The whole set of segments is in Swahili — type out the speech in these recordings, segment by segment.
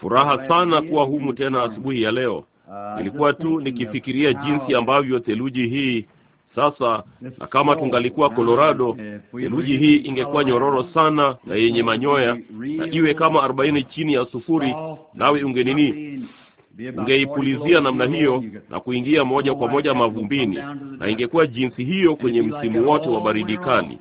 Furaha sana kuwa humu tena asubuhi ya leo. Ah, Nilikuwa tu nikifikiria jinsi ambavyo theluji hii sasa, na kama tungalikuwa Colorado, eh, theluji hii ingekuwa nyororo sana na yenye manyoya, na iwe kama arobaini chini ya sufuri, nawe ungenini ungeipulizia namna hiyo na kuingia moja kwa moja mavumbini, na ingekuwa jinsi hiyo kwenye msimu wote wa baridi kali.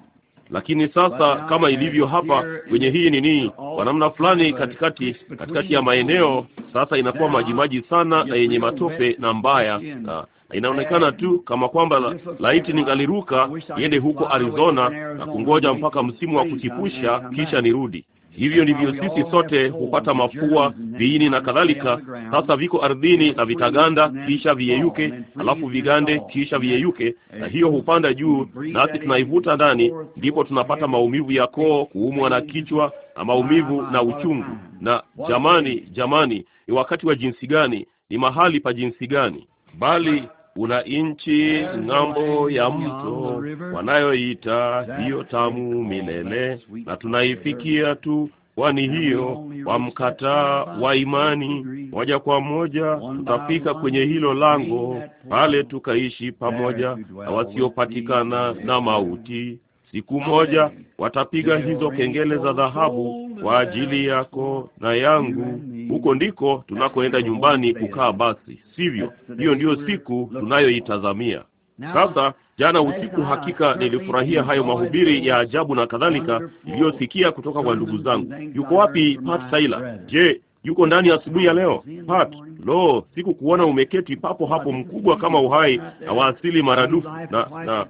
Lakini sasa kama ilivyo hapa kwenye hii nini, kwa namna fulani, katikati katikati ya maeneo sasa inakuwa majimaji sana na yenye matope na mbaya na inaonekana tu kama kwamba la, laiti ningaliruka niende huko Arizona na kungoja mpaka msimu wa kuchipusha kisha nirudi. Hivyo ndivyo sisi sote hupata mafua, viini na kadhalika. Sasa viko ardhini na vitaganda, kisha viyeyuke, alafu vigande, kisha viyeyuke, na hiyo hupanda juu, nasi tunaivuta ndani, ndipo tunapata maumivu ya koo, kuumwa na kichwa na maumivu na uchungu. Na jamani, jamani, ni wakati wa jinsi gani! Ni mahali pa jinsi gani! Bali kuna nchi ng'ambo ya mto wanayoita hiyo tamu milele, na tunaifikia tu wani hiyo wa mkataa wa imani, moja kwa moja tutafika kwenye hilo lango pale, tukaishi pamoja na wasiopatikana na mauti Siku moja watapiga hizo kengele za dhahabu kwa ajili yako na yangu. Huko ndiko tunakoenda nyumbani kukaa basi, sivyo? Hiyo ndiyo siku tunayoitazamia sasa. Jana usiku hakika nilifurahia hayo mahubiri ya ajabu na kadhalika iliyosikia kutoka kwa ndugu zangu. Yuko wapi Pat Taylor? Je, yuko ndani asubuhi ya leo. Pat, lo, kuona umeketi papo hapo, mkubwa kama uhai na waasili maradufu, na na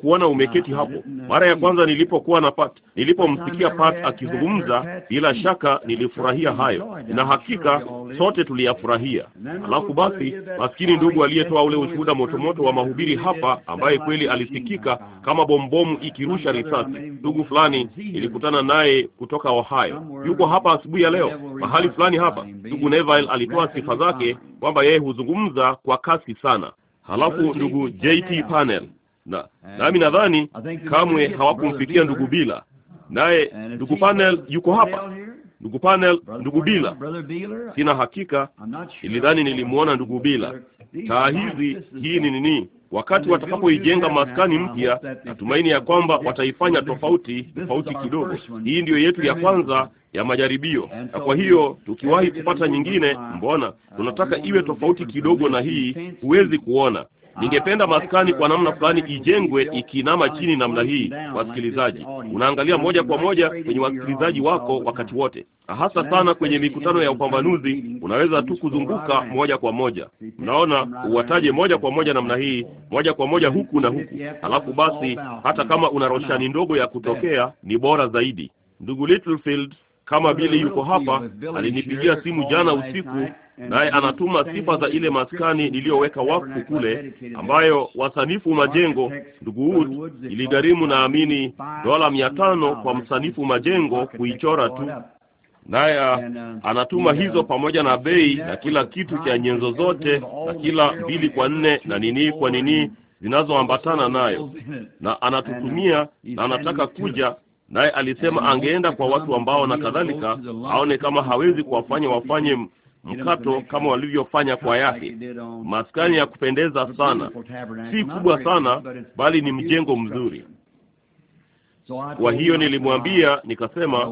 kuona umeketi hapo. Mara ya kwanza nilipokuwa na Pat, nilipomsikia Pat akizungumza, bila shaka nilifurahia hayo, na hakika sote tuliyafurahia. Alafu basi, maskini ndugu aliyetoa ule ushuhuda motomoto wa mahubiri hapa, ambaye kweli alisikika kama bombomu ikirusha risasi, ndugu fulani nilikutana naye kutoka Ohio, yuko hapa asubuhi ya leo mahali mahali fulani hapa. Ndugu Neville alitoa sifa zake kwamba yeye huzungumza kwa kasi sana, halafu ndugu JT Panel na nami nadhani kamwe hawakumfikia ndugu Bila, naye ndugu Panel yuko hapa. Ndugu Panel, ndugu Bila, sina hakika, ilidhani nilimwona ndugu Bila. Taa hizi, hii ni nini? Wakati watakapoijenga maskani mpya, natumaini ya kwamba wataifanya tofauti tofauti kidogo. Hii ndiyo yetu ya kwanza ya majaribio, na kwa hiyo tukiwahi kupata nyingine, mbona uh, tunataka iwe tofauti kidogo na hii. Huwezi kuona Ningependa ah, maskani kwa namna fulani ijengwe ikiinama chini namna hii. Wasikilizaji, unaangalia moja kwa moja kwenye wasikilizaji wako wakati wote, ah, hasa sana kwenye mikutano ya upambanuzi. Unaweza tu kuzunguka moja kwa moja, mnaona, uwataje moja kwa moja namna hii, moja kwa moja huku na huku, halafu basi, hata kama una roshani ndogo ya kutokea, ni bora zaidi. Ndugu Littlefield kama bili yuko hapa. Alinipigia simu jana usiku, naye anatuma sifa za ile maskani niliyoweka wakfu kule, ambayo wasanifu majengo ndugu Wood iligharimu naamini dola mia tano kwa msanifu majengo kuichora tu naye uh, uh, anatuma uh, hizo pamoja na bei na kila kitu cha nyenzo zote na kila mbili kwa nne na nini kwa nini zinazoambatana nayo, na anatutumia na anataka kuja naye alisema angeenda kwa watu ambao na kadhalika, aone kama hawezi kuwafanya wafanye mkato kama walivyofanya kwa yake. Maskani ya kupendeza sana, si kubwa sana, bali ni mjengo mzuri. Kwa hiyo nilimwambia nikasema,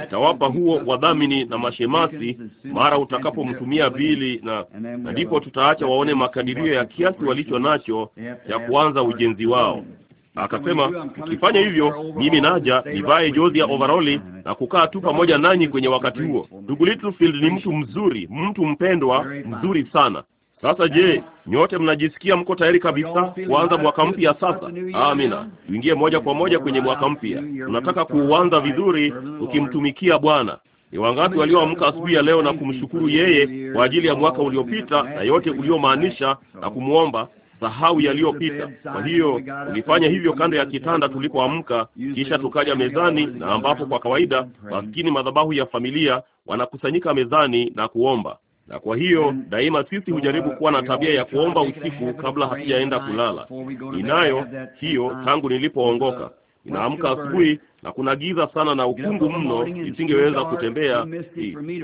nitawapa huo wadhamini na mashemasi mara utakapomtumia bili, na ndipo tutaacha waone makadirio ya kiasi walicho nacho ya kuanza ujenzi wao. Akasema, ukifanya hivyo, mimi naja nivae jozi ya overoli na kukaa tu pamoja nanyi kwenye wakati huo. Ndugu Littlefield ni mtu mzuri, mtu mpendwa, mzuri sana. Sasa je, nyote mnajisikia mko tayari kabisa kuanza mwaka mpya sasa? Amina, tuingie moja kwa moja kwenye mwaka mpya. Tunataka kuuanza vizuri ukimtumikia Bwana. Ni wangapi walioamka asubuhi ya leo na kumshukuru yeye kwa ajili ya mwaka uliopita na yote uliomaanisha na kumwomba sahau yaliyopita. Kwa hiyo ulifanya hivyo kando ya kitanda tulipoamka, kisha tukaja mezani, na ambapo kwa kawaida maskini madhabahu ya familia wanakusanyika mezani na kuomba na kwa hiyo daima sisi hujaribu uh, kuwa na tabia ya kuomba usiku kabla hatujaenda kulala. Ninayo hiyo tangu nilipoongoka. Ninaamka asubuhi na kuna giza sana na ukungu mno, isingeweza kutembea.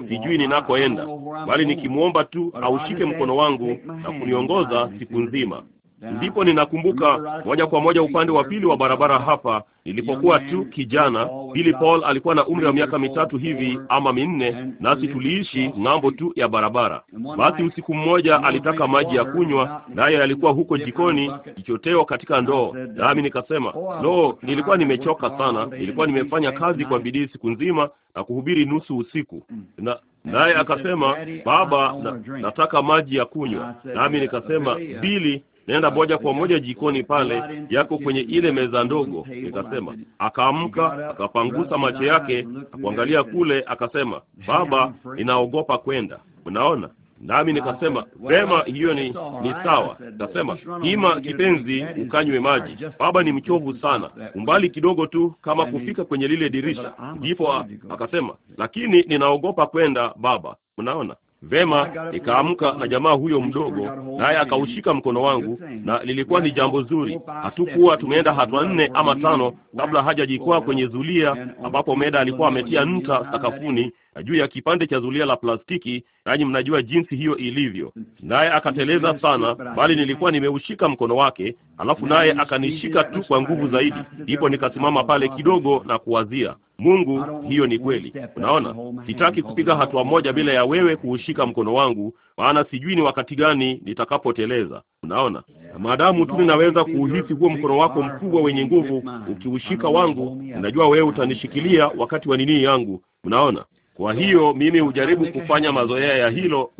Sijui ninakoenda, bali nikimwomba tu aushike mkono wangu na kuniongoza siku nzima. Ndipo ninakumbuka moja kwa moja upande wa pili wa barabara hapa, nilipokuwa tu kijana, Billy Paul alikuwa na umri wa miaka mitatu hivi ama minne, nasi tuliishi ng'ambo tu ya barabara. Basi usiku mmoja alitaka maji ya kunywa, naye alikuwa huko jikoni kichoteo katika ndoo, nami nikasema oh, lo, nilikuwa nimechoka sana, nilikuwa nimefanya kazi kwa bidii siku nzima na kuhubiri nusu usiku mm. na naye akasema, baba na, nataka maji ya kunywa. Nami nikasema Bili, nenda moja kwa moja jikoni pale, yako kwenye ile meza ndogo. Nikasema. Akaamka, akapangusa macho yake, akuangalia kule, akasema, Baba, ninaogopa kwenda. Mnaona? Nami nikasema vema, hiyo ni ni sawa. Nikasema hima kipenzi, ukanywe maji, baba ni mchovu sana, umbali kidogo tu kama kufika kwenye lile dirisha. Ndipo akasema, lakini ninaogopa kwenda baba. Mnaona, Vema, nikaamka na jamaa huyo mdogo, naye akaushika mkono wangu, na lilikuwa ni jambo zuri. Hatukuwa tumeenda hatua nne ama tano kabla hajajikwaa kwenye zulia, ambapo Meda alikuwa ametia nta sakafuni juu ya kipande cha zulia la plastiki, nanyi mnajua jinsi hiyo ilivyo. Naye akateleza sana, bali nilikuwa nimeushika mkono wake, alafu naye akanishika tu kwa nguvu zaidi. Ndipo nikasimama pale kidogo na kuwazia, Mungu, hiyo ni kweli. Unaona, sitaki kupiga hatua moja bila ya wewe kuushika mkono wangu, maana sijui ni wakati gani nitakapoteleza. Unaona, na maadamu tu ninaweza kuuhisi huo mkono wako mkubwa wenye nguvu ukiushika wangu, najua wewe utanishikilia wakati wa nini yangu. Mnaona, kwa hiyo mimi hujaribu kufanya mazoea ya hilo,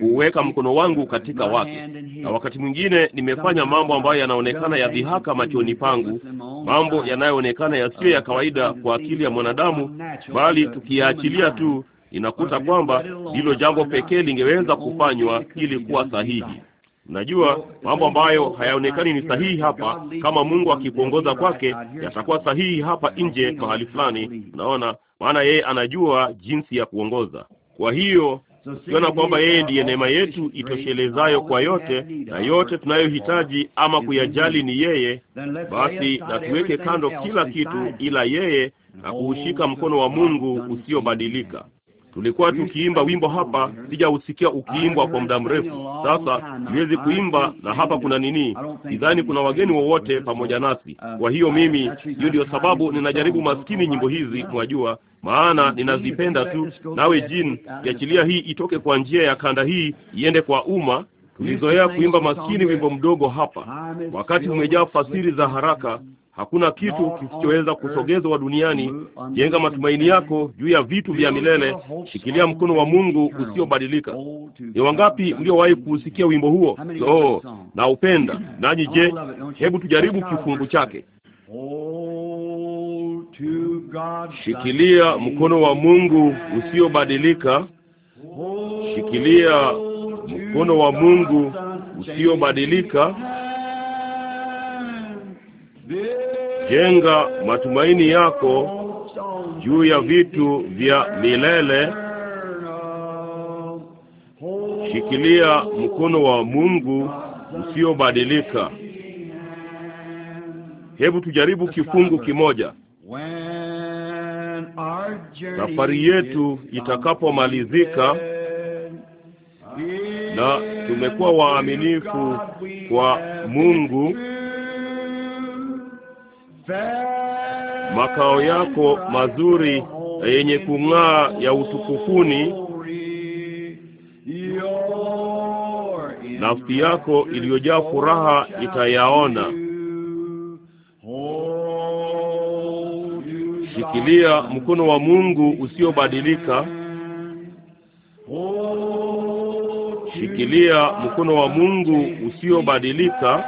kuweka mkono wangu katika wake na wakati mwingine nimefanya mambo ambayo yanaonekana ya dhihaka machoni pangu, mambo yanayoonekana yasiyo ya kawaida kwa akili ya mwanadamu, bali tukiachilia tu inakuta kwamba hilo jambo pekee lingeweza kufanywa ili kuwa sahihi. Najua mambo ambayo hayaonekani ni sahihi hapa, kama Mungu akikuongoza kwake, yatakuwa sahihi hapa nje mahali fulani, unaona maana yeye anajua jinsi ya kuongoza. Kwa hiyo tukiona kwamba yeye ndiye neema yetu itoshelezayo kwa yote na yote tunayohitaji ama kuyajali ni yeye, basi na tuweke kando kila kitu ila yeye na kuushika mkono wa Mungu usiobadilika. Tulikuwa tukiimba wimbo hapa, sijausikia ukiimbwa kwa muda mrefu sasa. Niwezi kuimba na hapa kuna nini, sidhani kuna wageni wowote pamoja nasi. Kwa hiyo mimi, hiyo ndio sababu ninajaribu maskini nyimbo hizi, mwajua, maana ninazipenda tu. Nawe Jin, kiachilia hii itoke kwa njia ya kanda hii iende kwa umma. Tulizoea kuimba maskini wimbo mdogo hapa, wakati umejaa fasiri za haraka Hakuna kitu kisichoweza kusogezwa duniani. Jenga matumaini yako juu ya vitu vya milele, shikilia mkono wa Mungu usiobadilika. Ni wangapi mliowahi kuusikia wimbo huo? Oh, na upenda nanyi. Je, hebu tujaribu kifungu chake. Shikilia mkono wa Mungu usiobadilika, shikilia mkono wa Mungu usiobadilika jenga matumaini yako juu ya vitu vya milele. Shikilia mkono wa Mungu usiobadilika. Hebu tujaribu kifungu kimoja. Safari yetu itakapomalizika na tumekuwa waaminifu kwa Mungu makao yako mazuri yenye kung'aa ya utukufuni, nafsi yako iliyojaa furaha itayaona. Shikilia mkono wa Mungu usiobadilika, shikilia mkono wa Mungu usiobadilika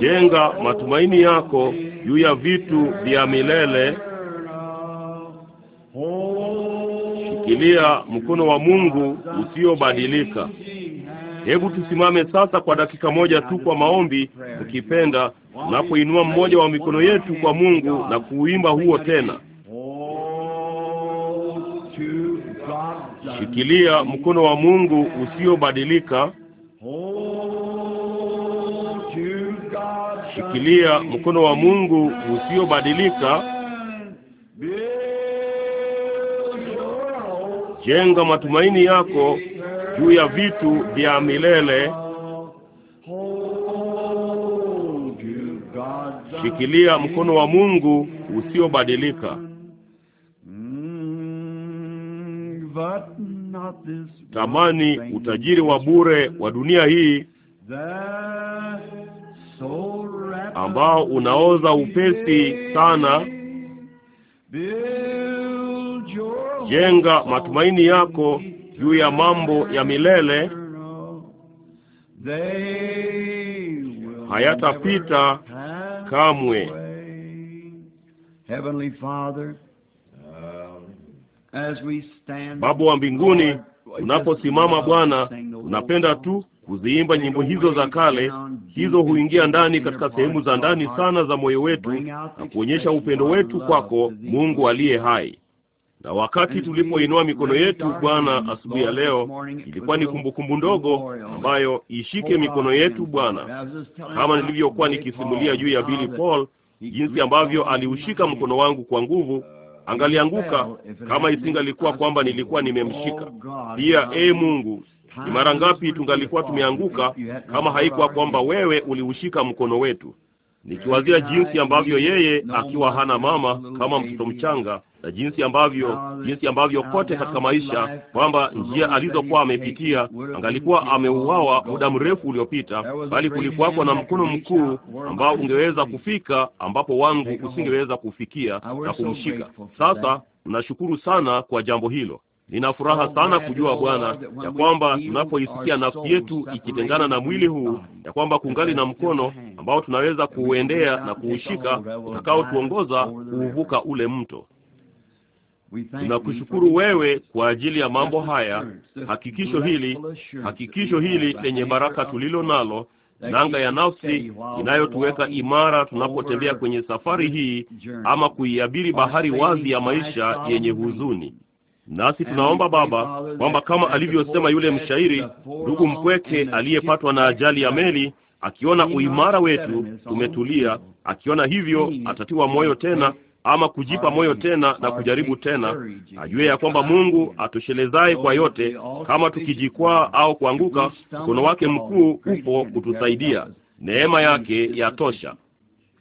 jenga matumaini yako juu ya vitu vya milele. Shikilia mkono wa Mungu usiobadilika. Hebu tusimame sasa kwa dakika moja tu kwa maombi, ukipenda, kuinua mmoja wa mikono yetu kwa Mungu na kuuimba huo tena. Shikilia mkono wa Mungu usiobadilika. kushikilia mkono wa Mungu usiobadilika. Jenga matumaini yako juu ya vitu vya milele. Shikilia mkono wa Mungu usiobadilika. Tamani utajiri wa bure wa dunia hii ambao unaoza upesi sana. Jenga matumaini yako juu ya mambo ya milele, hayatapita kamwe. Um, Baba wa mbinguni, unaposimama Bwana, unapenda tu kuziimba nyimbo hizo za kale. Hizo huingia ndani katika sehemu za ndani sana za moyo wetu na kuonyesha upendo wetu kwako, Mungu aliye hai. Na wakati tulipoinua mikono yetu Bwana asubuhi ya leo, ilikuwa ni kumbukumbu ndogo ambayo ishike mikono yetu Bwana, kama nilivyokuwa nikisimulia juu ya Billy Paul, jinsi ambavyo aliushika mkono wangu kwa nguvu angalianguka kama isingalikuwa kwamba nilikuwa nimemshika. Pia e Mungu, ni mara ngapi tungalikuwa tumeanguka kama haikuwa kwamba wewe uliushika mkono wetu, nikiwazia jinsi ambavyo yeye akiwa hana mama kama mtoto mchanga, na jinsi ambavyo jinsi ambavyo kote katika maisha kwamba njia alizokuwa amepitia, angalikuwa ameuawa muda mrefu uliopita, bali kulikuwako na mkono mkuu ambao ungeweza kufika ambapo wangu usingeweza kufikia na kumshika. Sasa nashukuru sana kwa jambo hilo. Nina furaha sana kujua Bwana ya kwamba tunapoisikia nafsi yetu ikitengana na mwili huu, ya kwamba kungali na mkono ambao tunaweza kuuendea na kuushika utakaotuongoza kuuvuka ule mto. Tunakushukuru wewe kwa ajili ya mambo haya, hakikisho hili, hakikisho hili lenye baraka tulilo nalo, nanga ya nafsi inayotuweka imara tunapotembea kwenye safari hii, ama kuiabiri bahari wazi ya maisha yenye huzuni. Nasi tunaomba Baba kwamba kama alivyosema yule mshairi ndugu mpweke aliyepatwa na ajali ya meli, akiona uimara wetu tumetulia, akiona hivyo atatiwa moyo tena ama kujipa moyo tena na kujaribu tena, ajue ya kwamba Mungu atoshelezaye kwa yote, kama tukijikwaa au kuanguka, mkono wake mkuu upo kutusaidia. Neema yake yatosha.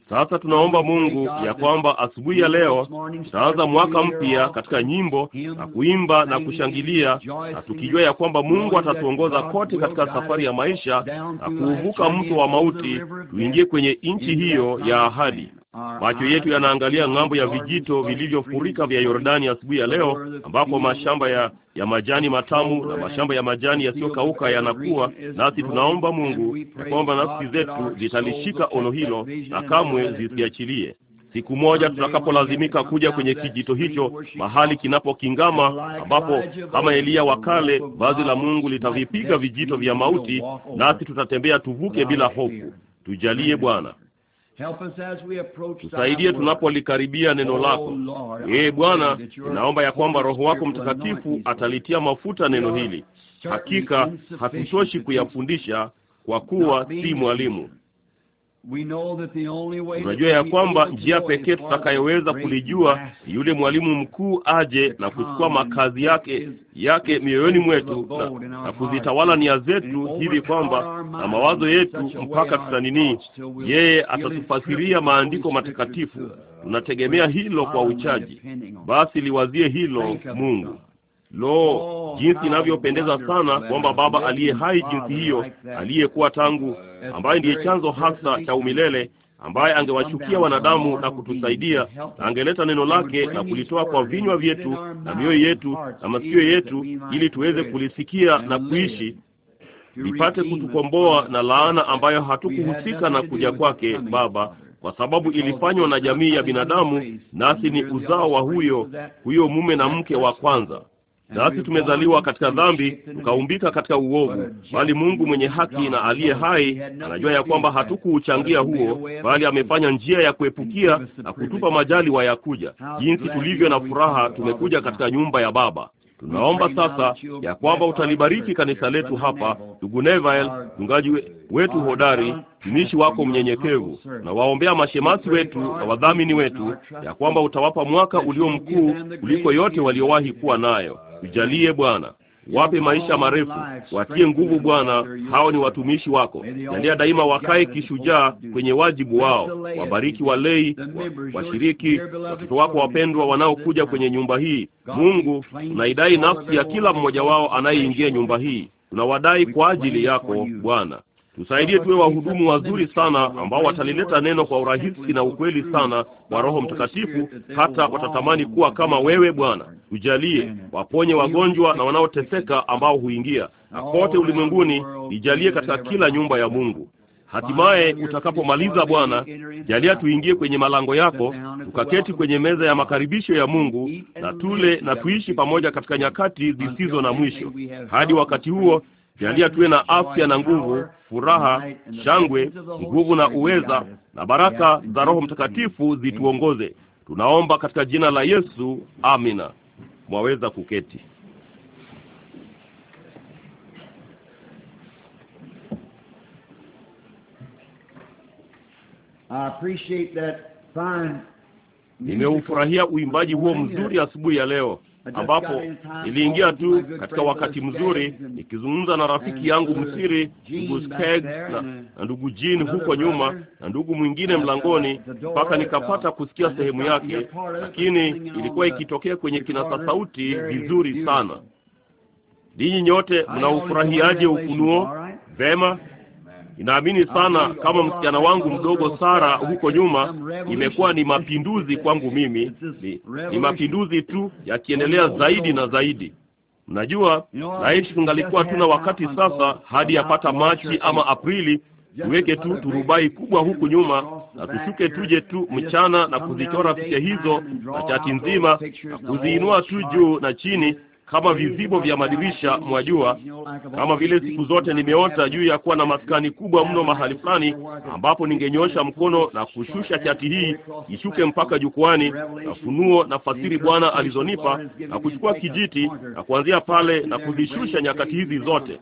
Sasa tunaomba Mungu ya kwamba asubuhi ya leo tutaanza mwaka mpya katika nyimbo na kuimba na kushangilia, na tukijua ya kwamba Mungu atatuongoza kote katika safari ya maisha na kuvuka mto wa mauti, tuingie kwenye nchi hiyo ya ahadi. Macho yetu yanaangalia ng'ambo ya vijito vilivyofurika vya Yordani asubuhi ya, leo ambapo mashamba ya, ya majani matamu na mashamba ya majani yasiyokauka yanakuwa, nasi tunaomba Mungu ya kwamba nafsi zetu zitalishika ono hilo na kamwe zisiachilie. Siku moja tutakapolazimika kuja kwenye kijito hicho, mahali kinapokingama, ambapo kama Eliya wa kale, vazi la Mungu litavipiga vijito vya mauti, nasi tutatembea tuvuke bila hofu. Tujalie Bwana tusaidie tunapolikaribia neno oh, lako. Ee Bwana, ninaomba ya kwamba Roho wako Mtakatifu atalitia mafuta neno hili. Hakika hatutoshi kuyafundisha, kwa kuwa si mwalimu Tunajua ya kwamba njia pekee tutakayoweza kulijua yule mwalimu mkuu aje na kuchukua makazi yake yake mioyoni mwetu na, na kuzitawala nia zetu hivi kwamba na mawazo yetu mpaka tutanini, yeye atatufasiria maandiko matakatifu. Tunategemea hilo kwa uchaji. Basi liwazie hilo Mungu. Lo, oh, jinsi inavyopendeza sana kwamba Baba aliye hai jinsi hiyo, aliyekuwa tangu, uh, ambaye ndiye chanzo hasa cha umilele, ambaye angewachukia wanadamu na kutusaidia, na angeleta neno lake na kulitoa kwa vinywa vyetu na mioyo yetu na masikio yetu, ili tuweze kulisikia na kuishi, lipate kutukomboa na laana ambayo hatukuhusika na kuja kwake Baba kwa sababu ilifanywa na jamii ya binadamu, nasi ni uzao wa huyo huyo mume na mke wa kwanza. Nasi tumezaliwa katika dhambi, tukaumbika katika uovu, bali Mungu mwenye haki na aliye hai anajua ya kwamba hatukuuchangia huo, bali amefanya njia ya kuepukia na kutupa majali wayakuja Jinsi tulivyo na furaha tumekuja katika nyumba ya Baba. Tunaomba sasa ya kwamba utalibariki kanisa letu hapa, ndugu Neville, mchungaji wetu hodari, mtumishi wako mnyenyekevu, na waombea mashemasi wetu na wadhamini wetu, ya kwamba utawapa mwaka ulio mkuu kuliko yote waliowahi kuwa nayo. Tujalie Bwana, wape maisha marefu, watie nguvu Bwana. Hao ni watumishi wako, jalia daima wakae kishujaa kwenye wajibu wao. Wabariki walei, washiriki, watoto wako wapendwa wanaokuja kwenye nyumba hii. Mungu, tunaidai nafsi ya kila mmoja wao anayeingia nyumba hii, tunawadai kwa ajili yako Bwana. Tusaidie tuwe wahudumu wazuri sana ambao watalileta neno kwa urahisi na ukweli sana wa Roho Mtakatifu, hata watatamani kuwa kama wewe Bwana. Tujalie waponye wagonjwa na wanaoteseka ambao huingia na kote ulimwenguni, ijalie katika kila nyumba ya Mungu. Hatimaye utakapomaliza Bwana, jalia tuingie kwenye malango yako, tukaketi kwenye meza ya makaribisho ya Mungu, na tule na tuishi pamoja katika nyakati zisizo na mwisho. Hadi wakati huo, Jalia tuwe na afya na nguvu, furaha, shangwe, nguvu na uweza, na baraka za Roho Mtakatifu zituongoze. Tunaomba katika jina la Yesu, amina. Mwaweza kuketi. Nimeufurahia uimbaji huo mzuri asubuhi ya leo ambapo niliingia tu katika wakati mzuri nikizungumza na rafiki yangu msiri ndugu Skeg na, na ndugu Jean huko nyuma na ndugu mwingine mlangoni, mpaka nikapata kusikia sehemu yake, lakini ilikuwa ikitokea kwenye kinasa sauti vizuri sana. Ninyi nyote mnaufurahiaje ufunuo? Vema. Ninaamini sana kama msichana wangu mdogo Sara huko nyuma, imekuwa ni mapinduzi kwangu mimi, ni, ni mapinduzi tu yakiendelea zaidi na zaidi. Mnajua, laiti tungalikuwa tuna wakati sasa hadi yapata Machi ama Aprili, tuweke tu turubai kubwa huku nyuma na tushuke tuje tu mchana na kuzichora picha hizo na chati nzima na kuziinua tu juu na chini kama vizibo vya madirisha, mwajua, kama vile siku zote nimeota juu ya kuwa na maskani kubwa mno mahali fulani ambapo ningenyosha mkono na kushusha chati hii ishuke mpaka jukwani na funuo na fasiri Bwana alizonipa na kuchukua kijiti na kuanzia pale na kuzishusha nyakati hizi zote.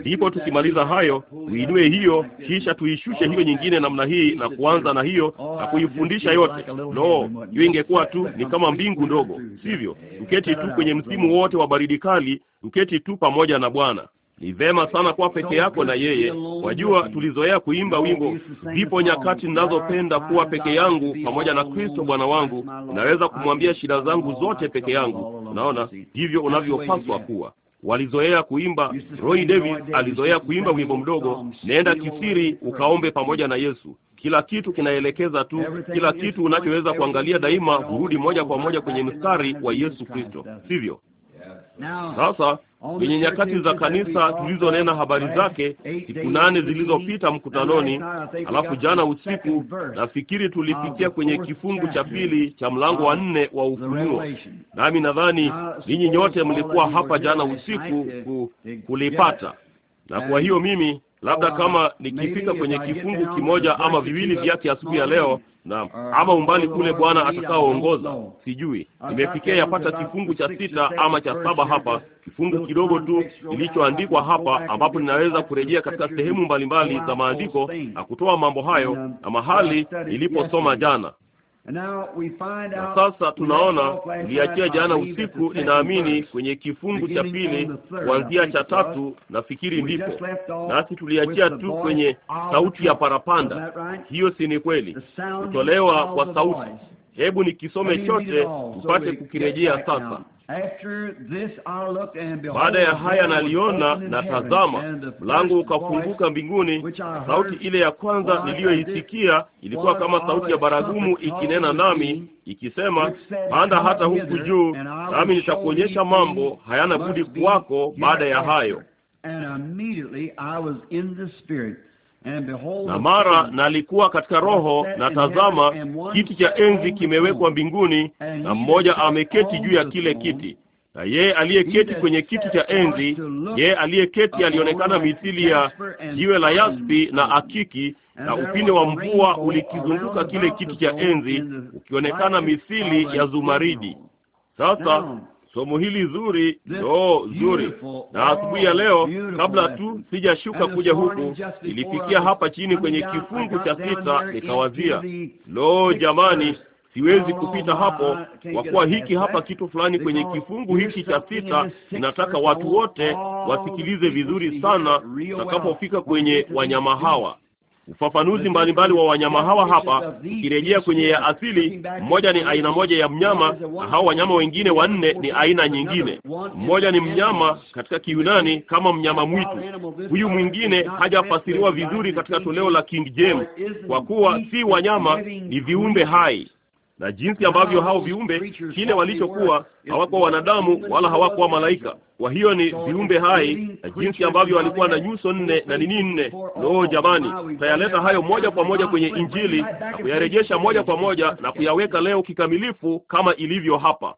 Ndipo tukimaliza hayo tuinue hiyo, kisha tuishushe hiyo nyingine namna hii na kuanza na hiyo na kuifundisha yote. Lo, hiyo ingekuwa tu ni kama mbingu ndogo, sivyo? Mketi tu kwenye msimu wote wa baridi kali, mketi tu pamoja na Bwana. Ni vema sana kuwa peke yako na yeye. Wajua, tulizoea kuimba wimbo, zipo nyakati ninazopenda kuwa peke yangu pamoja na Kristo Bwana wangu, naweza kumwambia shida zangu zote peke yangu. Naona ndivyo unavyopaswa kuwa walizoea kuimba. Roy Davis alizoea kuimba wimbo mdogo, nenda kisiri ukaombe pamoja na Yesu. Kila kitu kinaelekeza tu, kila kitu unachoweza kuangalia daima, hurudi moja kwa moja kwenye mstari wa Yesu Kristo, sivyo? Sasa kwenye nyakati za kanisa tulizonena habari zake siku nane zilizopita mkutanoni, uh, alafu jana usiku nafikiri tulipitia kwenye kifungu cha pili cha mlango wa nne wa Ufunuo, nami nadhani uh, ninyi nyote mlikuwa hapa jana usiku ku, kulipata, na kwa hiyo mimi labda uh, kama nikifika kwenye kifungu kimoja ama viwili vyake asubuhi ya leo Naam, ah, ama umbali kule Bwana atakaoongoza sijui. Nimefikia yapata kifungu cha sita ama cha saba hapa, kifungu kidogo tu kilichoandikwa hapa, ambapo ninaweza kurejea katika sehemu mbalimbali za maandiko na kutoa mambo hayo na uh, mahali niliposoma jana. Na sasa tunaona tuliachia jana usiku, ninaamini kwenye kifungu cha pili kuanzia cha tatu, nafikiri ndipo nasi tuliachia tu kwenye sauti ya parapanda. Hiyo si ni kweli, kutolewa kwa sauti. Hebu nikisome chote tupate kukirejea sasa. Baada ya haya naliona, na tazama, mlango ukafunguka mbinguni. Sauti ile ya kwanza niliyoisikia ilikuwa kama sauti ya baragumu ikinena nami ikisema, panda hata huku juu, nami nitakuonyesha mambo hayana budi kuwako baada ya hayo. Na mara nalikuwa katika roho, na tazama, kiti cha enzi kimewekwa mbinguni, na mmoja ameketi juu ya kile kiti, na yeye aliyeketi kwenye kiti cha enzi, yeye aliyeketi alionekana mithili ya jiwe la yaspi na akiki, na upinde wa mvua ulikizunguka kile kiti cha enzi, ukionekana mithili ya zumaridi. Sasa somo hili zuri, loo zuri. Na asubuhi ya oh, leo, kabla tu sijashuka kuja huku, ilifikia hapa chini kwenye kifungu cha sita, nikawazia loo, jamani siwezi oh, kupita hapo kwa kuwa hiki hapa kitu fulani kwenye kifungu hiki cha sita. inataka watu wote oh, wasikilize vizuri sana, utakapofika kwenye wanyama hawa. Ufafanuzi mbalimbali wa wanyama hawa hapa, ukirejea kwenye ya asili, mmoja ni aina moja ya mnyama na hao wanyama wengine wanne ni aina nyingine. Mmoja ni mnyama katika kiunani kama mnyama mwitu, huyu mwingine hajafasiriwa vizuri katika toleo la King James, kwa kuwa si wanyama, ni viumbe hai na jinsi ambavyo hao viumbe kile walichokuwa hawakuwa wanadamu wala hawakuwa malaika, kwa hiyo ni viumbe hai, na jinsi ambavyo walikuwa na nyuso nne na nini nne. Loo jamani, tayaleta hayo moja kwa moja kwenye Injili na kuyarejesha moja kwa moja na kuyaweka leo kikamilifu kama ilivyo hapa.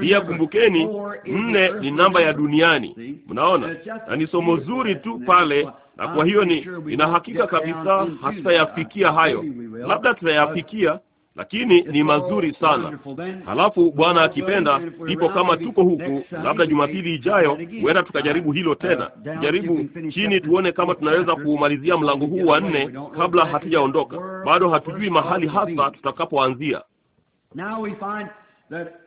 Pia kumbukeni, nne ni namba ya duniani, mnaona, na ni somo zuri tu pale na kwa hiyo ni, ina hakika kabisa hatutayafikia hayo, labda tutayafikia lakini ni mazuri sana. Halafu Bwana akipenda, ndipo kama tuko huku, labda Jumapili ijayo, huenda tukajaribu hilo tena, jaribu chini, tuone kama tunaweza kuumalizia mlango huu wa nne kabla hatujaondoka. Bado hatujui mahali hasa tutakapoanzia.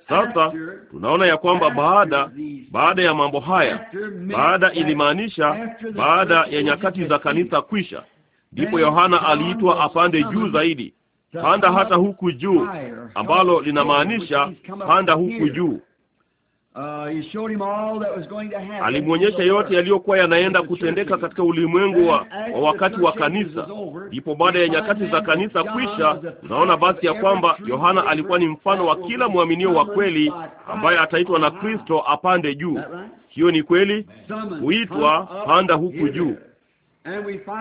Sasa tunaona ya kwamba baada baada ya mambo haya, baada ilimaanisha baada ya nyakati za kanisa kwisha, ndipo Yohana aliitwa apande juu zaidi panda hata huku juu, ambalo linamaanisha panda huku juu. Uh, Alimwonyesha yote yaliyokuwa yanaenda kutendeka katika ulimwengu wa, wa wakati wa kanisa. Ndipo baada ya nyakati za kanisa kwisha, naona basi ya kwamba Yohana alikuwa ni mfano wa kila mwaminio wa kweli ambaye ataitwa na ah. Kristo apande juu. Hiyo ni kweli, huitwa panda huku juu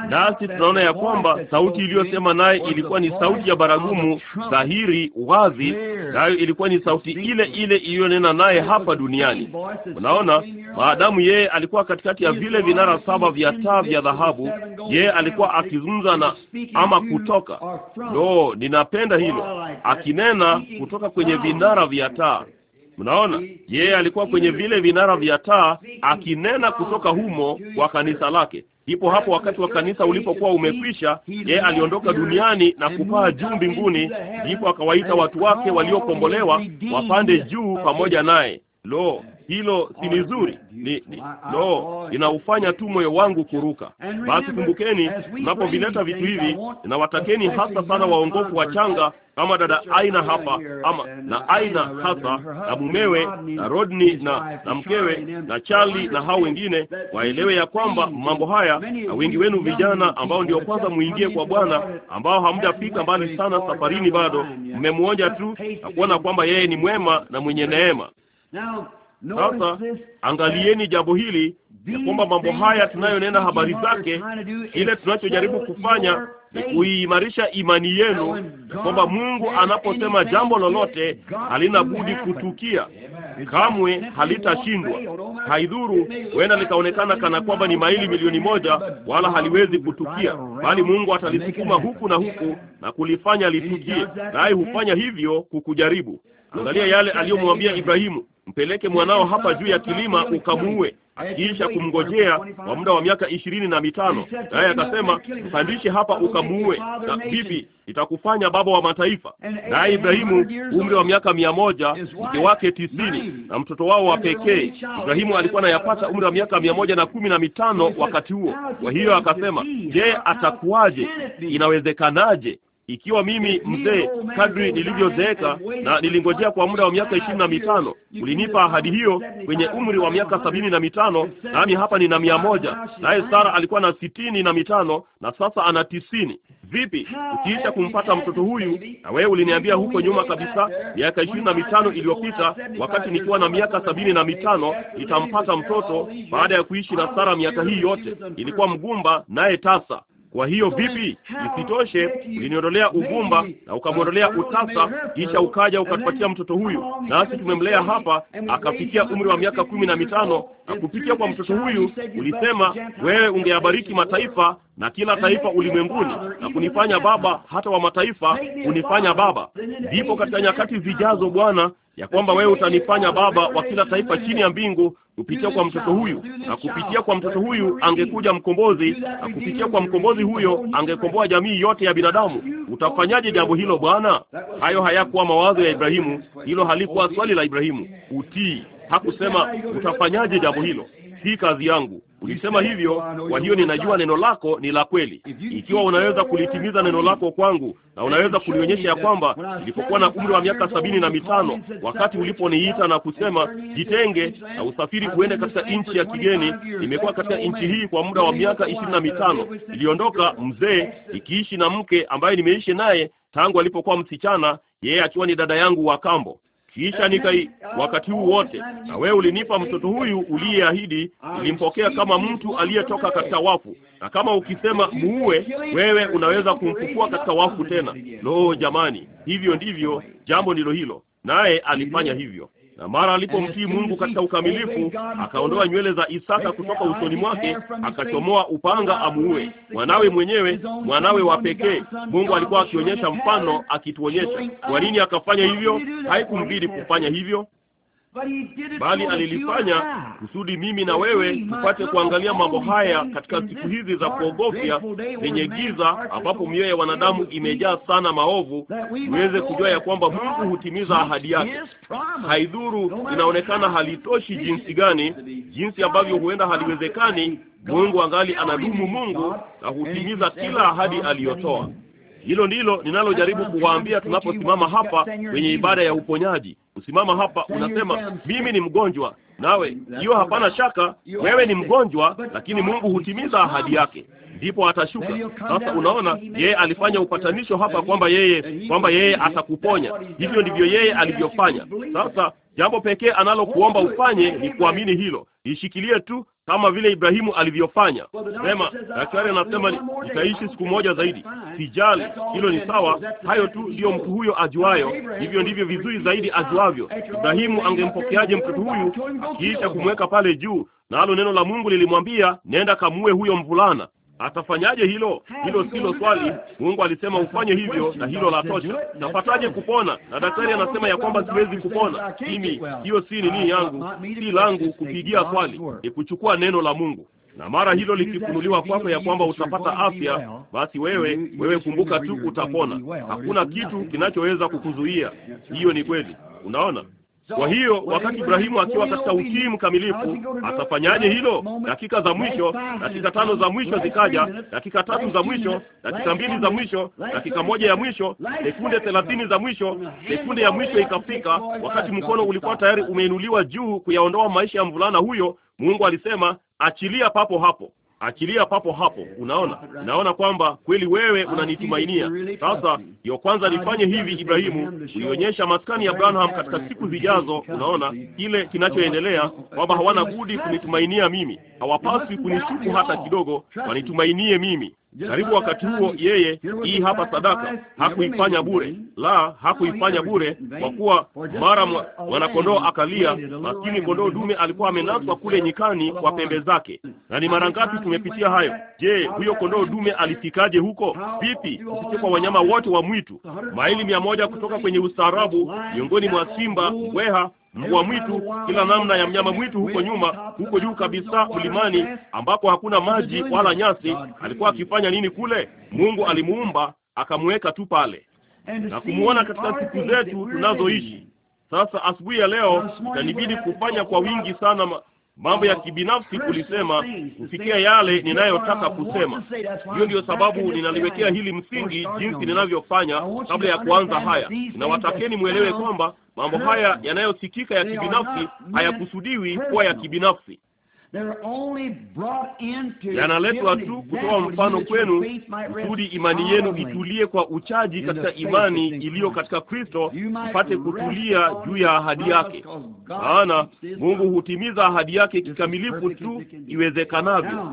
nasi tunaona ya kwamba sauti iliyosema naye ilikuwa ni sauti ya baragumu dhahiri, wazi, nayo ilikuwa ni sauti ile ile iliyonena naye hapa duniani. Unaona, maadamu yeye alikuwa katikati ya vile vinara saba vya taa vya dhahabu, yeye alikuwa akizungumza na ama kutoka no, ninapenda hilo, akinena kutoka kwenye vinara vya taa. Mnaona, yeye alikuwa kwenye vile vinara vya taa akinena kutoka humo kwa kanisa lake. Ndipo hapo wakati wa kanisa ulipokuwa umekwisha, yeye aliondoka duniani na kupaa juu mbinguni, ndipo akawaita watu wake waliokombolewa wapande juu pamoja naye. Lo, hilo si nzuri ni, ni, no linaufanya tu moyo wangu kuruka. Basi kumbukeni, mnapovileta vitu hivi, ninawatakeni hasa sana waongofu wachanga kama dada Aina hapa ama uh, na Aina hasa na mumewe na Rodney na, na mkewe na Charlie na hao wengine waelewe ya kwamba mambo haya, na wengi wenu vijana ambao ndio kwanza muingie kwa Bwana, ambao hamjafika mbali sana safarini bado, mmemwonja tu na kuona kwamba yeye ni mwema na mwenye neema. Sasa angalieni jambo hili ya kwamba mambo haya tunayonena habari zake, kile tunachojaribu kufanya ni kuiimarisha imani yenu, ya kwamba Mungu anaposema jambo lolote halina budi kutukia, kamwe halitashindwa. Haidhuru huenda likaonekana kana kwamba ni maili milioni moja, wala haliwezi kutukia, bali Mungu atalisukuma huku na huku na kulifanya litukie, naye hufanya hivyo kukujaribu. Angalia yale aliyomwambia Ibrahimu, mpeleke mwanao hapa juu ya kilima ukamuue, kisha kumngojea kwa muda wa miaka ishirini na mitano. Naye akasema mpandishe hapa ukamuue, na vipi itakufanya baba wa mataifa. Naye Ibrahimu umri wa miaka mia moja, mke wake tisini na mtoto wao wa pekee. Ibrahimu alikuwa anayapata umri wa miaka mia moja na kumi na mitano wakati huo. Kwa hiyo akasema, je, atakuwaje? Inawezekanaje? Ikiwa mimi mzee, kadri nilivyozeeka na nilingojea kwa muda wa miaka ishirini na mitano, ulinipa ahadi hiyo kwenye umri wa miaka sabini na mitano, nami hapa nina mia moja, naye Sara alikuwa na sitini na mitano na sasa ana tisini. Vipi ukiisha kumpata mtoto huyu? Na wewe uliniambia huko nyuma kabisa, miaka ishirini na mitano iliyopita, wakati nikiwa na miaka sabini na mitano nitampata mtoto, baada ya kuishi na Sara miaka hii yote. Ilikuwa mgumba naye tasa kwa hiyo vipi? Isitoshe, uliniondolea uvumba na ukamwondolea utasa, kisha ukaja ukatupatia mtoto huyu, nasi tumemlea hapa akafikia umri wa miaka kumi na mitano, na kupitia kwa mtoto huyu ulisema wewe ungeyabariki mataifa na kila taifa ulimwenguni, na kunifanya baba hata wa mataifa, kunifanya baba. Ndipo katika nyakati zijazo, Bwana ya kwamba wewe utanifanya baba wa kila taifa chini ya mbingu kupitia kwa mtoto huyu, na kupitia kwa mtoto huyu angekuja mkombozi, na kupitia kwa mkombozi huyo angekomboa jamii yote ya binadamu. Utafanyaje jambo hilo Bwana? Hayo hayakuwa mawazo ya Ibrahimu, hilo halikuwa swali la Ibrahimu. Utii. Hakusema utafanyaje jambo hilo, si kazi yangu, Ulisema hivyo, kwa hiyo ninajua neno lako ni la kweli. Ikiwa unaweza kulitimiza neno lako kwangu na unaweza kulionyesha ya kwamba nilipokuwa na umri wa miaka sabini na mitano wakati uliponiita na kusema jitenge na usafiri uende katika nchi ya kigeni, nimekuwa katika nchi hii kwa muda wa miaka ishirini na mitano. Niliondoka mzee ikiishi na mke ambaye nimeishi naye tangu alipokuwa msichana, yeye akiwa ni dada yangu wa kambo. Kisha nikai wakati huu wote, na wewe ulinipa mtoto huyu uliyeahidi. Nilimpokea kama mtu aliyetoka katika wafu, na kama ukisema muue, wewe unaweza kumfufua katika wafu tena. Lo, jamani, hivyo ndivyo jambo ndilo hilo, naye alifanya hivyo na mara alipomtii Mungu katika ukamilifu, akaondoa nywele za Isaka kutoka usoni mwake, akachomoa upanga amuue mwanawe mwenyewe, mwanawe wa pekee. Mungu alikuwa akionyesha mfano, akituonyesha. Kwa nini akafanya hivyo? Haikumbidi kufanya hivyo bali alilifanya kusudi mimi na wewe tupate kuangalia mambo haya katika siku hizi za kuogofya zenye giza, ambapo mioyo ya wanadamu imejaa sana maovu, tuweze kujua ya kwamba Mungu hutimiza ahadi yake. Haidhuru inaonekana halitoshi jinsi gani, jinsi ambavyo huenda haliwezekani, Mungu angali anadumu Mungu na hutimiza kila ahadi aliyotoa. Hilo ndilo ninalojaribu kuwaambia tunaposimama hapa kwenye ibada ya uponyaji. Usimama hapa unasema, mimi ni mgonjwa, nawe hiyo, hapana shaka wewe ni mgonjwa, lakini Mungu hutimiza ahadi yake, ndipo atashuka. Sasa unaona, yeye alifanya upatanisho hapa kwamba yeye kwamba yeye atakuponya. Hivyo ndivyo yeye alivyofanya. Sasa jambo pekee analokuomba ufanye ni kuamini hilo, ishikilie tu kama vile Ibrahimu alivyofanya. Sema uh, daktari anasema nitaishi siku moja zaidi, sijali hilo, ni sawa. Hayo tu ndiyo mtu huyo ajuayo, hivyo ndivyo vizuri zaidi ajuavyo. Ibrahimu angempokeaje mtoto huyu, akiisha kumweka pale juu? Nalo neno la Mungu lilimwambia nenda kamue huyo mvulana. Atafanyaje hilo? Hilo silo swali. Mungu alisema ufanye hivyo, na hilo la tosha. Napataje kupona? Na daktari anasema ya kwamba siwezi kupona. Mimi hiyo si nini yangu, si langu kupigia swali, ni kuchukua neno la Mungu na mara hilo likifunuliwa kwako ya kwamba utapata afya, basi wewe wewe kumbuka tu utapona. Hakuna kitu kinachoweza kukuzuia. Hiyo ni kweli. Unaona, kwa hiyo wakati Ibrahimu akiwa katika utii mkamilifu, atafanyaje hilo? Dakika za mwisho, dakika tano za mwisho zikaja, dakika tatu za mwisho, dakika mbili za mwisho, dakika moja ya mwisho, sekunde thelathini za mwisho, sekunde ya mwisho ikafika, wakati mkono ulikuwa tayari umeinuliwa juu kuyaondoa maisha ya mvulana huyo. Mungu alisema, achilia papo hapo. Achilia papo hapo. Unaona, naona kwamba kweli wewe unanitumainia. Sasa ndiyo kwanza nifanye hivi, Ibrahimu, ulionyesha maskani ya Branham katika siku zijazo. Unaona kile kinachoendelea, kwamba hawana budi kunitumainia mimi, hawapaswi kunishuku hata kidogo, wanitumainie mimi. Karibu wakati huo, yeye hii hapa sadaka hakuifanya bure, la hakuifanya bure, kwa kuwa mara mwanakondoo akalia, maskini kondoo dume alikuwa amenaswa kule nyikani kwa pembe zake. Na ni mara ngapi tumepitia hayo? Je, huyo kondoo dume alifikaje huko? Vipi kupitia kwa wanyama wote wa mwitu, maili mia moja kutoka kwenye ustaarabu, miongoni mwa simba, weha mbwa mwitu, kila namna ya mnyama mwitu huko nyuma, huko juu kabisa mlimani, ambapo hakuna maji wala nyasi. Alikuwa akifanya nini kule? Mungu alimuumba akamweka tu pale na kumwona katika siku zetu tunazoishi sasa. Asubuhi ya leo itanibidi kufanya kwa wingi sana mambo ya kibinafsi kulisema kufikia yale ninayotaka kusema. Hiyo ndiyo sababu ninaliwekea hili msingi jinsi ninavyofanya kabla ya kuanza haya. Ninawatakeni mwelewe kwamba mambo haya yanayosikika ya kibinafsi hayakusudiwi kuwa ya kibinafsi yanaletwa tu kutoa mfano kwenu, kusudi imani yenu itulie kwa uchaji katika imani iliyo katika Kristo, mpate kutulia juu ya ahadi yake. Maana Mungu hutimiza ahadi yake kikamilifu tu iwezekanavyo.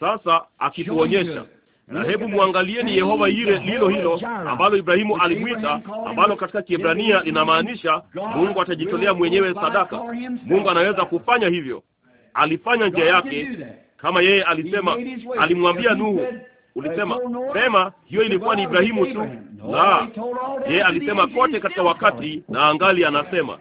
Sasa akituonyesha na hebu mwangalieni Yehova ile lilo hilo ambalo Ibrahimu alimwita, ambalo katika Kiebrania linamaanisha Mungu atajitolea mwenyewe sadaka. Mungu anaweza kufanya hivyo alifanya njia yake kama yeye alisema. Alimwambia Nuhu, ulisema sema, hiyo ilikuwa ni Ibrahimu tu. La, yeye alisema kote katika wakati, na angali anasema.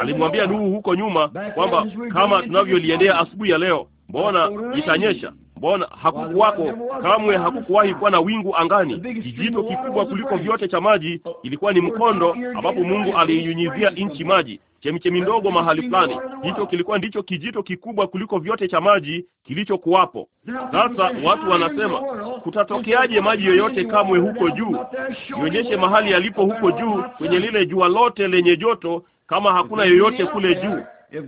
Alimwambia Nuhu huko nyuma kwamba kama tunavyoliendea asubuhi ya leo mbona itanyesha? Mbona hakukuwako kamwe, hakukuwahi kuwa na wingu angani. Kijito kikubwa kuliko vyote cha maji ilikuwa ni mkondo ambapo Mungu aliinyunyizia nchi maji, chemichemi ndogo mahali fulani. Hicho kilikuwa ndicho kijito kikubwa kuliko vyote cha maji kilichokuwapo. Sasa watu wanasema kutatokeaje maji yoyote kamwe huko juu? Nionyeshe mahali yalipo huko juu kwenye lile jua lote lenye joto, kama hakuna yoyote kule juu.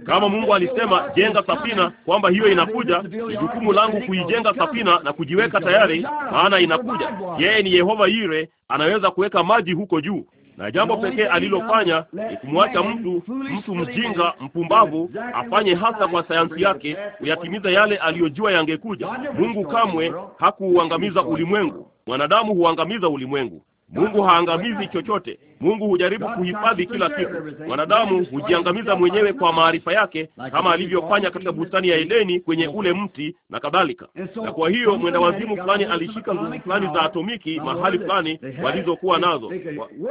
Kama Mungu alisema jenga safina, kwamba hiyo inakuja, ni jukumu langu kuijenga safina na kujiweka tayari, maana inakuja. Yeye ni Yehova Yire, anaweza kuweka maji huko juu na jambo pekee alilofanya ni kumwacha mtu mtu mjinga mpumbavu afanye hasa kwa sayansi yake kuyatimiza yale aliyojua yangekuja. Mungu kamwe hakuuangamiza ulimwengu. Mwanadamu huangamiza ulimwengu. Mungu haangamizi chochote. Mungu hujaribu kuhifadhi kila kitu. Mwanadamu hujiangamiza mwenyewe kwa maarifa yake, kama alivyofanya katika bustani ya Edeni kwenye ule mti na kadhalika. Na kwa hiyo mwenda wazimu fulani alishika nguvu fulani za atomiki mahali fulani walizokuwa nazo,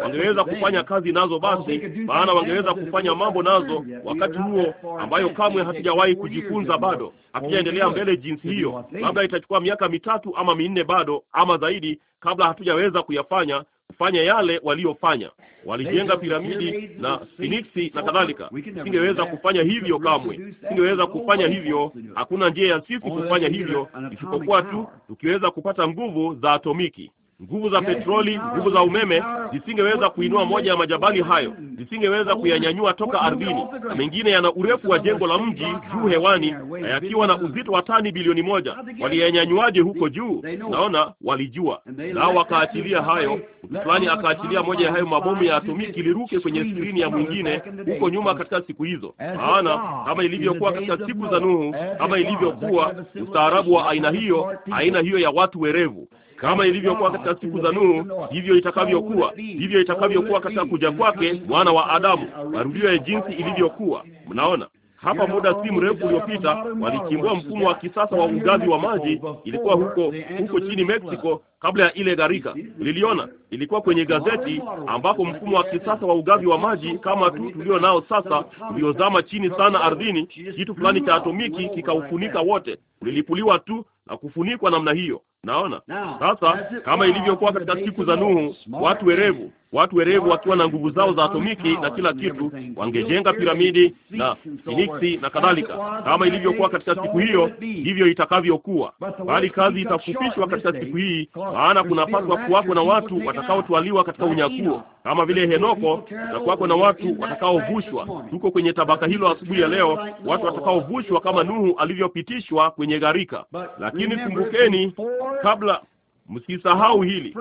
wangeweza kufanya kazi nazo, basi maana wangeweza kufanya mambo nazo wakati huo ambayo kamwe hatujawahi kujifunza bado, hatujaendelea mbele jinsi hiyo. Labda itachukua miaka mitatu ama minne bado ama zaidi kabla hatujaweza kuyafanya kufanya yale waliyofanya. Walijenga piramidi na siniksi na kadhalika. Singeweza kufanya hivyo kamwe, singeweza kufanya hivyo. Hakuna njia ya sisi kufanya hivyo isipokuwa tu tukiweza kupata nguvu za atomiki. Nguvu za petroli, nguvu za umeme zisingeweza kuinua moja ya majabali hayo, zisingeweza kuyanyanyua toka ardhini, na mengine yana urefu wa jengo la mji juu hewani, na yakiwa na uzito wa tani bilioni moja. Waliyanyanyuaje huko juu? Naona walijua, nao wakaachilia hayo. Mtu fulani akaachilia moja ya hayo mabomu ya atomiki liruke kwenye skrini ya mwingine huko nyuma, katika siku hizo. Maana kama ilivyokuwa katika siku za Nuhu, kama ilivyokuwa ustaarabu wa aina hiyo, aina hiyo ya watu werevu kama ilivyokuwa katika siku za Nuhu, hivyo itakavyokuwa, hivyo itakavyokuwa katika kuja kwake mwana wa Adamu, marudio ya jinsi ilivyokuwa. Mnaona hapa muda si um, mrefu uliopita walichimbua mfumo wa kisasa wa ugavi wa maji. Ilikuwa huko huko chini Mexico, kabla ya ile gharika. Liliona ilikuwa kwenye gazeti, ambapo mfumo wa kisasa uh, wa ugavi wa maji kama tu tulio nao sasa, uliozama chini sana ardhini, kitu fulani cha atomiki kikaufunika wote, ulilipuliwa tu hakufunikwa namna hiyo. Naona sasa, kama ilivyokuwa katika siku za Nuhu, watu werevu, watu werevu wakiwa na nguvu zao za atomiki na kila kitu, wangejenga piramidi na Sphinx na kadhalika. Kama ilivyokuwa katika siku hiyo, hivyo itakavyokuwa, bali kazi itafupishwa katika siku hii, maana kunapaswa kuwako na watu watakaotwaliwa katika unyakuo kama vile Henoko. Utakuwako na watu watakaovushwa. Tuko kwenye tabaka hilo asubuhi ya leo, watu watakaovushwa kama Nuhu alivyopitishwa kwenye gharika, lakini lakini kumbukeni, kabla msisahau hili,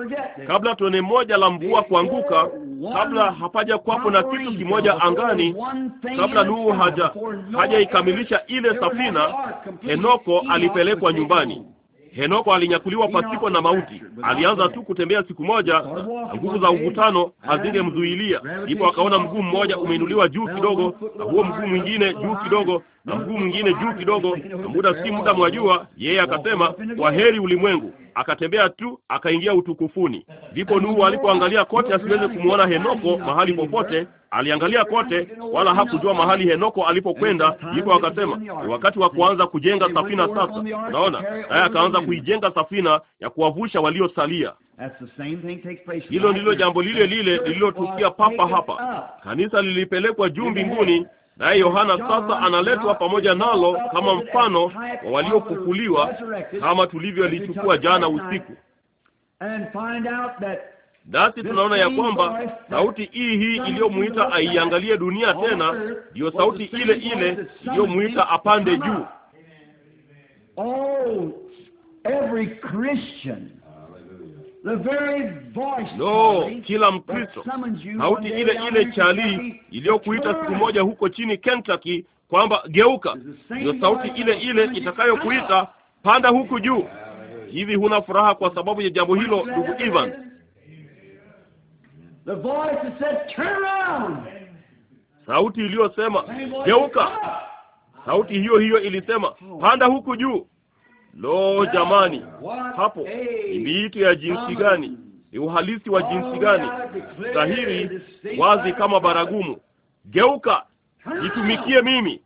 kabla tone moja la mvua kuanguka, kabla hapaja kwapo na kitu kimoja angani, kabla Nuhu haja hajaikamilisha ile safina, enoko alipelekwa nyumbani. Henoko alinyakuliwa pasipo na mauti. Alianza tu kutembea siku moja, na nguvu za uvutano hazingemzuilia. Ndipo akaona mguu mmoja umeinuliwa juu kidogo, na huo mguu mwingine juu kidogo, na mguu mwingine juu kidogo, na muda si muda mwajua, yeye akasema, waheri ulimwengu akatembea tu akaingia utukufuni. Ndipo Nuhu alipoangalia kote asiweze kumwona Henoko mahali popote, aliangalia kote, wala hakujua mahali Henoko alipokwenda. Ndipo akasema ni wakati wa kuanza kujenga safina sasa. Unaona, naye akaanza kuijenga safina ya kuwavusha waliosalia. Hilo ndilo jambo lile lile lililotukia papa hapa. Kanisa lilipelekwa juu mbinguni naye Yohana sasa analetwa pamoja nalo kama mfano wa waliofufuliwa, kama tulivyolichukua jana usiku. Nasi tunaona ya kwamba sauti hii hii iliyomwita aiangalie dunia tena ndiyo sauti ile ile iliyomwita apande juu. Oh, no, kila Mkristo sauti ile ile chali iliyokuita siku moja huko chini Kentucky kwamba geuka, ndio sauti ile ile itakayokuita panda huku juu. Hivi huna furaha kwa sababu ya jambo hilo, ndugu Ivan? Sauti iliyosema geuka, ah! sauti hiyo hiyo ilisema panda huku juu. Lo, jamani, hapo ni miito ya jinsi gani! Ni uhalisi wa jinsi gani! Dhahiri wazi kama baragumu. Geuka, nitumikie mimi,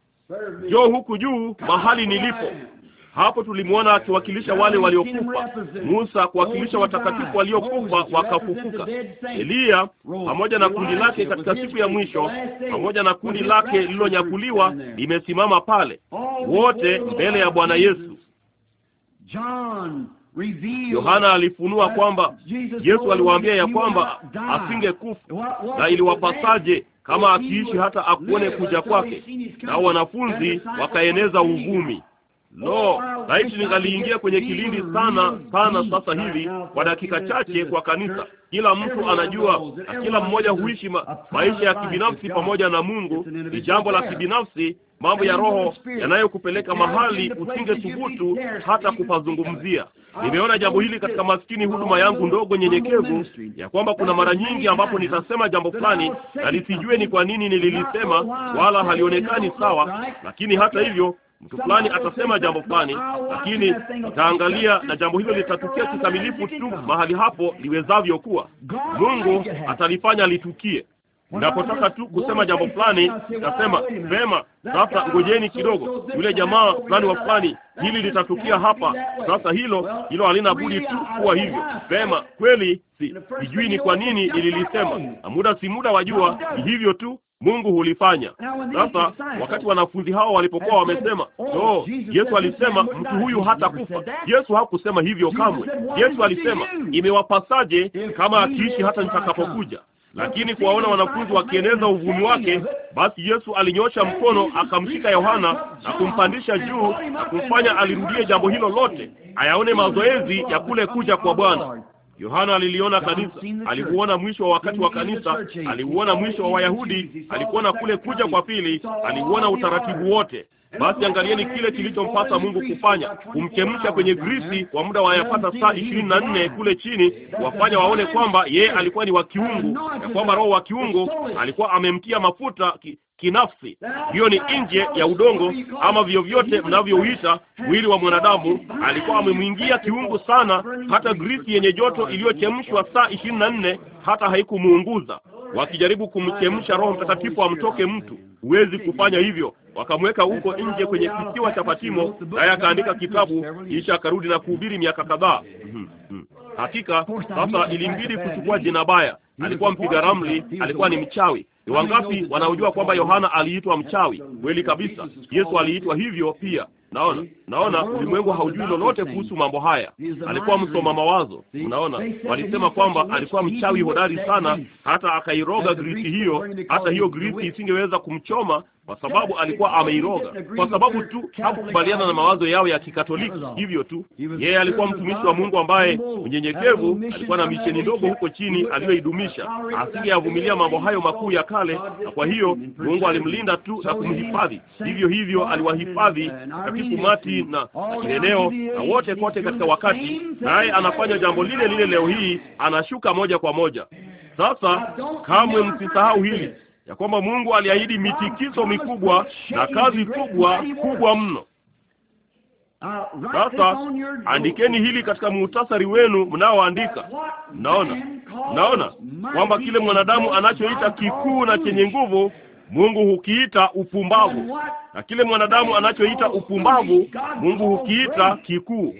njoo huku juu, mahali nilipo. Hapo tulimwona akiwakilisha wale waliokufa, Musa kuwakilisha watakatifu waliokufa wakafufuka, Eliya pamoja na kundi lake katika siku ya mwisho, pamoja na kundi lake lililonyakuliwa limesimama pale, wote mbele ya Bwana Yesu. Yohana alifunua kwamba Yesu aliwaambia ya kwamba asingekufa na iliwapasaje kama akiishi hata akuone kuja kwake, na wanafunzi wakaeneza uvumi. Lo, laiti ningaliingia kwenye kilindi sana sana sasa hivi kwa dakika chache kwa kanisa. Kila mtu anajua na kila mmoja huishi ma, maisha ya kibinafsi pamoja na Mungu. Ni jambo la kibinafsi, mambo ya roho yanayokupeleka mahali usinge thubutu hata kupazungumzia. Nimeona jambo hili katika maskini huduma yangu ndogo nyenyekevu, ya kwamba kuna mara nyingi ambapo nitasema jambo fulani na nisijue ni kwa nini nililisema, wala halionekani sawa, lakini hata hivyo Mtu fulani atasema jambo fulani, lakini itaangalia na jambo hilo litatukia kikamilifu tu mahali hapo liwezavyo kuwa. Mungu atalifanya litukie. Ninapotaka tu kusema jambo fulani, nasema vema, sasa ngojeni kidogo, yule jamaa fulani wa fulani, hili litatukia hapa sasa. Hilo hilo halina budi tu kuwa hivyo. Vema, kweli, sijui ni kwa nini ililisema, na muda si muda, wajua, ni hivyo tu Mungu hulifanya. Sasa wakati wanafunzi hao walipokuwa wamesema, oh, Yesu alisema mtu huyu hata kufa Yesu hakusema hivyo kamwe. Yesu alisema imewapasaje kama akiishi hata nitakapokuja. Lakini kuwaona wanafunzi wakieneza uvumi wake, basi Yesu alinyosha mkono akamshika Yohana na kumpandisha juu na kumfanya alirudie jambo hilo lote, ayaone mazoezi ya kule kuja kwa Bwana. Yohana aliliona kanisa, alikuona mwisho wa wakati wa kanisa, aliuona mwisho wa Wayahudi, alikuona kule kuja kwa pili, aliuona utaratibu wote. Basi angalieni kile kilichompasa Mungu kufanya, kumchemsha kwenye grisi kwa muda wa yapata saa ishirini na nne kule chini, wafanya waone kwamba yeye alikuwa ni wa kiungu, ya kwamba roho wa kiungu alikuwa amemtia mafuta ki, kinafsi. Hiyo ni nje ya udongo ama vyovyote mnavyouita mwili wa mwanadamu. Alikuwa amemwingia kiungu sana, hata grisi yenye joto iliyochemshwa saa ishirini na nne hata haikumuunguza wakijaribu kumchemsha Roho Mtakatifu amtoke mtu. Huwezi kufanya hivyo. Wakamweka huko nje kwenye kisiwa cha Patimo, naye akaandika kitabu, kisha akarudi na kuhubiri miaka kadhaa. Mhm, mhm. Hakika sasa ilimbidi kuchukua jina baya. Alikuwa mpiga ramli, alikuwa ni mchawi. Ni wangapi wanaojua kwamba Yohana aliitwa mchawi? Kweli kabisa, Yesu aliitwa hivyo pia. Naona, naona ulimwengu haujui lolote kuhusu mambo haya. Alikuwa msoma mawazo. Unaona, walisema kwamba alikuwa mchawi hodari sana, hata akairoga grisi hiyo, hata hiyo grisi isingeweza kumchoma kwa sababu alikuwa ameiroga, kwa sababu tu hakukubaliana na mawazo yao ya Kikatoliki. Hivyo tu, yeye alikuwa mtumishi wa Mungu ambaye unyenyekevu, alikuwa na misheni ndogo huko chini aliyoidumisha, asingeyavumilia mambo hayo makuu ya kale, na kwa hiyo Mungu alimlinda tu na kumhifadhi. Hivyo hivyo aliwahifadhi umati na kileleo na wote kote katika wakati, naye anafanya jambo lile lile leo hii, anashuka moja kwa moja. Sasa kamwe msisahau hili ya kwamba Mungu aliahidi mitikizo mikubwa na kazi kubwa kubwa mno. Sasa andikeni hili katika muhtasari wenu mnaoandika. Naona, mnaona kwamba kile mwanadamu anachoita kikuu na chenye nguvu Mungu hukiita upumbavu, na kile mwanadamu anachoita upumbavu Mungu hukiita kikuu.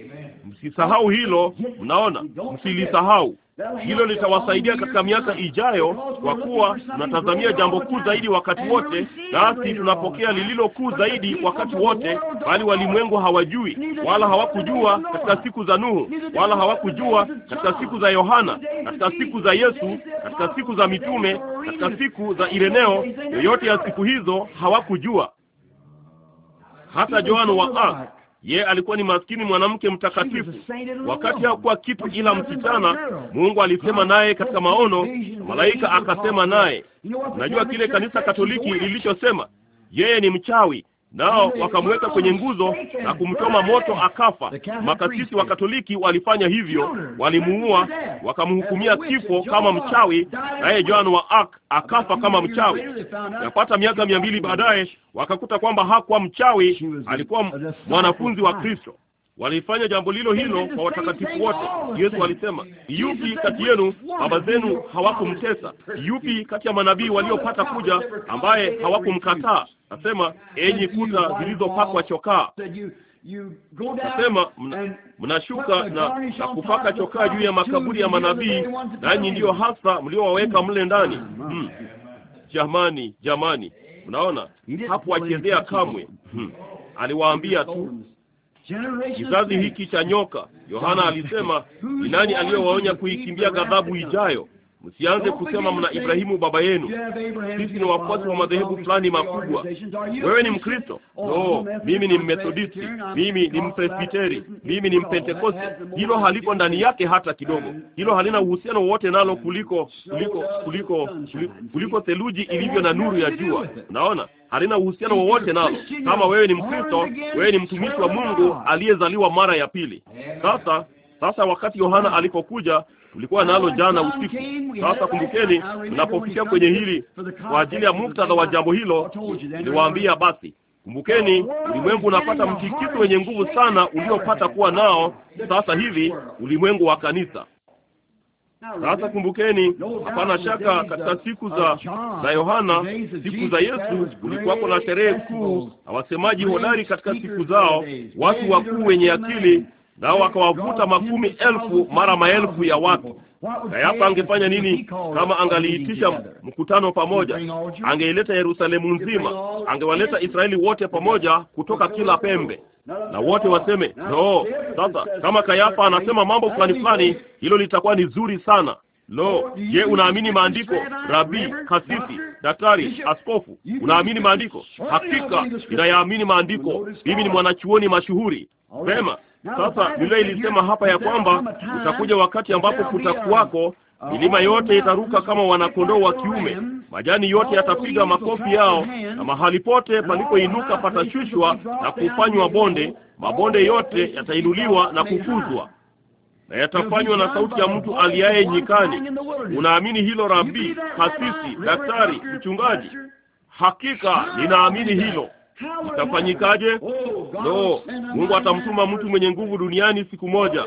Msisahau hilo, mnaona, msilisahau. Hilo litawasaidia katika miaka ijayo, kwa kuwa tunatazamia jambo kuu zaidi wakati wote, nasi tunapokea lililo kuu zaidi wakati wote, bali walimwengu hawajui, wala hawakujua katika siku za Nuhu, wala hawakujua katika siku za Yohana, katika siku za Yesu, katika siku za mitume, katika siku za Ireneo, yoyote ya siku hizo hawakujua hata Yohana wa Arc Ye alikuwa ni maskini mwanamke mtakatifu, wakati hakuwa kitu ila msichana. Mungu alisema naye katika maono, malaika akasema naye. Unajua kile kanisa Katoliki lilichosema, yeye ni mchawi nao wakamweka kwenye nguzo na kumchoma moto akafa. Makasisi wa Katoliki walifanya hivyo, walimuua, wakamhukumia kifo kama mchawi, naye John wa Arc akafa kama mchawi. Yapata miaka mia mbili baadaye wakakuta kwamba hakuwa mchawi, alikuwa mwanafunzi wa Kristo. Walifanya jambo lilo hilo kwa watakatifu wote. Yesu alisema, yupi kati yenu baba zenu hawakumtesa? Yupi kati ya manabii waliopata kuja ambaye hawakumkataa? Nasema, enyi kuta zilizopakwa chokaa Nasema mnashuka na, na kupaka chokaa juu ya makaburi ya manabii, nanyi ndiyo hasa mliowaweka mle ndani hmm. Jamani, jamani, mnaona hakuwachezea kamwe hmm. Aliwaambia tu kizazi hiki cha nyoka. Yohana alisema, ni nani aliyewaonya kuikimbia ghadhabu ijayo? Msianze kusema mna Ibrahimu baba yenu. Sisi ni wafuasi wa madhehebu fulani makubwa. Wewe ni Mkristo? Oh, no, mimi ni Mmethodisti, mimi ni Mpresbiteri, mimi ni Mpentekoste. Hilo haliko ndani yake hata kidogo. Hilo halina uhusiano wowote nalo, kuliko kuliko kuliko kuliko theluji ilivyo na nuru ya jua. Unaona, halina uhusiano wowote nalo. Kama wewe ni Mkristo, wewe ni mtumishi wa Mungu aliyezaliwa mara ya pili. Sasa sasa wakati Yohana alipokuja tulikuwa nalo jana usiku. Sasa kumbukeni, tunapofikia kwenye hili kwa ajili ya muktadha wa jambo hilo, niliwaambia basi Kumbukeni, ulimwengu unapata mtikiso wenye nguvu sana uliopata kuwa nao sasa hivi, ulimwengu wa kanisa. Sasa kumbukeni, hapana shaka katika siku za za Yohana, siku za Yesu, kulikuwako na sherehe kuu na wasemaji hodari katika siku zao, watu wakuu wenye akili nao wakawavuta makumi elfu mara maelfu ya watu. Kayafa angefanya nini kama angaliitisha mkutano pamoja? Angeileta Yerusalemu nzima, angewaleta Israeli wote pamoja kutoka kila pembe, na wote waseme no. Sasa kama Kayafa anasema mambo fulani fulani, hilo litakuwa ni zuri sana. Lo, je, unaamini maandiko? rabi kasisi, daktari, askofu, unaamini maandiko? Hakika inayaamini maandiko. Mimi ni mwanachuoni mashuhuri. Vema, sasa Biblia ilisema hapa ya kwamba utakuja wakati ambapo kutakuwako milima yote itaruka kama wanakondoo wa kiume, majani yote yatapiga makofi yao, na mahali pote palipoinuka patashushwa na kufanywa bonde, mabonde yote yatainuliwa na kufuzwa na yatafanywa na sauti ya mtu aliaye nyikani. Unaamini hilo rabi, kasisi, daktari, mchungaji? Hakika ninaamini hilo. Itafanyikaje? Oh, Lo, Mungu atamtuma mtu mwenye nguvu duniani siku moja.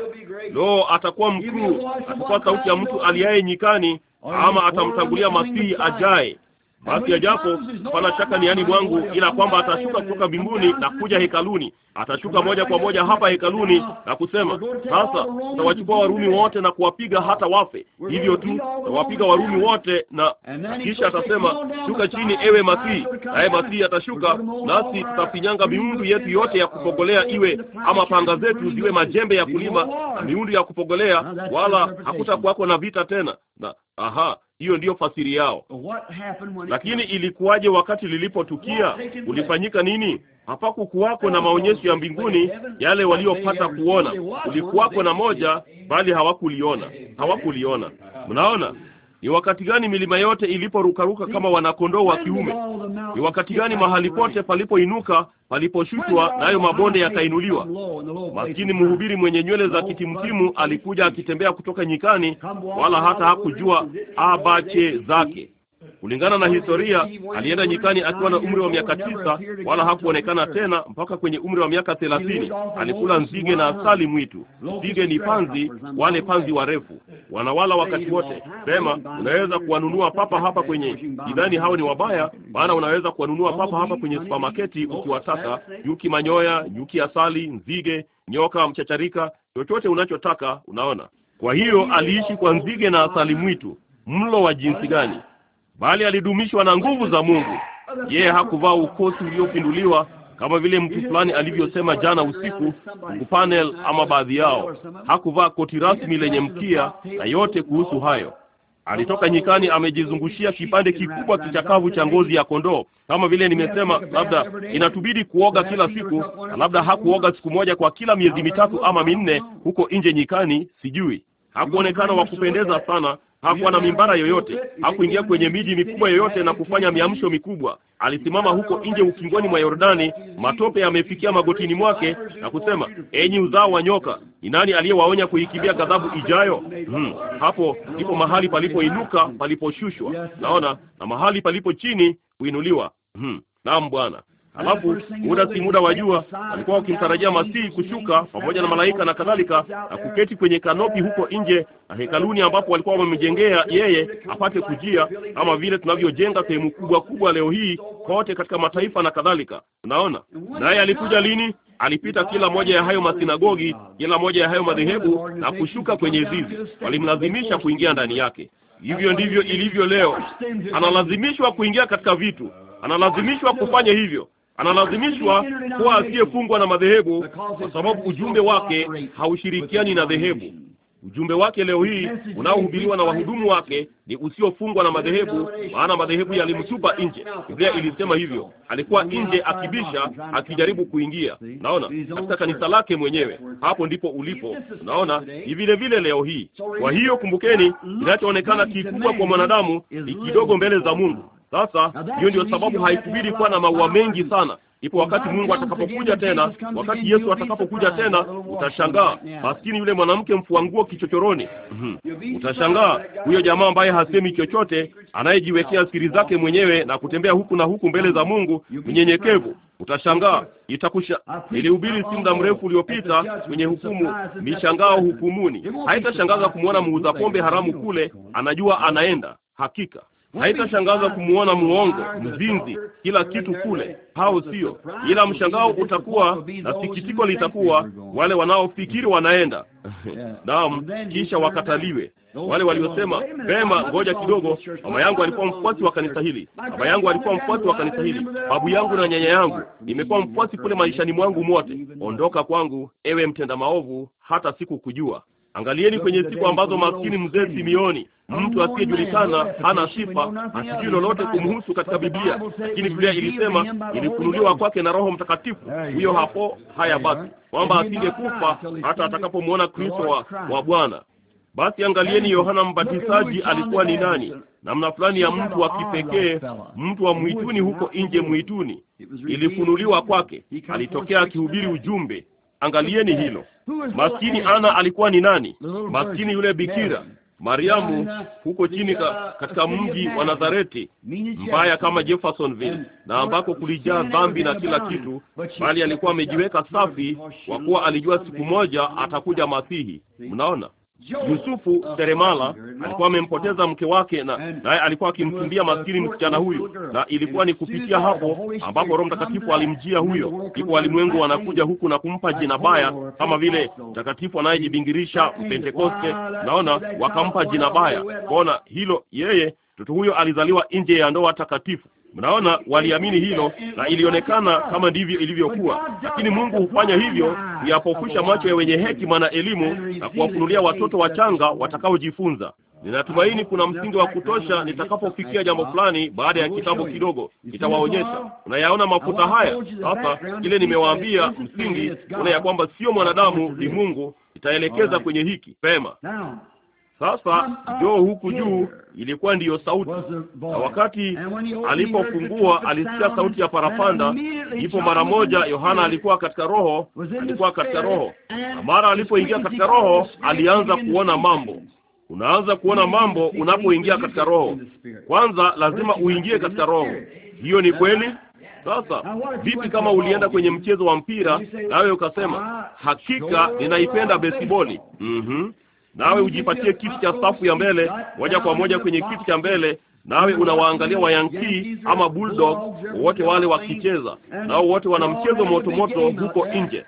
Lo, atakuwa mkuu, atakuwa sauti ya mtu aliyaye nyikani, ama atamtangulia Masihi ajaye. Basi yajapo hapana shaka ni yani mwangu, ila kwamba atashuka kutoka mbinguni na kuja hekaluni. Atashuka moja kwa moja hapa hekaluni na kusema, sasa tawachukua Warumi wote na kuwapiga hata wafe. Hivyo tu tawapiga Warumi wote, na kisha atasema, shuka chini, ewe Masii. Naye Masii atashuka, nasi tutafinyanga miundu yetu yote ya kupogolea, iwe ama panga zetu ziwe majembe ya kulima na miundu ya kupogolea, wala hakutakuwako na vita tena na aha hiyo ndiyo fasiri yao. Lakini ilikuwaje wakati lilipotukia? Ulifanyika nini? Hapakukuwako na maonyesho ya mbinguni yale waliopata kuona. Ulikuwako na moja, bali hawakuliona, hawakuliona. Mnaona, ni wakati gani milima yote iliporukaruka kama wanakondoo wa kiume? Ni wakati gani mahali pote palipoinuka paliposhushwa, nayo mabonde yakainuliwa? Maskini mhubiri mwenye nywele za kitimtimu alikuja akitembea kutoka nyikani, wala hata hakujua abache zake. Kulingana na historia, alienda nyikani akiwa na umri wa miaka tisa, wala hakuonekana tena mpaka kwenye umri wa miaka thelathini. Alikula nzige na asali mwitu. Nzige ni panzi, wale panzi warefu wanawala wakati wote. Sema unaweza kuwanunua papa hapa kwenye, sidhani hao ni wabaya, maana unaweza kuwanunua papa hapa kwenye supamaketi ukiwataka, nyuki manyoya, nyuki asali, nzige, nyoka, mchacharika, chochote unachotaka. Unaona, kwa hiyo aliishi kwa nzige na asali mwitu. Mlo wa jinsi gani! bali alidumishwa na nguvu za Mungu. Yeye hakuvaa ukosi uliopinduliwa kama vile mtu fulani alivyosema jana usiku panel ama baadhi yao. Hakuvaa koti rasmi lenye mkia na yote kuhusu hayo. Alitoka nyikani amejizungushia kipande kikubwa kichakavu cha ngozi ya kondoo. Kama vile nimesema, labda inatubidi kuoga kila siku, na labda hakuoga siku moja kwa kila miezi mitatu ama minne, huko nje nyikani, sijui. Hakuonekana wa kupendeza sana, hakuwa na mimbara yoyote, hakuingia kwenye miji mikubwa yoyote na kufanya miamsho mikubwa. Alisimama huko nje ukingoni mwa Yordani, matope yamefikia magotini mwake, na kusema, enyi uzao wa nyoka, ni nani aliyewaonya kuikimbia ghadhabu ijayo? Hmm. Hapo ndipo mahali palipoinuka, paliposhushwa, naona na mahali palipo chini kuinuliwa. Hmm. Naam Bwana. Alafu muda si muda wa jua, walikuwa wakimtarajia Masihi kushuka pamoja na malaika na kadhalika, na kuketi kwenye kanopi huko nje na hekaluni, ambapo walikuwa wamemjengea yeye apate kujia, kama vile tunavyojenga sehemu kubwa kubwa leo hii kote katika mataifa na kadhalika. Unaona, naye alikuja lini? Alipita kila moja ya hayo masinagogi, kila moja ya hayo madhehebu na kushuka kwenye zizi, walimlazimisha kuingia ndani yake. Hivyo ndivyo ilivyo leo, analazimishwa kuingia katika vitu, analazimishwa kufanya hivyo analazimishwa kuwa asiyefungwa na madhehebu, kwa sababu ujumbe wake haushirikiani na dhehebu. Ujumbe wake leo hii unaohubiriwa na wahudumu wake ni usiofungwa na madhehebu, maana madhehebu yalimtupa nje. Biblia ilisema hivyo, alikuwa nje akibisha, akijaribu kuingia. Naona katika kanisa lake mwenyewe, hapo ndipo ulipo. Naona ni vile vile leo hii. Kwa hiyo kumbukeni, kinachoonekana kikubwa kwa mwanadamu ni kidogo mbele za Mungu. Sasa hiyo ndio sababu haikubidi kuwa na maua mengi sana. Ipo wakati Mungu atakapokuja tena, wakati Yesu atakapokuja tena, utashangaa maskini yule mwanamke mfua nguo kichochoroni. Mm -hmm. Utashangaa huyo jamaa ambaye hasemi chochote, anayejiwekea siri zake mwenyewe na oh, kutembea huku na huku mbele za oh, Mungu mnyenyekevu. Utashangaa itakusha. Nilihubiri si muda mrefu uliopita kwenye hukumu, mishangao hukumuni. Haitashangaza kumwona muuza pombe haramu kule, anajua anaenda hakika haitashangaza kumwona muongo, mzinzi, kila kitu kule, hao sio. Ila mshangao utakuwa na sikitiko litakuwa wale wanaofikiri wanaenda naam, kisha wakataliwe. Wale waliosema bema ngoja kidogo, mama yangu alikuwa mfuasi wa kanisa hili, baba yangu alikuwa mfuasi wa kanisa hili, babu yangu na nyanya yangu, nimekuwa mfuasi kule maishani mwangu mote. Ondoka kwangu, ewe mtenda maovu, hata siku kujua Angalieni kwenye siku ambazo maskini mzee Simioni, mtu asiyejulikana, hana sifa, asijui lolote kumhusu katika Biblia, lakini Biblia ilisema ilifunuliwa kwake na Roho Mtakatifu. Hiyo hapo, haya basi, kwamba asingekufa hata atakapomwona Kristo wa, wa Bwana. Basi angalieni, Yohana Mbatizaji alikuwa ni nani? Namna fulani ya mtu wa kipekee, mtu wa mwituni, huko nje mwituni. Ilifunuliwa kwake, alitokea akihubiri ujumbe Angalieni hilo. Maskini Ana alikuwa ni nani? Maskini yule bikira Mariamu huko chini ka, katika mji wa Nazareti mbaya kama Jeffersonville, na ambako kulijaa dhambi na kila kitu, bali alikuwa amejiweka safi kwa kuwa alijua siku moja atakuja Masihi. Mnaona? Yusufu uh, seremala alikuwa amempoteza mke wake, na naye alikuwa akimkimbia maskini msichana huyu, na ilikuwa ni kupitia hapo ambapo Roho Mtakatifu alimjia huyo. Ndipo walimwengu wanakuja huku na kumpa jina baya, kama vile mtakatifu anayejibingirisha Pentekoste. Naona wakampa jina baya, kwaona hilo yeye mtoto huyo alizaliwa nje ya ndoa takatifu. Mnaona, waliamini hilo na ilionekana kama ndivyo ilivyokuwa, lakini Mungu hufanya hivyo kuyapofusha macho ya wenye hekima na elimu na kuwafunulia watoto wachanga watakaojifunza. Ninatumaini kuna msingi wa kutosha nitakapofikia jambo fulani baada ya kitabu kidogo, nitawaonyesha. Unayaona mafuta haya sasa? Ile nimewaambia msingi, una ya kwamba sio mwanadamu, ni Mungu. Nitaelekeza kwenye hiki pema. Sasa joo huku juu ilikuwa ndiyo sauti, na wakati alipofungua alisikia sauti ya parapanda, ndipo mara moja Yohana alikuwa katika roho, alikuwa katika roho, na mara alipoingia katika roho alianza kuona mambo. Unaanza kuona mambo unapoingia katika roho. Kwanza lazima uingie katika roho, hiyo ni kweli. Sasa vipi kama ulienda kwenye mchezo wa mpira nawe ukasema, ah, hakika ninaipenda besiboli? mm -hmm nawe ujipatie kiti cha safu ya mbele moja kwa moja kwenye kiti cha mbele nawe unawaangalia Wayankii ama Bulldog wote wale wakicheza, nao wote wana mchezo moto moto huko nje,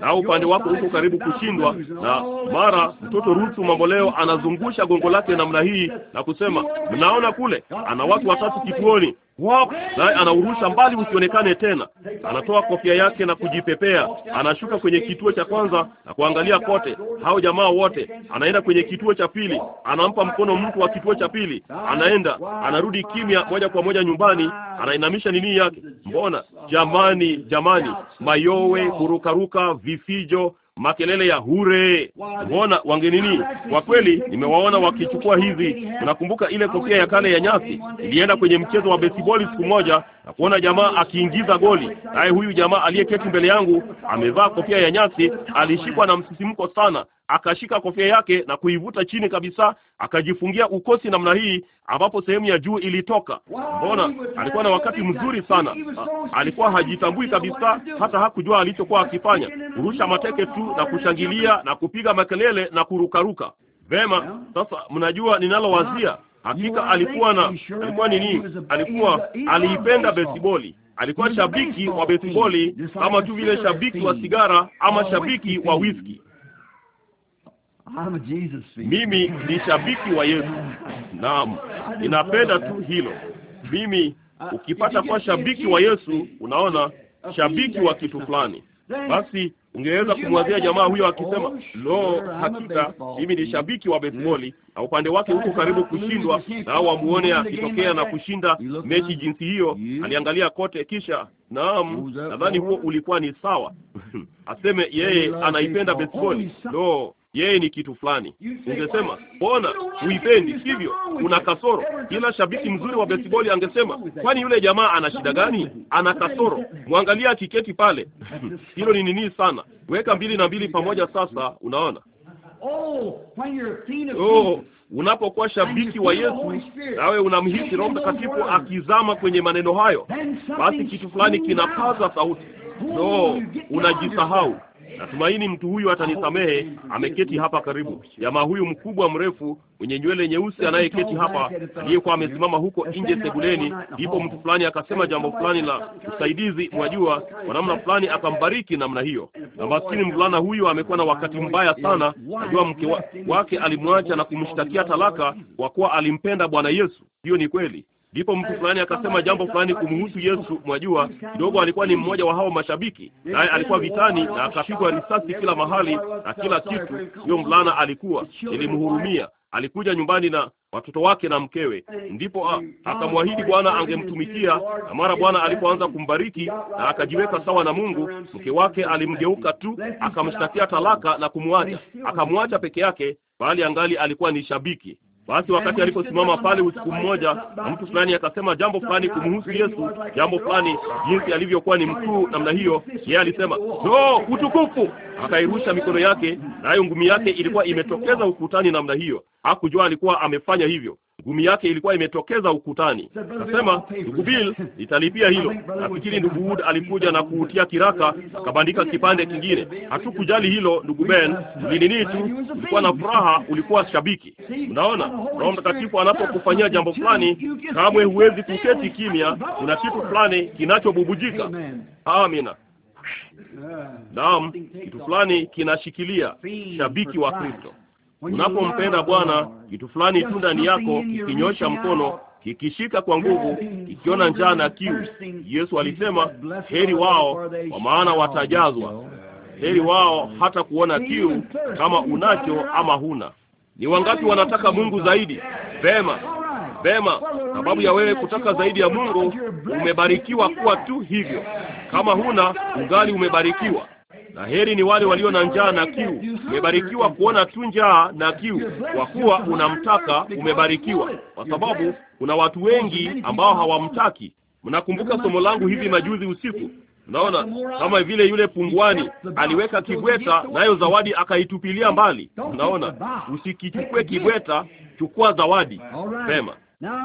nao upande wako huko karibu kushindwa, na mara mtoto Rutu mamboleo anazungusha gongo lake namna hii na kusema, mnaona kule, ana watu watatu kituoni, wow. naye anaurusha mbali usionekane tena. Anatoa kofia yake na kujipepea, anashuka kwenye kituo cha kwanza na kuangalia kote, hao jamaa wote. Anaenda kwenye kituo cha pili, anampa mkono mtu wa kituo cha pili, anaenda anarudi kimya, moja kwa moja nyumbani, anainamisha nini yake. Mbona jamani, jamani, mayowe, kurukaruka, vifijo makelele ya hure. Mbona nini? Kwa kweli nimewaona wakichukua hizi. Unakumbuka ile kofia ya kale ya nyasi? Ilienda kwenye mchezo wa besiboli siku moja na kuona jamaa akiingiza goli, naye huyu jamaa aliyeketi mbele yangu amevaa kofia ya nyasi, alishikwa na msisimko sana akashika kofia yake na kuivuta chini kabisa, akajifungia ukosi namna hii ambapo sehemu ya juu ilitoka. Mbona alikuwa na wakati mzuri sana. alikuwa hajitambui kabisa, hata hakujua alichokuwa akifanya, kurusha mateke tu na kushangilia na kupiga makelele na kurukaruka. Vema, sasa mnajua ninalowazia. Hakika alikuwa na alikuwa nini? Alikuwa aliipenda besiboli alikuwa shabiki wa besiboli kama tu vile shabiki wa sigara ama shabiki wa whisky. Mimi ni shabiki wa Yesu. Naam, ninapenda tu hilo. Mimi ukipata kuwa shabiki wa Yesu, unaona, shabiki wa kitu fulani, basi ungeweza kumwazia jamaa huyo akisema, lo, hakika mimi ni shabiki wa besiboli, na upande wake huko karibu kushindwa, na wamuone akitokea na kushinda mechi jinsi hiyo. Aliangalia kote, kisha naam, nadhani huo ulikuwa ni sawa. Aseme yeye anaipenda besiboli, lo yeye ni kitu fulani. Ningesema bona huipendi hivyo, una kasoro. Kila shabiki mzuri wa baseball angesema, kwani yule jamaa ana shida gani? Ana kasoro, mwangalia akiketi pale. Hilo ni nini sana? Weka mbili na mbili pamoja, sasa unaona. Oh, oh unapokuwa shabiki wa Yesu nawe unamhisi Roho Mtakatifu akizama kwenye maneno hayo, basi kitu fulani kinapaza sauti. No, unajisahau Natumaini mtu huyu atanisamehe. Ameketi hapa karibu, jamaa huyu mkubwa mrefu mwenye nywele nyeusi anayeketi hapa, aliyekuwa amesimama huko nje sebuleni. Ndipo mtu fulani akasema jambo fulani la usaidizi, wajua, kwa namna fulani akambariki namna hiyo, na maskini mvulana huyu amekuwa na wakati mbaya sana. Najua mke wa, wake alimwacha na kumshtakia talaka kwa kuwa alimpenda Bwana Yesu. Hiyo ni kweli, Ndipo mtu fulani akasema jambo fulani kumhusu Yesu. Mwajua, kidogo alikuwa ni mmoja wa hao mashabiki, naye alikuwa vitani na akapigwa risasi kila mahali na kila kitu. Hiyo mvulana alikuwa, ilimhurumia alikuja nyumbani na watoto wake na mkewe, ndipo akamwahidi Bwana angemtumikia. Na mara Bwana alipoanza kumbariki na akajiweka sawa na Mungu, mke wake alimgeuka tu, akamshtakia talaka na kumwacha. Akamwacha peke yake, bali angali alikuwa ni shabiki. Basi wakati aliposimama pale usiku mmoja, na mtu fulani akasema jambo fulani kumhusu Yesu, jambo fulani jinsi alivyokuwa ni mkuu namna hiyo, yeye alisema no, utukufu. Akairusha mikono yake, nayo ngumi yake ilikuwa imetokeza ukutani namna hiyo. Hakujua alikuwa amefanya hivyo, Ngumi yake ilikuwa imetokeza ukutani. Akasema, ndugu Bill, nitalipia hilo. Nafikiri ndugu Wood alikuja na kuutia kiraka akabandika kipande kingine. Hatukujali hilo, ndugu Ben, nini tu, ulikuwa na furaha, ulikuwa shabiki. Unaona, Roho Mtakatifu anapokufanyia jambo fulani, kamwe huwezi kuketi kimya. Kuna kitu fulani kinachobubujika. Amina. Naam, kitu fulani kinashikilia shabiki wa Kristo. Unapompenda Bwana, kitu fulani tu ndani yako kikinyosha mkono, kikishika kwa nguvu, kikiona njaa na kiu. Yesu alisema, heri wao, kwa maana watajazwa. Heri wao hata kuona kiu, kama unacho ama huna. Ni wangapi wanataka Mungu zaidi? Vema, vema. Sababu ya wewe kutaka zaidi ya Mungu, umebarikiwa kuwa tu hivyo. Kama huna, ungali umebarikiwa na heri ni wale walio na njaa na kiu. Umebarikiwa kuona tu njaa na kiu, kwa kuwa unamtaka. Umebarikiwa kwa sababu kuna watu wengi ambao hawamtaki. Mnakumbuka somo langu hivi majuzi usiku? Unaona, kama vile yule pungwani aliweka kibweta, nayo zawadi akaitupilia mbali. Unaona, usikichukue kibweta, chukua zawadi. pema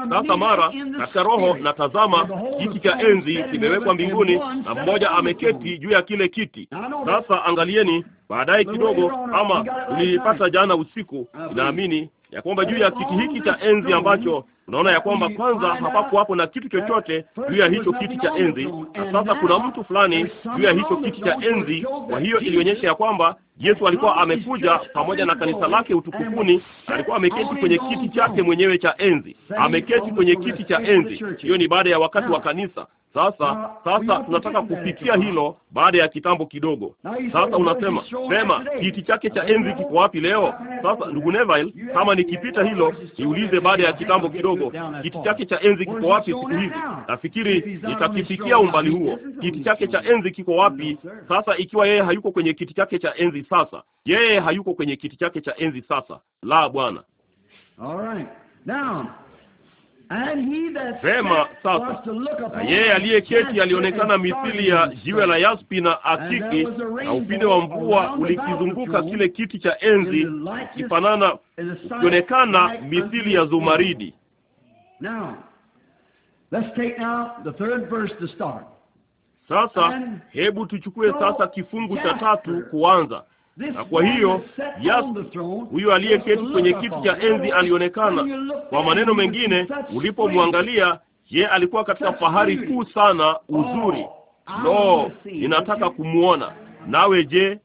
sasa mara katika Roho na tazama, kiti cha enzi kimewekwa mbinguni na mmoja ameketi juu ya kile kiti. Sasa angalieni baadaye kidogo, ama uliipata jana usiku, inaamini ya kwamba juu ya kiti hiki cha enzi ambacho unaona ya kwamba kwanza hapo na kitu chochote juu ya hicho kiti cha enzi, na sasa kuna mtu fulani juu ya hicho kiti cha enzi. Kwa hiyo ilionyesha ya kwamba Yesu alikuwa amekuja pamoja na kanisa lake utukufuni. Alikuwa ameketi kwenye kiti chake mwenyewe cha enzi, ameketi kwenye kiti cha enzi. Hiyo ni baada ya wakati wa kanisa. Sasa sasa tunataka kupitia hilo baada ya kitambo kidogo. Sasa unasema sema, kiti chake cha enzi kiko wapi leo? Sasa ndugu Neville, kama nikipita hilo, niulize baada ya kitambo kidogo, kiti chake cha enzi kiko wapi siku hizi? Nafikiri nitakifikia umbali huo. Kiti chake cha enzi kiko wapi sasa, ikiwa yeye hayuko kwenye kiti chake cha enzi sasa. Yeye hayuko kwenye kiti chake cha enzi sasa. La, Bwana. Right. Vema sasa, na yeye aliyeketi alionekana mithili ya jiwe la yaspi na akiki, na upinde wa mvua ulikizunguka kile kiti cha enzi kifanana, ukionekana mithili ya zumaridi. Sasa hebu tuchukue sasa kifungu cha tatu kuanza. Na kwa hiyo yasu huyu aliyeketi kwenye kiti cha enzi alionekana. Kwa maneno mengine, ulipomwangalia ye alikuwa katika fahari kuu sana, uzuri. Lo oh, no, ninataka kumwona. Nawe je,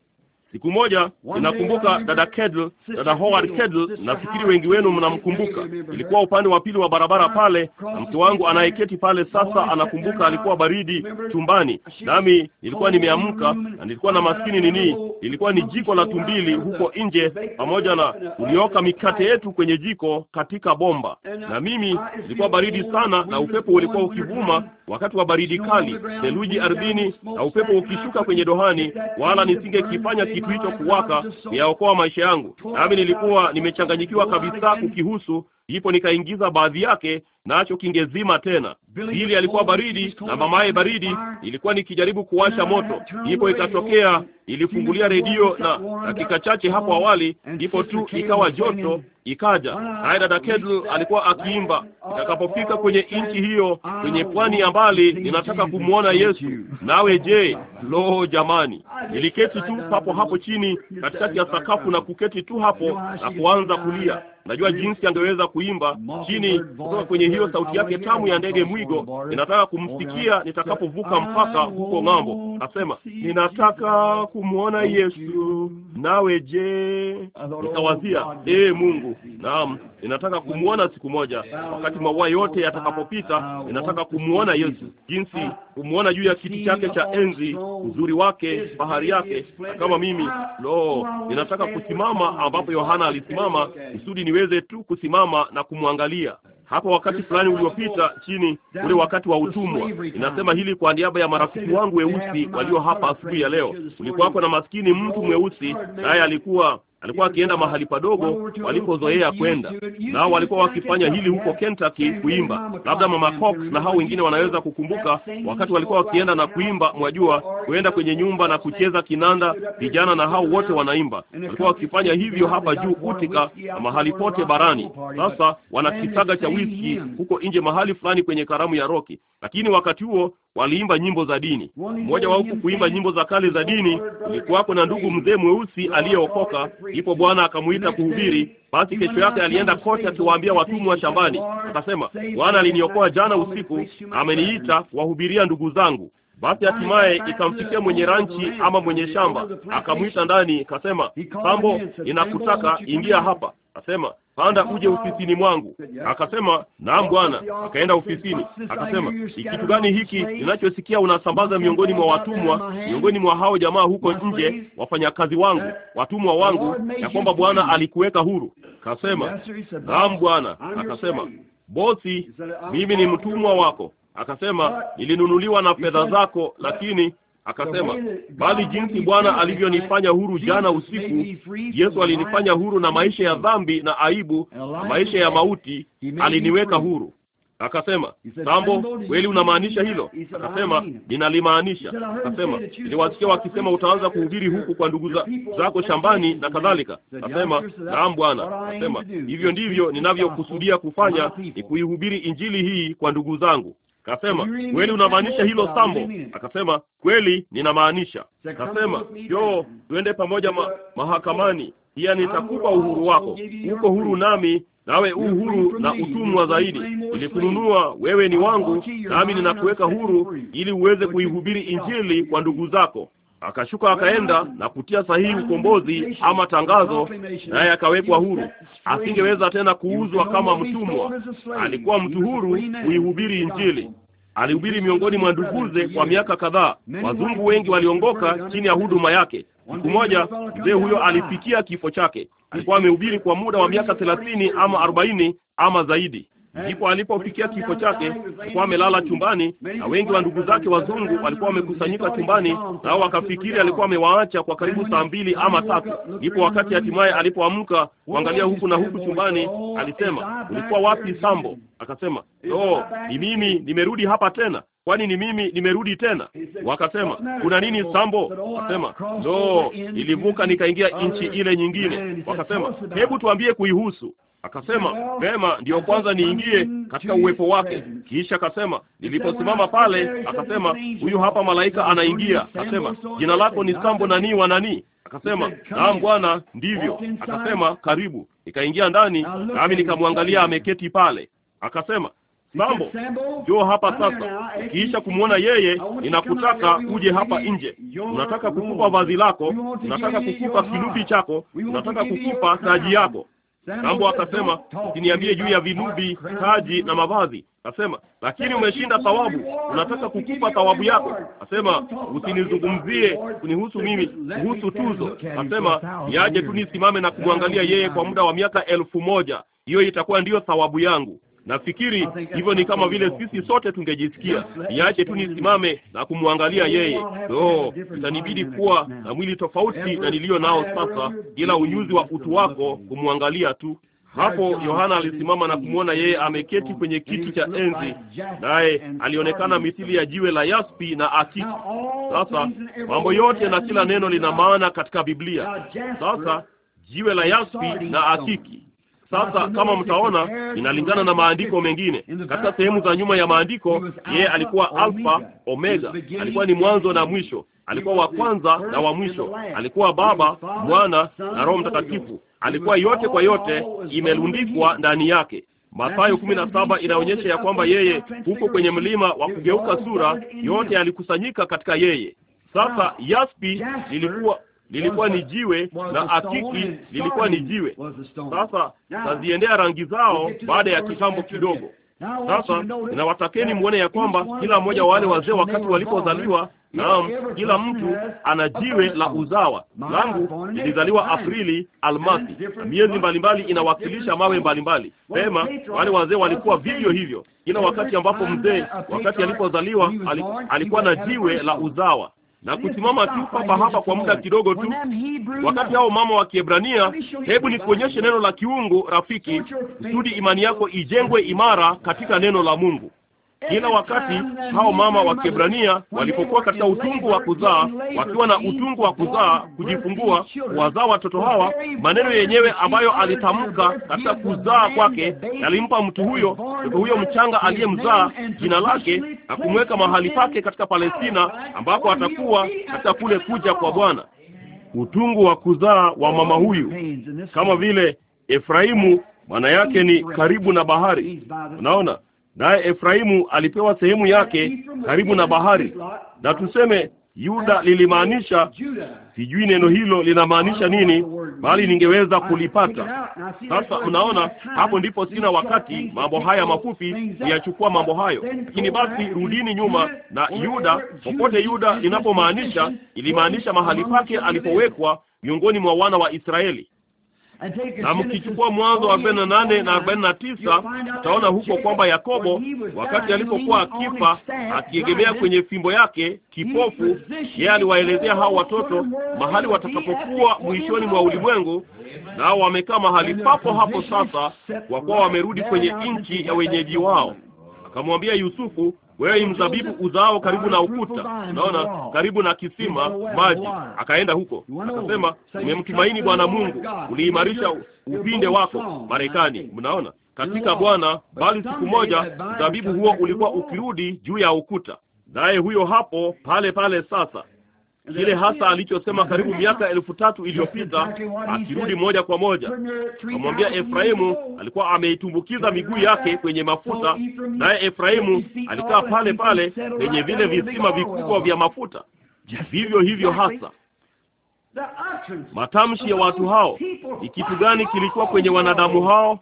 Siku moja ninakumbuka dada Kedl, dada Howard Kedl, nafikiri wengi wenu mnamkumbuka. Ilikuwa upande wa pili wa barabara pale, na mke wangu anayeketi pale sasa anakumbuka, alikuwa baridi chumbani, nami nilikuwa nimeamka, na nilikuwa na maskini nini, ilikuwa ni jiko la tumbili uh, huko nje, pamoja na ulioka mikate yetu kwenye jiko katika bomba, uh, na mimi nilikuwa baridi sana, na upepo ulikuwa ukivuma wakati wa baridi kali, theluji ardhini, na upepo ukishuka kwenye dohani, wala nisingekifanya kitu kitu hicho kuwaka, yaokoa maisha yangu, nami nilikuwa nimechanganyikiwa kabisa kukihusu, ndipo nikaingiza baadhi yake nacho kingezima tena. Bili alikuwa baridi na mamaye baridi, ilikuwa nikijaribu kuwasha moto, ndipo ikatokea, ilifungulia redio na dakika chache hapo awali, ndipo tu ikawa joto ikaja. Ah, Naye dada Kedl alikuwa akiimba, itakapofika kwenye nchi hiyo, kwenye pwani ya mbali, ninataka kumwona Yesu. Nawe je? Lo, jamani, niliketi tu papo hapo chini katikati ya sakafu na kuketi tu hapo na kuanza kulia. Najua jinsi angeweza kuimba chini kutoka kwenye hiyo sauti yake tamu ya ndege mwigo. Ninataka kumsikia nitakapovuka mpaka huko ng'ambo. Nasema ninataka kumwona Yesu. Nawe je? Nikawazia, ee Mungu, naam ninataka kumwona siku moja, wakati maua yote yatakapopita, ninataka kumwona Yesu, jinsi kumwona juu ya kiti chake cha enzi, uzuri wake, fahari yake, na kama mimi lo, ninataka kusimama ambapo Yohana alisimama, kusudi niweze tu kusimama na kumwangalia hapo wakati fulani uliopita chini ule wakati wa utumwa. Inasema hili kwa niaba ya marafiki wangu weusi walio hapa asubuhi ya leo. Kulikuwako na maskini mtu mweusi, naye alikuwa alikuwa akienda mahali padogo walipozoea kwenda, nao walikuwa wakifanya hili huko Kentucky, kuimba. Labda mama Cox na hao wengine wanaweza kukumbuka wakati walikuwa wakienda na kuimba, mwajua, kuenda kwenye nyumba na kucheza kinanda, vijana na hao wote wanaimba. Walikuwa wakifanya hivyo hapa juu Utica na mahali pote barani. Sasa kisaga cha whisky huko nje mahali fulani kwenye karamu ya Roki, lakini wakati huo waliimba nyimbo za dini. Mmoja wa huku kuimba nyimbo za kale za dini ulikuwako na ndugu mzee mweusi aliyeokoka Ndipo Bwana akamuita kuhubiri. Basi kesho yake alienda kote akiwaambia watumwa shambani, akasema, Bwana aliniokoa jana usiku, ameniita kuwahubiria ndugu zangu. Basi hatimaye ikamfikia mwenye ranchi ama mwenye shamba, akamwita ndani, akasema, Sambo, ninakutaka, ingia hapa. Akasema, panda uje ofisini mwangu. Akasema, naam bwana. Akaenda ofisini, akasema, ni kitu gani hiki ninachosikia unasambaza miongoni mwa watumwa, miongoni mwa hao jamaa huko nje, wafanyakazi wangu, watumwa wangu, ya kwamba Bwana alikuweka huru? Akasema, naam bwana. Akasema, bosi, mimi ni mtumwa wako. Akasema, nilinunuliwa na fedha zako, lakini Akasema, bali jinsi Bwana alivyonifanya huru jana usiku, Yesu alinifanya huru na maisha ya dhambi na aibu na maisha ya mauti, aliniweka huru. Akasema, Sambo, kweli unamaanisha hilo? Akasema, ninalimaanisha. Akasema, niliwasikia wakisema utaanza kuhubiri huku kwa ndugu za, zako shambani na kadhalika. Akasema, naam Bwana. Akasema, hivyo ndivyo ninavyokusudia kufanya, ni kuihubiri injili hii kwa ndugu zangu. Kasema, kweli unamaanisha hilo uh, Sambo? Akasema, kweli ninamaanisha. Kasema, joo, tuende pamoja ma, mahakamani, pia nitakupa uhuru wako. Uko huru nami nawe uhuru na utumwa zaidi. Nilikununua, wewe ni wangu, nami ninakuweka huru, ili uweze kuihubiri Injili kwa ndugu zako akashuka akaenda na kutia sahihi ukombozi ama tangazo, naye akawekwa huru. Asingeweza tena kuuzwa kama mtumwa, alikuwa mtu huru kuihubiri Injili. Alihubiri miongoni mwa nduguze kwa miaka kadhaa. Wazungu wengi waliongoka chini ya huduma yake. Siku moja mzee huyo alifikia kifo chake. Alikuwa amehubiri kwa muda wa miaka thelathini ama arobaini ama zaidi. Ndipo alipofikia kifo chake, alikuwa amelala chumbani, na wengi wa ndugu zake wazungu walikuwa wamekusanyika chumbani, nao wakafikiri alikuwa amewaacha kwa karibu saa mbili ama tatu. Ndipo wakati hatimaye alipoamka kuangalia huku na huku chumbani, alisema, ulikuwa wapi Sambo? Akasema, no, oh, ni mimi, nimerudi hapa tena Kwani ni mimi nimerudi tena. Wakasema, kuna nini Sambo? Akasema, no, nilivuka nikaingia nchi ile nyingine. Wakasema, hebu tuambie kuihusu. Akasema vema, ndiyo kwanza niingie katika uwepo wake. Kisha akasema, niliposimama pale, akasema huyu hapa malaika anaingia. Akasema, jina lako ni Sambo nani wa nani? Akasema, naam Bwana, ndivyo. Akasema, karibu. Nikaingia ndani, nami nikamwangalia ameketi pale. Akasema, Sambo, njoo hapa sasa. Ukiisha kumwona yeye, ninakutaka uje hapa nje. Unataka kukupa vazi lako, unataka kukupa kinubi chako, unataka kukupa taji yako Mambo akasema, usiniambie juu ya vinubi, taji na mavazi. Akasema, lakini umeshinda thawabu, unataka kukupa thawabu yako. Akasema, usinizungumzie kunihusu mimi, kuhusu tuzo. Akasema, yaje tu nisimame na kumwangalia yeye kwa muda wa miaka elfu moja hiyo itakuwa ndiyo thawabu yangu. Nafikiri hivyo ni kama vile sisi sote tungejisikia. Niache tu nisimame na kumwangalia yeye. Oh, itanibidi kuwa na mwili tofauti na nilio nao sasa, ila unyuzi wa utu wako kumwangalia tu. Hapo Yohana alisimama na kumwona yeye ameketi kwenye kiti cha enzi, naye alionekana mithili ya jiwe la yaspi na akiki. Sasa mambo yote na kila neno lina maana katika Biblia. Sasa jiwe la yaspi na akiki sasa kama mtaona, inalingana na maandiko mengine. Katika sehemu za nyuma ya maandiko, yeye alikuwa Alfa Omega, alikuwa ni mwanzo na mwisho, alikuwa wa kwanza na wa mwisho, alikuwa Baba, Mwana na Roho Mtakatifu, alikuwa yote kwa yote, imelundikwa ndani yake. Mathayo kumi na saba inaonyesha ya kwamba yeye huko kwenye mlima wa kugeuka sura, yote yalikusanyika katika yeye. Sasa yaspi lilikuwa lilikuwa ni jiwe na akiki lilikuwa ni jiwe. Sasa taziendea rangi zao baada ya kitambo kidogo. Sasa ninawatakeni muone ya kwamba kila mmoja wa wale wazee wakati walipozaliwa, naam, kila mtu ana jiwe la uzawa. Langu lilizaliwa Aprili almasi, na miezi mbalimbali inawakilisha mawe mbalimbali. Pema, wale wazee walikuwa vivyo hivyo. Kila wakati ambapo mzee wakati alipozaliwa alikuwa na jiwe la uzawa na kusimama tu papa hapa kwa muda kidogo tu, wakati hao mama wa Kiebrania, hebu nikuonyeshe neno la kiungu rafiki, kusudi imani yako ijengwe imara katika neno la Mungu. Kila wakati hao mama wa kebrania walipokuwa katika utungu wa kuzaa, wakiwa na utungu wa kuzaa, kujifungua, kuwazaa watoto hawa, maneno yenyewe ambayo alitamka katika kuzaa kwake yalimpa mtu huyo, mtoto huyo mchanga aliyemzaa jina lake na kumweka mahali pake katika Palestina, ambapo atakuwa katika kule kuja kwa Bwana. Utungu wa kuzaa wa mama huyu, kama vile Efraimu, maana yake ni karibu na bahari. Unaona, naye Efraimu alipewa sehemu yake karibu na bahari, na tuseme Yuda lilimaanisha, sijui neno hilo linamaanisha nini, bali ningeweza ah, kulipata. Sasa unaona, hapo ndipo sina wakati mambo haya mafupi niyachukua mambo hayo, lakini basi rudini nyuma na Yuda. Popote Yuda linapomaanisha, ilimaanisha mahali pake alipowekwa miongoni mwa wana wa Israeli. Na mkichukua Mwanzo wa arobaini na nane na arobaini na tisa utaona huko kwamba Yakobo wakati alipokuwa akifa akiegemea kwenye fimbo yake kipofu, yeye aliwaelezea hao watoto mahali watakapokuwa mwishoni mwa ulimwengu, nao wamekaa mahali papo hapo sasa, kwa kuwa wamerudi kwenye nchi ya wenyeji wao. Akamwambia Yusufu, wewe ni mzabibu uzao karibu na ukuta, unaona, karibu na kisima maji. Akaenda huko akasema, nimemtumaini Bwana Mungu, uliimarisha upinde wako Marekani. Mnaona katika Bwana, bali siku moja mzabibu huo ulikuwa ukirudi juu ya ukuta, naye huyo hapo pale pale sasa kile hasa alichosema karibu miaka elfu tatu iliyopita, akirudi moja kwa moja. Kamwambia Efraimu alikuwa ameitumbukiza miguu yake kwenye mafuta, naye Efraimu alikaa pale pale kwenye vile visima vikubwa vya mafuta. Vivyo hivyo hasa matamshi ya watu hao. Ni kitu gani kilikuwa kwenye wanadamu hao?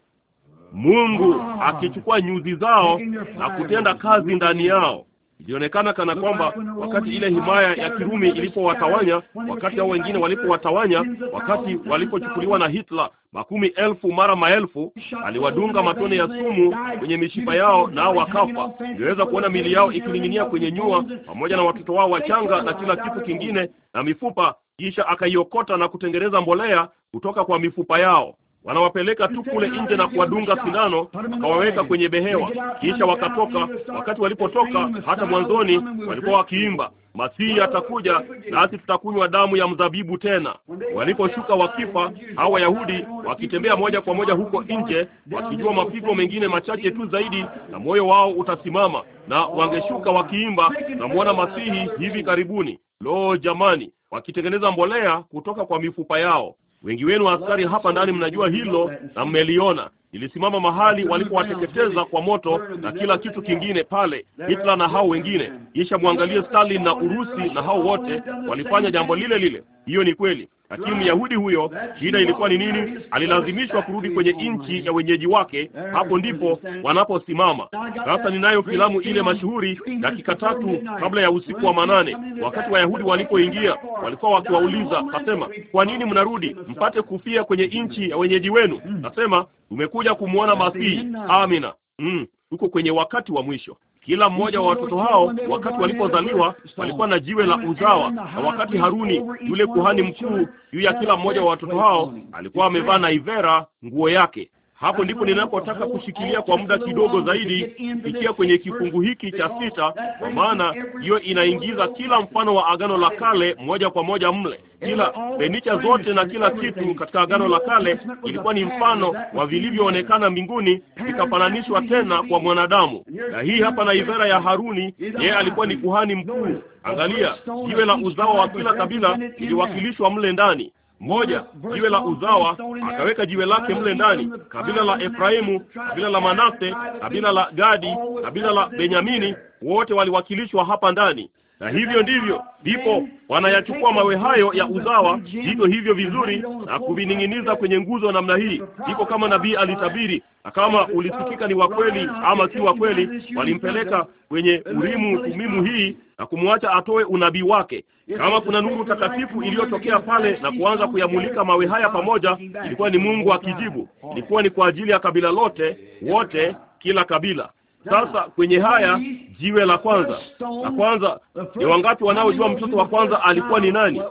Mungu akichukua nyuzi zao na kutenda kazi ndani yao. Ilionekana kana kwamba wakati ile himaya ya Kirumi ilipowatawanya, wakati hao wengine walipowatawanya, wakati walipochukuliwa na Hitler, makumi elfu mara maelfu, aliwadunga matone ya sumu kwenye mishipa yao, nao wakafa. Niliweza kuona mili yao ikining'inia kwenye nyua, pamoja na watoto wao wachanga na kila kitu kingine na mifupa, kisha akaiokota na kutengeneza mbolea kutoka kwa mifupa yao wanawapeleka tu kule nje na kuwadunga sindano, wakawaweka kwenye behewa, kisha wakatoka. Wakati walipotoka, hata mwanzoni walikuwa wakiimba Masihi atakuja nasi tutakunywa damu ya mzabibu tena. Waliposhuka wakifa, hao Wayahudi wakitembea moja kwa moja huko nje, wakijua mapigo mengine machache tu zaidi na moyo wao utasimama, na wangeshuka wakiimba, namwona Masihi hivi karibuni. Lo, jamani, wakitengeneza mbolea kutoka kwa mifupa yao. Wengi wenu askari hapa ndani mnajua hilo na mmeliona. Nilisimama mahali walipowateketeza kwa moto na kila kitu kingine pale, Hitler na hao wengine. Kisha mwangalie Stalin na Urusi na hao wote walifanya jambo lile lile. Hiyo ni kweli. Lakini Myahudi huyo, shida ilikuwa ni nini? Alilazimishwa kurudi kwenye nchi ya wenyeji wake. Hapo ndipo wanaposimama sasa. Ninayo filamu ile mashuhuri, dakika tatu kabla ya usiku wa manane, wakati Wayahudi walipoingia, walikuwa wakiwauliza, nasema, kwa nini mnarudi mpate kufia kwenye nchi ya wenyeji wenu? Hmm. Nasema tumekuja kuja kumwona Masihi. Amina. Mm, uko kwenye wakati wa mwisho. Kila mmoja wa watoto hao wakati walipozaliwa walikuwa na jiwe la uzawa, na wakati Haruni yule kuhani mkuu juu ya kila mmoja wa watoto hao alikuwa amevaa naivera nguo yake, hapo ndipo ninapotaka kushikilia kwa muda kidogo zaidi, ikia kwenye kifungu hiki cha sita, kwa maana hiyo inaingiza kila mfano wa Agano la Kale moja kwa moja mle. Kila benicha zote na kila kitu katika Agano la Kale ilikuwa ni mfano wa vilivyoonekana mbinguni, vikafananishwa tena kwa mwanadamu. Na hii hapa na idhara ya Haruni, yeye alikuwa ni kuhani mkuu. Angalia, jiwe la uzao wa kila kabila liliwakilishwa mle ndani moja jiwe la uzawa, akaweka jiwe lake mle ndani, kabila la Efraimu, kabila la Manase, kabila la Gadi, kabila la Benyamini, wote waliwakilishwa hapa ndani na hivyo ndivyo ndipo wanayachukua mawe hayo ya uzawa hivyo hivyo vizuri na kuvining'iniza kwenye nguzo namna hii. Iko kama nabii alitabiri, na kama ulisikika ni wa kweli ama si wa kweli, walimpeleka kwenye Urimu Tumimu hii na kumwacha atoe unabii wake. Kama kuna nuru takatifu iliyotokea pale na kuanza kuyamulika mawe haya pamoja, ilikuwa ni Mungu akijibu. Ilikuwa ni kwa ajili ya kabila lote, wote, kila kabila. Sasa kwenye haya, jiwe la kwanza la kwanza, ni wangapi wanaojua mtoto wa kwanza alikuwa ni nani?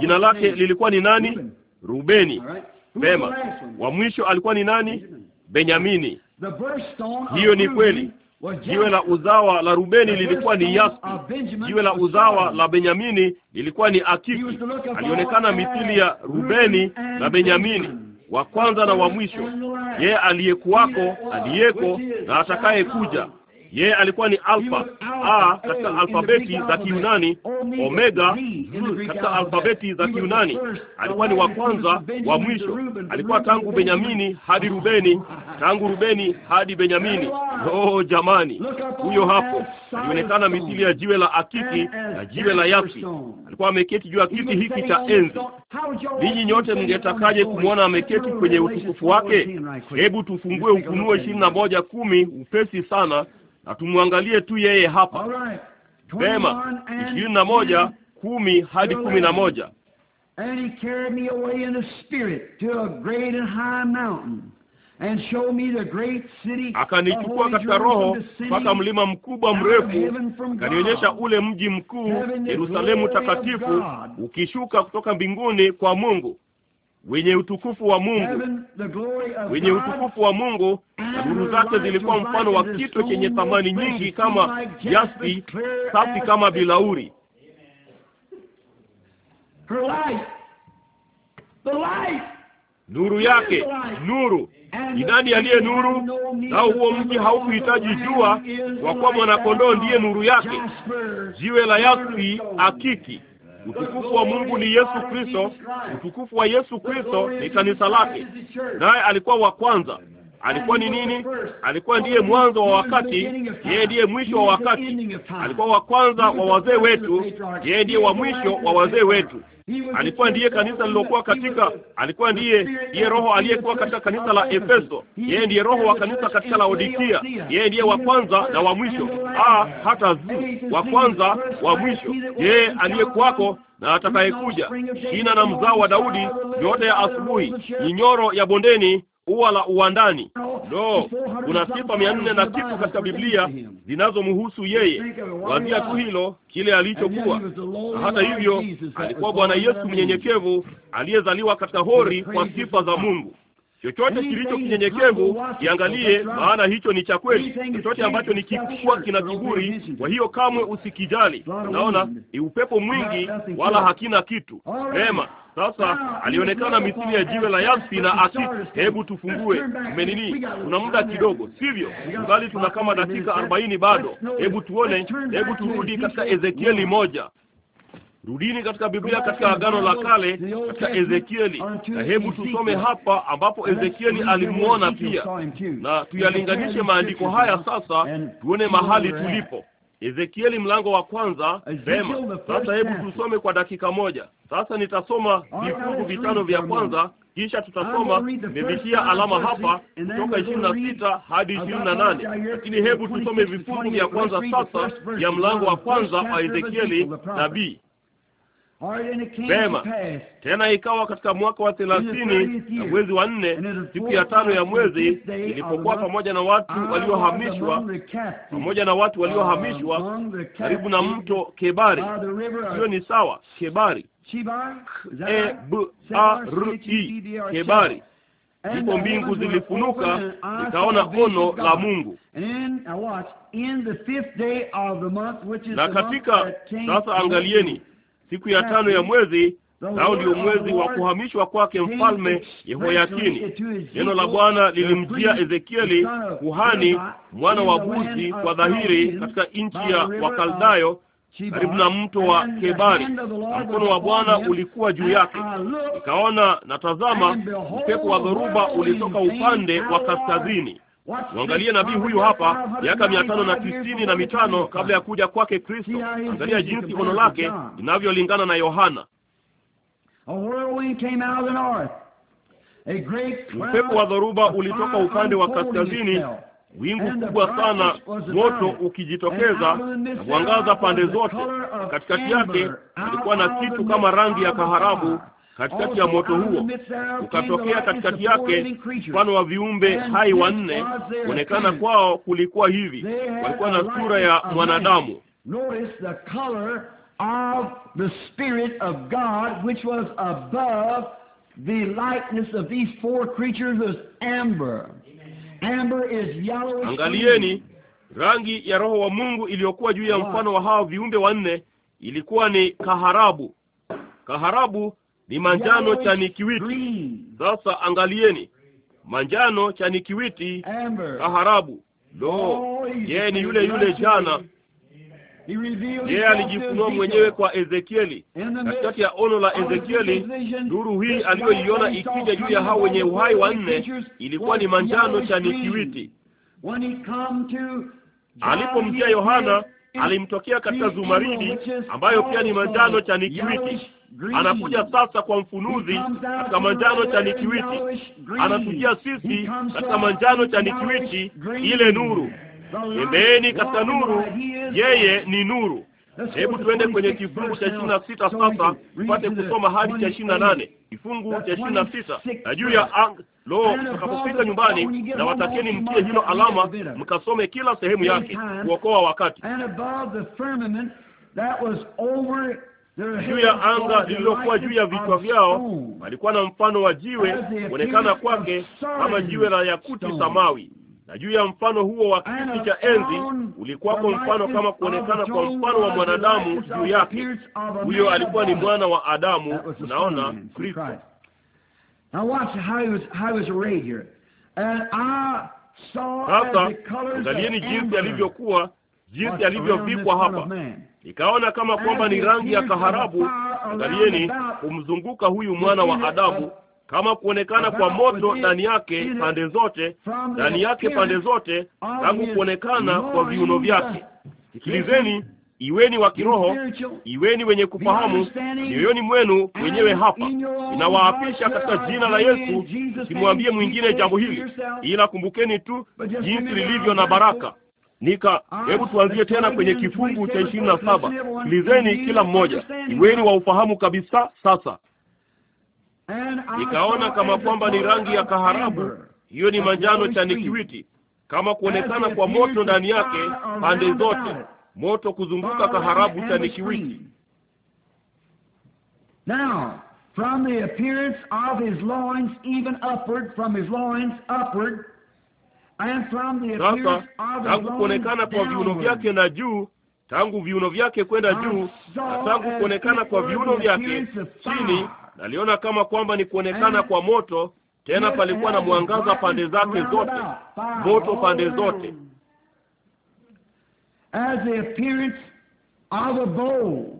Jina lake lilikuwa ni nani? Rubeni. Vema, wa mwisho alikuwa ni nani? Benyamini. Hiyo ni kweli. Jiwe la uzawa la Rubeni lilikuwa ni Yaspi. Jiwe la uzawa la Benyamini lilikuwa ni Akiki. Alionekana mithili ya Rubeni na Benyamini wa kwanza na wa mwisho, yeye aliyekuwako, aliyeko na atakayekuja, yeye alikuwa ni alfa a katika alfabeti za Kiyunani, omega katika alfabeti za kiunani Alikuwa ni wa kwanza, wa mwisho. Alikuwa tangu Benyamini hadi Rubeni, tangu Rubeni hadi Benyamini. Oh jamani, huyo hapo alionekana mithili ya jiwe la akiki na jiwe la yapi. Alikuwa ameketi juu ya kiti hiki cha enzi. Ninyi nyote mngetakaje kumwona ameketi kwenye utukufu wake? Hebu tufungue Ufunuo ishirini na moja kumi upesi sana na tumwangalie tu yeye hapa. Vema, ishirini na moja kumi hadi kumi na moja Akanichukua katika roho mpaka mlima mkubwa mrefu, akanionyesha ule mji mkuu Yerusalemu takatifu, ukishuka kutoka mbinguni kwa Mungu, wenye utukufu wa Mungu, wenye utukufu wa Mungu. Nuru zake zilikuwa mfano wa kitu chenye thamani nyingi, kama jaspi safi, kama bilauri. Nuru yake, nuru idadi aliye nuru, nao huo mji haukuhitaji jua, kwa kuwa mwanakondoo ndiye nuru yake, jiwe la yaspi akiki Utukufu wa Mungu ni Yesu Kristo. Utukufu wa Yesu Kristo ni kanisa lake, naye alikuwa wa kwanza. Alikuwa ni nini? Alikuwa ndiye mwanzo wa wakati, yeye ndiye mwisho wa wakati. Alikuwa wa kwanza wa wazee wetu, yeye ndiye wa mwisho wa wazee wetu. Alikuwa ndiye kanisa lilokuwa katika, alikuwa ndiye ndiye roho aliyekuwa katika kanisa la Efeso, yeye ndiye roho wa kanisa katika Laodikia, yeye ndiye wa kwanza na wa mwisho, ah, hata zi wa kwanza wa mwisho, yeye aliyekuwako na atakayekuja, shina na mzao wa Daudi, nyota ya asubuhi, nyinyoro ya bondeni ua la uwandani. Lo, kuna sifa mia nne na kitu katika Biblia zinazomhusu yeye. Wazia tu hilo, kile alichokuwa. Na hata hivyo, alikuwa Bwana Yesu mnyenyekevu aliyezaliwa katika hori kwa sifa za Mungu. Chochote kilicho kinyenyekevu kiangalie, maana hicho ni cha kweli. Chochote ambacho ni kikubwa kina kiburi, kwa hiyo kamwe usikijali. Naona ni upepo mwingi, wala hakina kitu. Vema, sasa alionekana misili ya jiwe la yaspi na akiki. Hebu tufungue menini, tuna muda kidogo, sivyo? ungali tuna kama dakika arobaini bado. Hebu tuone, hebu turudi katika Ezekieli moja. Rudini katika Biblia, katika Agano la Kale, katika Ezekieli, na hebu tusome hapa ambapo Ezekieli alimwona pia, na tuyalinganishe maandiko haya sasa, tuone mahali tulipo. Ezekieli mlango wa kwanza. Vema, sasa hebu tusome kwa dakika moja. Sasa nitasoma vifungu vitano vya kwanza, kisha tutasoma, nimevitia alama hapa kutoka ishirini na sita hadi ishirini na nane lakini hebu tusome vifungu vya kwanza sasa vya mlango wa kwanza wa Ezekieli nabii. Vema. Tena ikawa katika mwaka wa thelathini na mwezi wa nne, siku ya tano ya mwezi, nilipokuwa pamoja na watu waliohamishwa, pamoja na watu waliohamishwa karibu na mto Kebari. Hiyo ni sawa, Kebari, E B A R I, Kebari. Ndipo mbingu zilifunuka, nikaona ono la Mungu. Uh, na katika sasa, angalieni siku ya tano ya mwezi nao ndio mwezi wa kuhamishwa kwake mfalme Yehoyakini. Neno la Bwana lilimjia Ezekieli kuhani mwana wa Buzi kwa dhahiri katika nchi ya Wakaldayo karibu na mto wa Kebari, na mkono wa Bwana ulikuwa juu yake. Nikaona natazama, upepo wa dhoruba ulitoka upande wa kaskazini, Mwangalie nabii huyu hapa, miaka mia tano na tisini na mitano kabla ya kuja kwake Kristo. Angalia jinsi ono lake linavyolingana na Yohana. Upepo wa dhoruba ulitoka upande wa kaskazini, wingu kubwa sana, moto ukijitokeza na kuangaza pande zote. Katikati yake alikuwa na kitu kama rangi ya kaharabu katikati ya moto huo ukatokea katikati yake mfano wa viumbe hai wanne. Kuonekana kwao kulikuwa hivi, walikuwa na sura ya mwanadamu. Angalieni rangi ya Roho wa Mungu iliyokuwa juu ya mfano wa hao viumbe wanne ilikuwa ni kaharabu. Kaharabu ni manjano cha nikiwiti. Sasa angalieni, manjano cha nikiwiti, kaharabu. Lo, oh, yeye ni yule yule jana. Yeye alijifunua mwenyewe kwa Ezekieli, katikati ya ono la Ezekieli. Nuru hii aliyoiona ikija juu ya hao wenye uhai wa nne ilikuwa ni manjano cha nikiwiti. Alipomjia Yohana, alimtokea katika zumaridi ambayo pia ni manjano cha nikiwiti anakuja sasa kwa mfunuzi katika manjano cha nikiwiti, anatujia sisi katika manjano cha nikiwiti, ile nuru. Tembeni katika nuru, yeye ni nuru. Hebu tuende kwenye kifungu cha ishirini na sita sasa tupate kusoma hadi cha ishirini na nane kifungu cha ishirini na sita na juu ya ang lo, mtakapofika nyumbani na watakeni mtie hilo alama, mkasome kila sehemu yake, kuokoa wakati juu ya anga lililokuwa juu ya vichwa vyao, palikuwa na mfano wa jiwe kuonekana kwake kama jiwe la yakuti samawi, na juu ya mfano huo wa kiti cha enzi kwa mfano kama kuonekana kwa mfano wa mwanadamu juu yake. Huyo alikuwa ni mwana wa Adamu, unaona Kristo. Sasa angalieni jinsi alivyokuwa, jinsi alivyovikwa hapa nikaona kama kwamba ni rangi ya kaharabu. Angalieni kumzunguka huyu mwana wa adabu, kama kuonekana kwa moto ndani yake pande zote, ndani yake pande zote, tangu kuonekana kwa viuno vyake. Sikilizeni, iweni wa kiroho, iweni wenye kufahamu mioyoni mwenu wenyewe. Hapa ninawaapisha katika jina la Yesu, simwambie mwingine jambo hili, ila kumbukeni tu jinsi lilivyo na baraka Nika, ah, hebu tuanzie tena kwenye kifungu cha ishirini na saba. Sikilizeni kila mmoja, iweni wa ufahamu kabisa. Sasa nikaona kama kwamba ni rangi ya kaharabu, hiyo ni manjano cha nikiwiti, kama kuonekana kwa moto ndani yake pande zote, moto kuzunguka kaharabu cha nikiwiti. Now from the appearance of his loins even upward from his loins upward sasa tangu kuonekana kwa viuno vyake na juu, tangu viuno vyake kwenda juu, na tangu kuonekana kwa viuno vyake chini, naliona kama kwamba ni kuonekana kwa moto. Tena palikuwa na mwangaza pande zake zote, moto pande zote. As the appearance of a bowl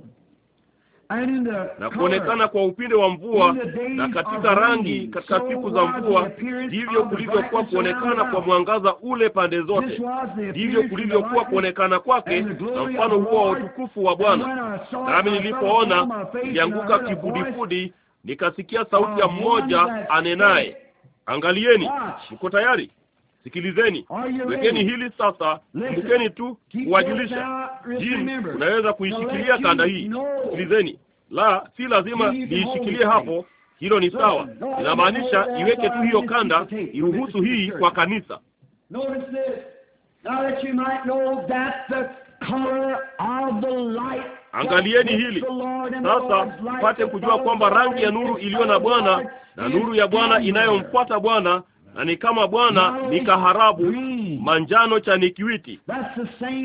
na kuonekana kwa upinde wa mvua na katika rangi, katika siku za mvua, ndivyo kulivyokuwa kuonekana kwa mwangaza ule pande zote, ndivyo kulivyokuwa kuonekana kwake na mfano huo wa utukufu wa Bwana. Nami nilipoona nilianguka kifudifudi, nikasikia ah, sauti ya mmoja anenaye, angalieni, mko tayari? Sikilizeni, wekeni hili sasa, kumbukeni tu kuwajulisha. Je, unaweza kuishikilia kanda hii? Sikilizeni, la, si lazima niishikilie hapo. Hilo ni sawa, inamaanisha iweke tu hiyo kanda, iruhusu hii kwa kanisa. Angalieni hili sasa, mpate kujua kwamba rangi ya nuru iliyo na Bwana na nuru ya Bwana inayomfuata Bwana na ni kama Bwana ni kaharabu manjano cha nikiwiti.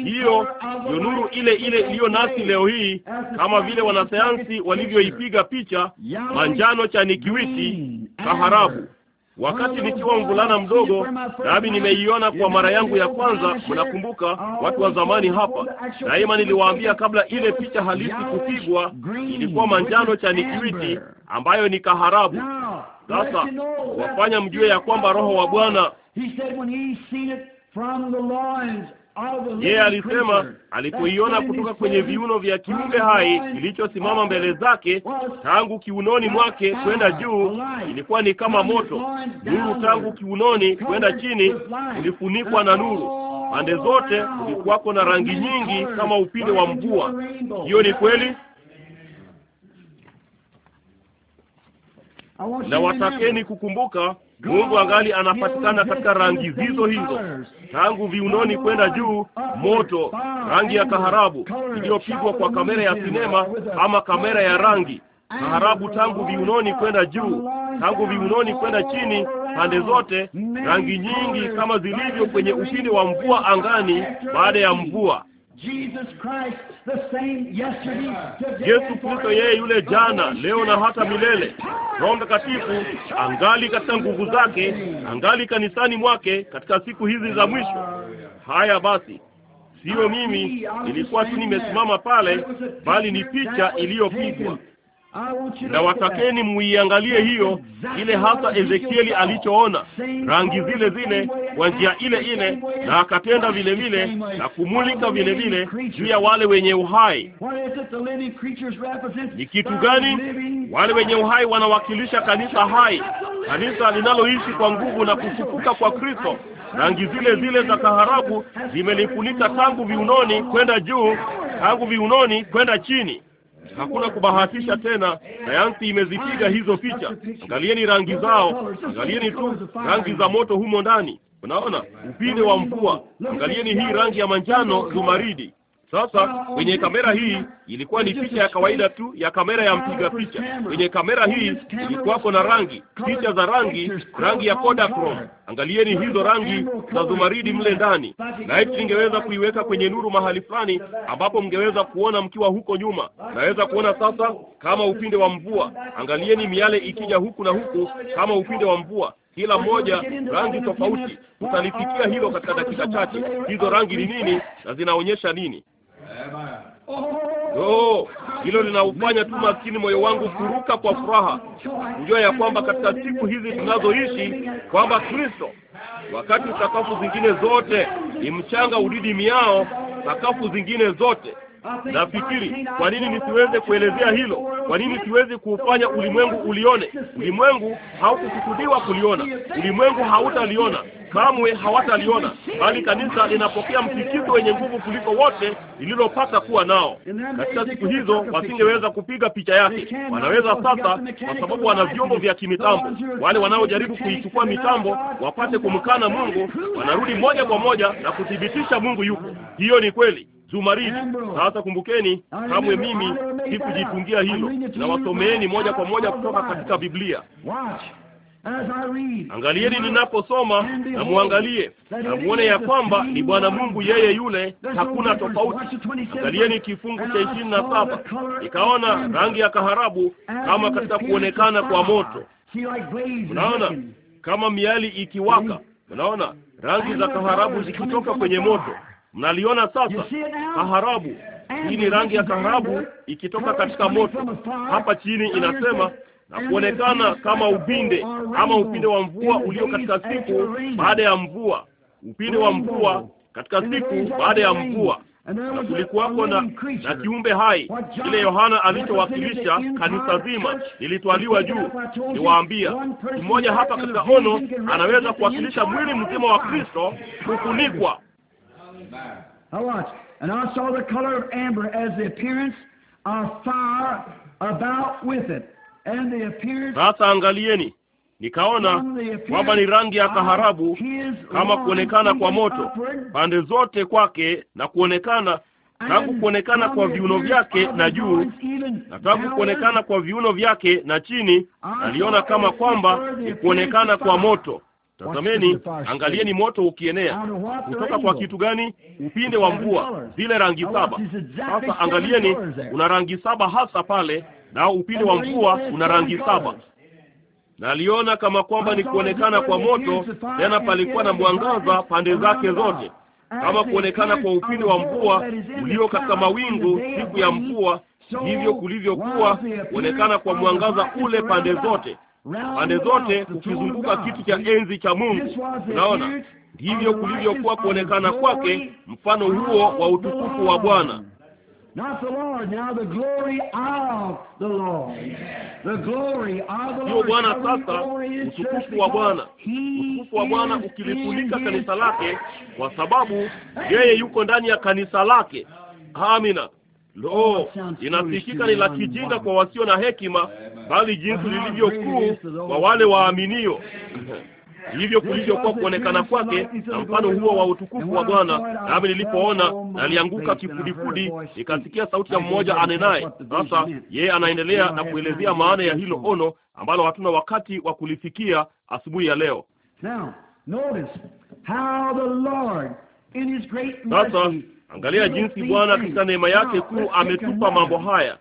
Hiyo ndio nuru ile ile iliyo nasi leo hii, kama vile wanasayansi walivyoipiga picha manjano cha nikiwiti kaharabu. Wakati nikiwa mvulana mdogo, nami nimeiona kwa mara yangu ya kwanza. Mnakumbuka watu wa zamani hapa, daima niliwaambia, kabla ile picha halisi kupigwa, ilikuwa manjano cha nikiwiti, ambayo ni kaharabu. Sasa wafanya mjue ya kwamba Roho wa Bwana yeye alisema alipoiona kutoka kwenye viuno vya kiumbe hai kilichosimama mbele zake, tangu kiunoni mwake kwenda juu ilikuwa ni kama moto. Nuru tangu kiunoni kwenda chini ilifunikwa na nuru pande zote, kulikuwako na rangi nyingi kama upinde wa mvua. Hiyo ni kweli. Na watakeni kukumbuka Mungu angali anapatikana katika rangi zizo hizo, tangu viunoni kwenda juu, moto, rangi ya kaharabu iliyopigwa kwa kamera ya sinema ama kamera ya rangi kaharabu, tangu viunoni kwenda juu, tangu viunoni kwenda chini, pande zote, rangi nyingi kama zilivyo kwenye upinde wa mvua angani baada ya mvua. Yesu Kristo yeye yule jana leo na hata milele. Roho Mtakatifu angali katika nguvu zake, angali kanisani mwake katika siku hizi za mwisho. Haya basi, siyo mimi, nilikuwa tu nimesimama pale, bali ni picha iliyopigwa na watakeni muiangalie hiyo ile hasa Ezekieli alichoona, rangi zile zile kwa njia ile ile, na akatenda vile vile na kumulika vile vile juu ya wale wenye uhai. Ni kitu gani? Wale wenye uhai wanawakilisha kanisa hai, kanisa linaloishi kwa nguvu na kufufuka kwa Kristo. Rangi zile zile za kaharabu zimelifunika tangu viunoni kwenda juu, tangu viunoni kwenda chini hakuna kubahatisha tena. Sayansi imezipiga hizo picha. Angalieni rangi zao, angalieni tu rangi za moto humo ndani. Unaona upinde wa mvua, angalieni hii rangi ya manjano zumaridi sasa uh, kwenye kamera hii ilikuwa ni picha ya kawaida tu ya kamera ya uh, mpiga picha. Kwenye kamera hii ilikuwako na rangi, picha za rangi, rangi ya Kodachrome. Angalieni hizo rangi za zumaridi mle ndani. Laiti ningeweza kuiweka kwenye nuru mahali fulani ambapo mngeweza kuona mkiwa huko nyuma. Naweza kuona sasa kama upinde wa mvua. Angalieni miale ikija huku na huku kama upinde wa mvua kila mmoja rangi tofauti. Tutalifikia hilo katika dakika chache. Hizo rangi ni nini na zinaonyesha nini? No, oh, hilo linaufanya tu maskini moyo wangu kuruka kwa furaha, kujua ya kwamba katika siku hizi tunazoishi kwamba Kristo, wakati sakafu zingine zote ni mchanga udidi miao sakafu zingine zote Nafikiri, kwa nini nisiweze kuelezea hilo? Kwa nini siwezi kuufanya ulimwengu ulione? Ulimwengu haukukusudiwa kuliona, ulimwengu hautaliona, kamwe hawataliona, bali kanisa linapokea mtikizo wenye nguvu kuliko wote lililopata kuwa nao. Katika siku hizo wasingeweza kupiga picha yake, wanaweza sasa, kwa sababu wana vyombo vya kimitambo. Wale wanaojaribu kuichukua mitambo wapate kumkana Mungu, wanarudi moja kwa moja na kuthibitisha Mungu yupo Hiyo ni kweli Zumaridi. Sasa kumbukeni, kamwe mimi sikujitungia hilo, na wasomeeni moja kwa moja kutoka katika Biblia. Angalieni ninaposoma na muangalie na muone ya kwamba ni Bwana Mungu yeye yule, hakuna tofauti. Angalieni kifungu cha ishirini na saba nikaona rangi ya kaharabu kama katika kuonekana kwa moto. Unaona kama miali ikiwaka, unaona rangi za kaharabu zikitoka kwenye moto. Mnaliona sasa kaharabu hii ni rangi ya kaharabu ikitoka katika moto. Hapa chini inasema na kuonekana kama upinde ama upinde wa mvua ulio katika siku baada ya mvua, upinde wa mvua katika siku baada ya mvua. Na kulikuwako na, na kiumbe hai kile Yohana alichowakilisha kanisa zima lilitwaliwa juu. Niwaambia, mmoja hapa katika ono anaweza kuwakilisha mwili mzima wa Kristo kufunikwa sasa angalieni, nikaona kwamba ni rangi ya kaharabu kama kuonekana kwa moto pande zote kwake, na kuonekana tangu kuonekana kwa viuno vyake na juu, na tangu kuonekana kwa viuno vyake na chini, aliona kama kwamba ni kuonekana kwa moto. Tazameni, angalieni moto ukienea kutoka kwa kitu gani? Upinde wa mvua, zile rangi saba. Sasa angalieni, kuna rangi saba hasa pale nao upinde wa mvua una rangi saba. Naliona kama kwamba ni kuonekana kwa moto, tena palikuwa na mwangaza pande zake zote, kama kuonekana kwa upinde wa mvua ulio katika mawingu siku ya mvua, hivyo kulivyokuwa kuonekana kwa mwangaza ule pande zote, pande zote kukizunguka kitu cha enzi cha Mungu. Unaona, ndivyo kulivyokuwa kuonekana kwake, mfano huo wa utukufu wa Bwana. Not the Lord now, the glory of the Lord. The glory of the Lord. Bwana sasa, utukufu wa Bwana, utukufu wa Bwana ukilifunika kanisa lake, kwa sababu yeye yuko ndani ya kanisa lake. Amina. Lo, oh, inasikika ni la kijinga kwa wasio na hekima, bali jinsi lilivyokuu kwa wale waaminio. hivyo kulivyokuwa kuonekana kwake na mfano huo wa utukufu wa Bwana. Nami nilipoona nalianguka kifudifudi, nikasikia sauti ya mmoja anenaye. Sasa yeye anaendelea na kuelezea maana ya hilo ono ambalo hatuna wakati wa kulifikia asubuhi ya leo. Sasa angalia jinsi Bwana katika neema yake kuu ametupa mambo haya.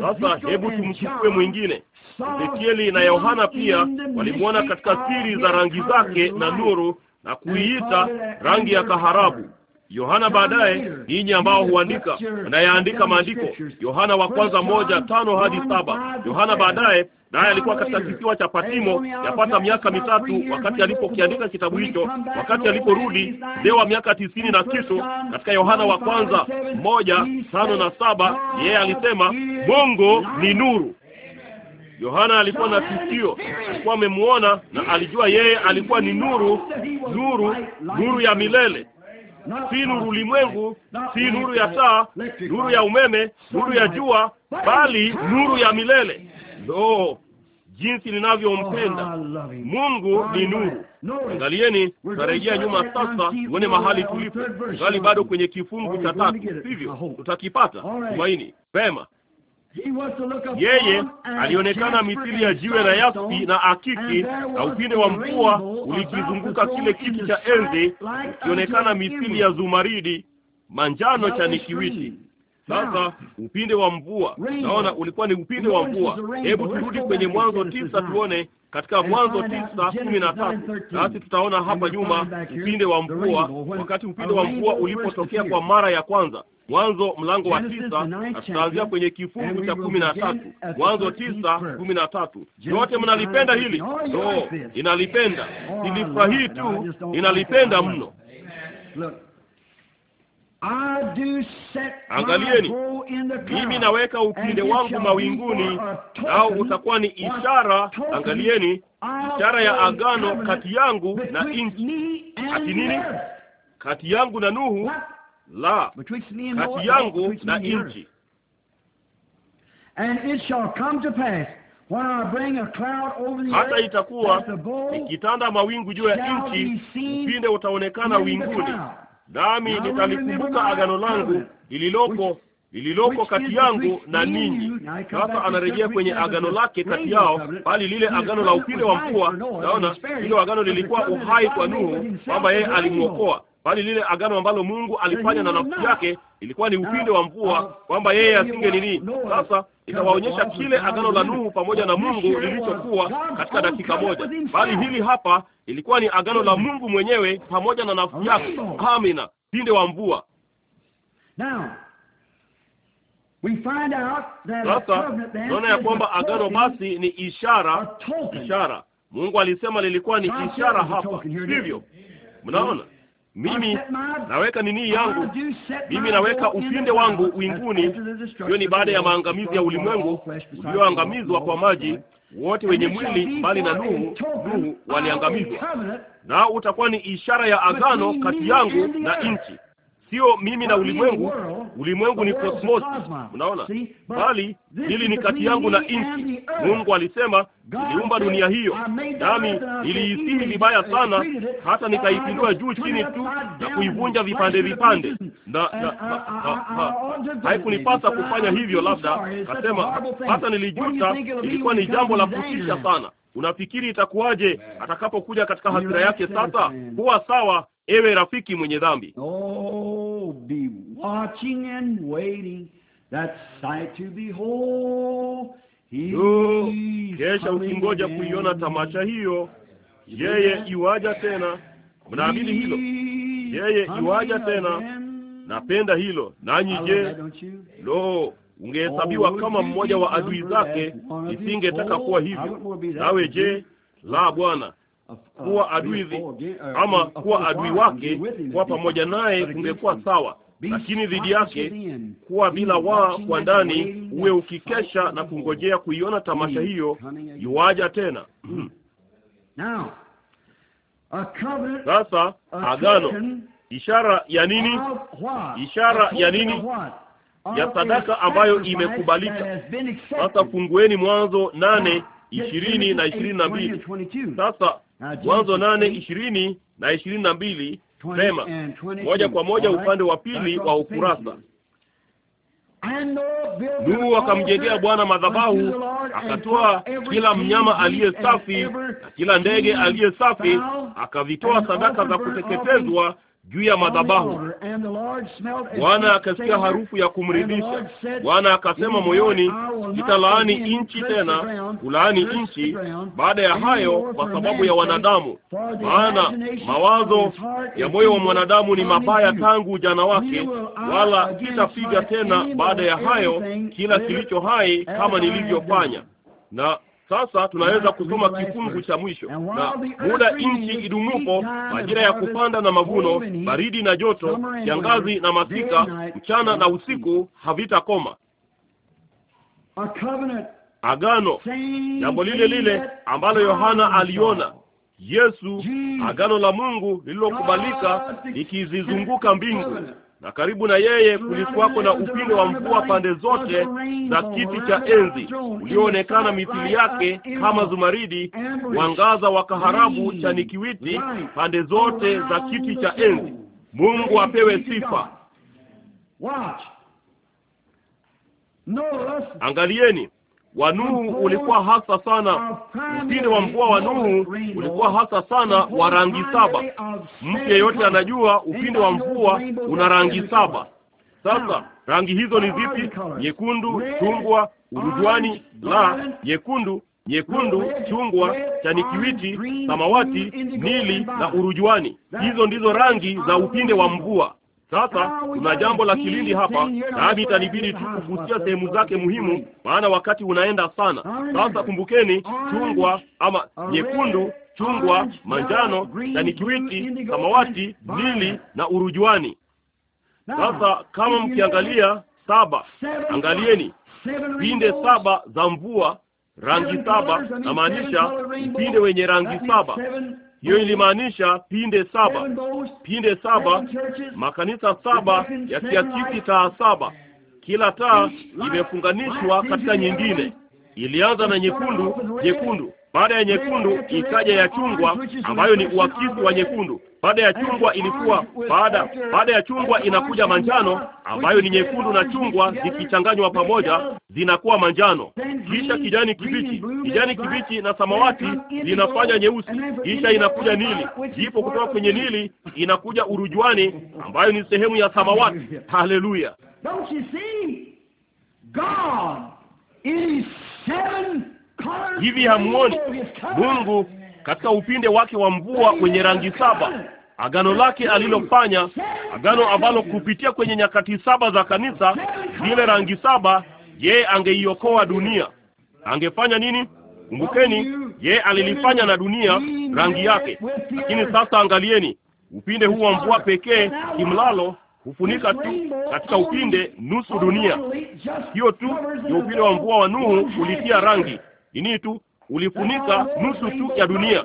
Sasa hebu tumchukue mwingine Ezekieli na Yohana pia walimwona katika siri za rangi zake na nuru na kuiita rangi ya kaharabu. Yohana baadaye, ninyi ambao huandika anayeandika maandiko, Yohana wa kwanza moja tano hadi saba. Yohana baadaye naye alikuwa katika kisiwa cha Patimo yapata miaka mitatu, wakati alipokiandika kitabu hicho, wakati aliporudi mzee wa miaka tisini na kitu. Katika Yohana wa kwanza moja tano na saba, yeye alisema Mungu ni nuru Yohana alikuwa na tukio, alikuwa amemwona na alijua yeye alikuwa ni nuru, nuru, nuru ya milele, si nuru ulimwengu, si nuru ya saa, nuru ya umeme, nuru ya jua, bali nuru ya milele. Lo, jinsi ninavyompenda Mungu! Ni nuru. Angalieni, tutarejea nyuma sasa, tuone mahali tulipo. Ngali bado kwenye kifungu cha tatu, sivyo? Tutakipata tumaini. Pema. Yeye alionekana mithili ya jiwe la yaspi na akiki, na upinde wa mvua ulikizunguka kile kitu cha enzi, ikionekana mithili ya zumaridi manjano cha nikiwiti. Sasa upinde wa mvua, naona ulikuwa ni upinde wa mvua. Hebu turudi kwenye Mwanzo tisa tuone katika Mwanzo tisa kumi na tatu nasi tutaona hapa nyuma upinde wa mvua, wakati upinde wa mvua ulipotokea kwa mara ya kwanza. Mwanzo mlango wa tisa na tutaanzia kwenye kifungu cha kumi na tatu Mwanzo tisa kumi na tatu Yote mnalipenda hili? No, inalipenda. Oh, ilifurahii tu, inalipenda mno. Angalieni, mimi naweka upinde wangu mawinguni, nao utakuwa ni ishara, angalieni, ishara ya agano kati yangu na nchi. Kati nini? Kati yangu na Nuhu? La, kati yangu na nchi. Hata itakuwa ikitanda mawingu juu ya nchi, upinde utaonekana winguni nami nitalikumbuka agano langu lililoko lililoko kati yangu na ninyi. Sasa anarejea kwenye agano lake kati yao, bali lile agano la upinde wa mvua. Naona hilo agano lilikuwa uhai kwa Nuhu, kwamba yeye alimwokoa, bali lile agano ambalo Mungu alifanya na nafsi yake ilikuwa ni ah, upinde wa mvua, ah, kwamba yeye ah, asinge nini. Sasa itawaonyesha kile agano la Nuhu pamoja na Mungu lilichokuwa katika dakika moja, bali hili hapa ilikuwa ni agano la Mungu mwenyewe pamoja na nafsi yake. Amina, upinde wa mvua. Sasa tunaona ya kwamba agano basi ni ishara, ishara Mungu alisema lilikuwa ni ishara hapa, hivyo mnaona mimi naweka nini yangu, mimi naweka upinde wangu winguni. Hiyo ni baada ya maangamizi ya ulimwengu ulioangamizwa kwa maji, wote wenye mwili mbali na Nuhu. Nuhu waliangamizwa, nao utakuwa ni ishara ya agano kati yangu na nchi sio mimi na ulimwengu. Ulimwengu ni kosmosi, unaona, bali hili ni kati yangu na nchi. Mungu alisema, niliumba dunia hiyo, nami niliisihi vibaya sana, hata nikaipindua juu chini tu na kuivunja vipande vipande, na haikunipasa kufanya hivyo. Labda kasema, hata nilijuta, ilikuwa ni jambo la kutisha sana. Unafikiri itakuwaje atakapokuja katika hasira yake? Sasa kuwa sawa ewe rafiki mwenye dhambi, oh, be watching and waiting that sight to behold. kesha ukingoja kuiona tamasha hiyo, yeye iwaja tena. Mnaamini hilo? Yeye iwaja tena. Napenda hilo. Nanyi je? Lo, ungehesabiwa oh, kama mmoja wa adui zake. Isingetaka kuwa hivyo nawe. Je, la, Bwana kuwa adui uh, ama kuwa adui wake, kuwa pamoja naye kungekuwa sawa, lakini dhidi yake kuwa bila waa kwa ndani, uwe ukikesha na kungojea kuiona tamasha hiyo yuwaja tena. Hmm. Sasa agano, ishara ya nini? Ishara ya nini? ya sadaka ambayo imekubalika. Sasa fungueni Mwanzo nane ishirini na ishirini na mbili. Sasa Mwanzo nane ishirini na ishirini na mbili sema moja kwa moja upande wa pili wa ukurasa. Nuhu akamjengea Bwana madhabahu, akatoa kila mnyama aliye safi na kila ndege aliye safi, akavitoa sadaka za kuteketezwa juu ya madhabahu. Bwana akasikia harufu ya kumridhisha. Bwana akasema moyoni, nitalaani nchi tena, kulaani nchi baada ya hayo, kwa sababu ya wanadamu, maana mawazo ya moyo wa mwanadamu ni mabaya tangu ujana wake, wala kitapiga tena baada ya hayo kila kilicho hai, kama nilivyofanya na sasa tunaweza kusoma kifungu cha mwisho, na muda nchi idumupo, majira ya kupanda na mavuno, baridi na joto, kiangazi na masika, mchana na usiku, havitakoma. Agano, jambo lile lile ambalo Yohana aliona Yesu, agano la Mungu lililokubalika likizizunguka mbingu na karibu na yeye kulikuwako na upinde wa mvua pande zote za kiti cha enzi ulioonekana mithili yake kama zumaridi, mwangaza wa kaharabu cha nikiwiti pande zote za kiti cha enzi. Mungu apewe sifa. Angalieni, wa Nuhu ulikuwa hasa sana, mtini wa mvua wa Nuhu ulikuwa hasa sana wa rangi saba. Mtu yeyote anajua upinde wa mvua una rangi saba. Sasa rangi hizo ni zipi? Nyekundu, chungwa, urujwani, la nyekundu, nyekundu, chungwa, kiwiti, samawati, nili na urujwani. Hizo ndizo rangi za upinde wa mvua. Sasa ah, kuna jambo la kilindi hapa, nami itanibidi tu kugusia sehemu zake muhimu, maana wakati unaenda sana. Sasa kumbukeni, chungwa ama nyekundu, chungwa, manjano, kijani samawati, nili na urujuani. Sasa kama mkiangalia saba, angalieni pinde saba za mvua, rangi saba, namaanisha mpinde wenye rangi saba hiyo ilimaanisha pinde saba, pinde saba, makanisa saba yakiakisi taa saba, kila taa imefunganishwa katika nyingine. Ilianza na nyekundu, nyekundu baada ya nyekundu ikaja ya chungwa, ambayo ni uakifu wa nyekundu. Baada ya chungwa ilikuwa baada, baada ya chungwa inakuja manjano, ambayo ni nyekundu na chungwa zikichanganywa pamoja zinakuwa manjano, kisha kijani kibichi, kijani kibichi na samawati zinafanya nyeusi, kisha inakuja nili. Ndipo kutoka kwenye nili inakuja urujwani, ambayo ni sehemu ya samawati. Haleluya! Hivi hamuoni Mungu katika upinde wake wa mvua wenye rangi saba, agano lake alilofanya, agano ambalo kupitia kwenye nyakati saba za kanisa, zile rangi saba, yeye angeiokoa dunia. Angefanya nini? Kumbukeni, yeye alilifanya na dunia rangi yake. Lakini sasa angalieni upinde huu wa mvua pekee kimlalo hufunika tu katika upinde nusu dunia. Hiyo tu ni upinde wa mvua wa Nuhu ulitia rangi, ini tu ulifunika nusu tu ya dunia.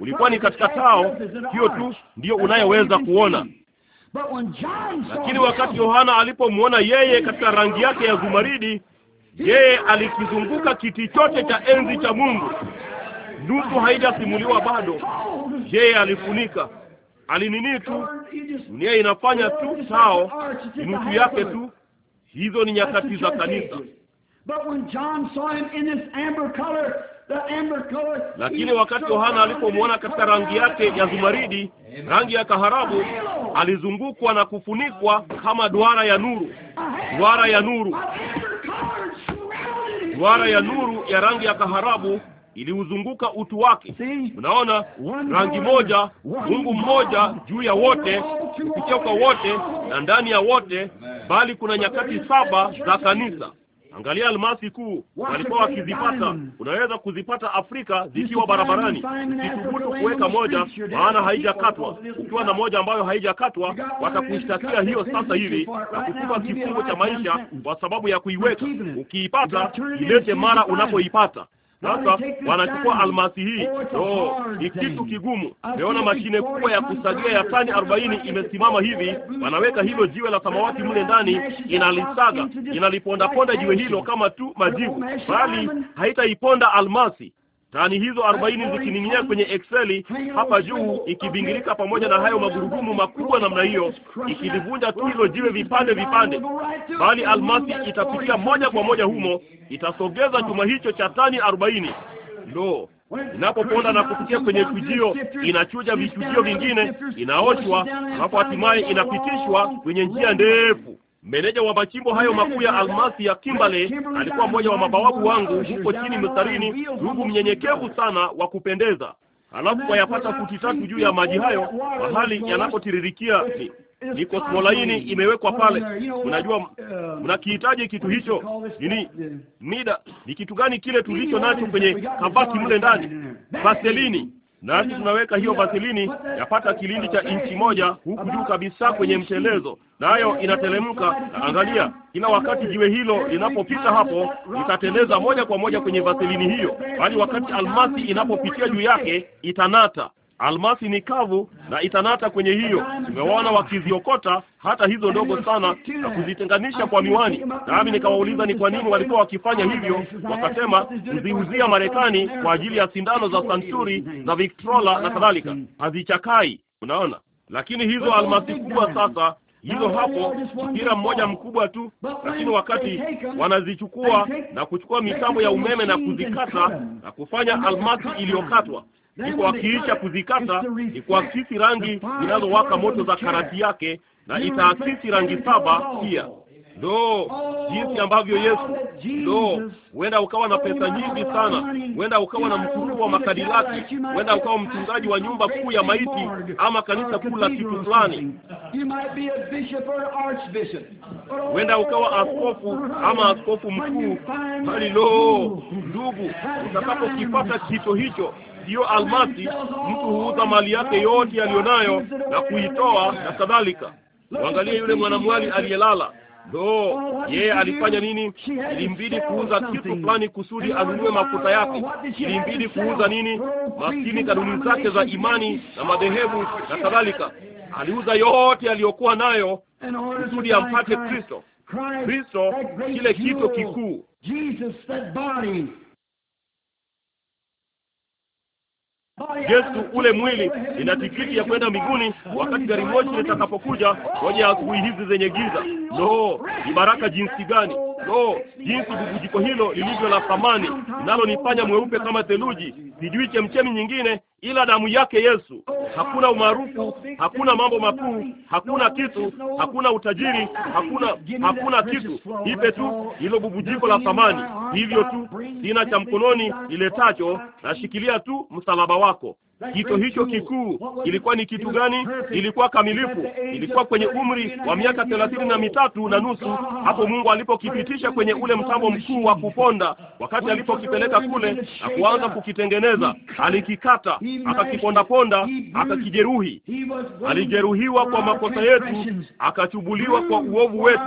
Ulikuwa ni katika tao, hiyo tu ndiyo unayoweza kuona. Lakini wakati Yohana alipomwona yeye katika rangi yake ya zumaridi, yeye alikizunguka kiti chote cha enzi cha Mungu. Nusu haijasimuliwa bado, yeye alifunika alinini tu, dunia inafanya tu tao, nusu yake tu. Hizo ni nyakati za kanisa. Lakini wakati Yohana alipomwona katika rangi yake ya zumaridi, rangi ya kaharabu, alizungukwa na kufunikwa kama duara ya nuru, duara ya nuru, duara ya nuru ya rangi ya kaharabu iliuzunguka utu wake. Unaona, rangi moja, Mungu mmoja juu ya wote, kupitia kwa wote na ndani ya wote, bali kuna nyakati saba za kanisa. Angalia almasi kuu walikuwa wakizipata, unaweza kuzipata Afrika zikiwa barabarani. Usithubutu kuweka moja, maana haijakatwa. Ukiwa na moja ambayo haijakatwa, watakushtakia hiyo sasa hivi na kukupa kifungo cha maisha kwa sababu ya kuiweka. Ukiipata ilete mara unapoipata. Sasa wanachukua almasi hii. Oh, ni kitu kigumu. Nimeona mashine kubwa ya kusagia ya tani arobaini imesimama hivi, wanaweka hilo jiwe la samawati mle ndani, inalisaga, inalipondaponda jiwe hilo kama tu majivu, bali haitaiponda almasi. Tani hizo arobaini zikining'inia kwenye ekseli hapa juu, ikibingirika pamoja na hayo magurudumu makubwa namna hiyo, ikilivunja tu hilo jiwe vipande vipande, bali almasi itapitia moja kwa moja humo, itasogeza chuma hicho cha tani arobaini. Ndoo inapoponda na kupitia kwenye chujio, inachuja vichujio vingine, inaoshwa, alafu hatimaye inapitishwa kwenye njia ndefu. Meneja wa machimbo hayo makuu ya almasi ya Kimberley alikuwa mmoja wa mabawabu wangu huko chini mstarini, ndugu mnyenyekevu sana wa kupendeza. Halafu wayapata futi tatu juu ya maji hayo, mahali yanapotiririkia ni ni imewekwa pale. Unajua, mnakihitaji kitu hicho nini? Mida ni kitu gani kile tulicho nacho kwenye kabati mle ndani? Vaselini nasi tunaweka hiyo vasilini yapata kilindi cha inchi moja huku juu kabisa kwenye mtelezo, nayo na inatelemka. Na angalia, kila wakati jiwe hilo linapopita hapo itateleza moja kwa moja kwenye vasilini hiyo, bali wakati almasi inapopitia juu yake itanata almasi ni kavu na itanata kwenye hiyo. Nimewaona wakiziokota hata hizo ndogo sana na kuzitenganisha kwa miwani, nami nikawauliza ni kwa nini walikuwa wakifanya hivyo. Wakasema kuziuzia Marekani kwa ajili ya sindano za Santuri za Victrola na kadhalika, hazichakai. Unaona, lakini hizo almasi kubwa sasa hizo hapo mpira mmoja mkubwa tu, lakini wakati wanazichukua na kuchukua mitambo ya umeme na kuzikata na kufanya almasi iliyokatwa, ndipo akiisha kuzikata ikuakisi rangi zinazowaka moto za karati yake, na itaakisi rangi saba pia. Ndoo oh, jinsi ambavyo Yesu, ndoo huenda ukawa na oh, pesa nyingi sana, huenda ukawa na msururu wa makadilaki huenda ukawa mchungaji wa nyumba kuu ya maiti ama kanisa kuu la kitu fulani, oh, huenda ukawa askofu ama askofu mkuu, bali lo ndugu, utakapokipata kito hicho siyo almasi. Mtu huuza mali yake yote aliyonayo na kuitoa na kadhalika. Mwangalie yule mwanamwali aliyelala. Ndo yeye alifanya nini? Ilimbidi kuuza kitu fulani kusudi anunue mafuta yake. Ilimbidi kuuza nini? Maskini kanuni zake za imani na madhehebu na kadhalika. Aliuza yote aliyokuwa nayo kusudi ampate Kristo. Kristo kile kito kikuu. Yesu, ule mwili ina tikiti ya kwenda mbinguni wakati gari moshi litakapokuja moja ya asubuhi hizi zenye giza. Lo, ni baraka jinsi gani! Lo, oh, jinsi bubujiko hilo lilivyo la thamani, linalonifanya mweupe kama theluji. Sijui chemchemi nyingine ila damu yake Yesu. Hakuna umaarufu, hakuna mambo makuu, hakuna kitu, hakuna utajiri, hakuna hakuna kitu. Ipe tu hilo bubujiko la thamani, hivyo tu. Sina cha mkononi iletacho, nashikilia tu msalaba wako. Kito hicho kikuu ilikuwa ni kitu gani? Ilikuwa kamilifu, ilikuwa kwenye umri wa miaka thelathini na mitatu na nusu hapo Mungu alipokipitisha kwenye ule mtambo mkuu wa kuponda, wakati alipokipeleka kule na kuanza kukitengeneza, alikikata akakipondaponda, akakijeruhi. Alijeruhiwa kwa makosa yetu, akachubuliwa kwa uovu wetu.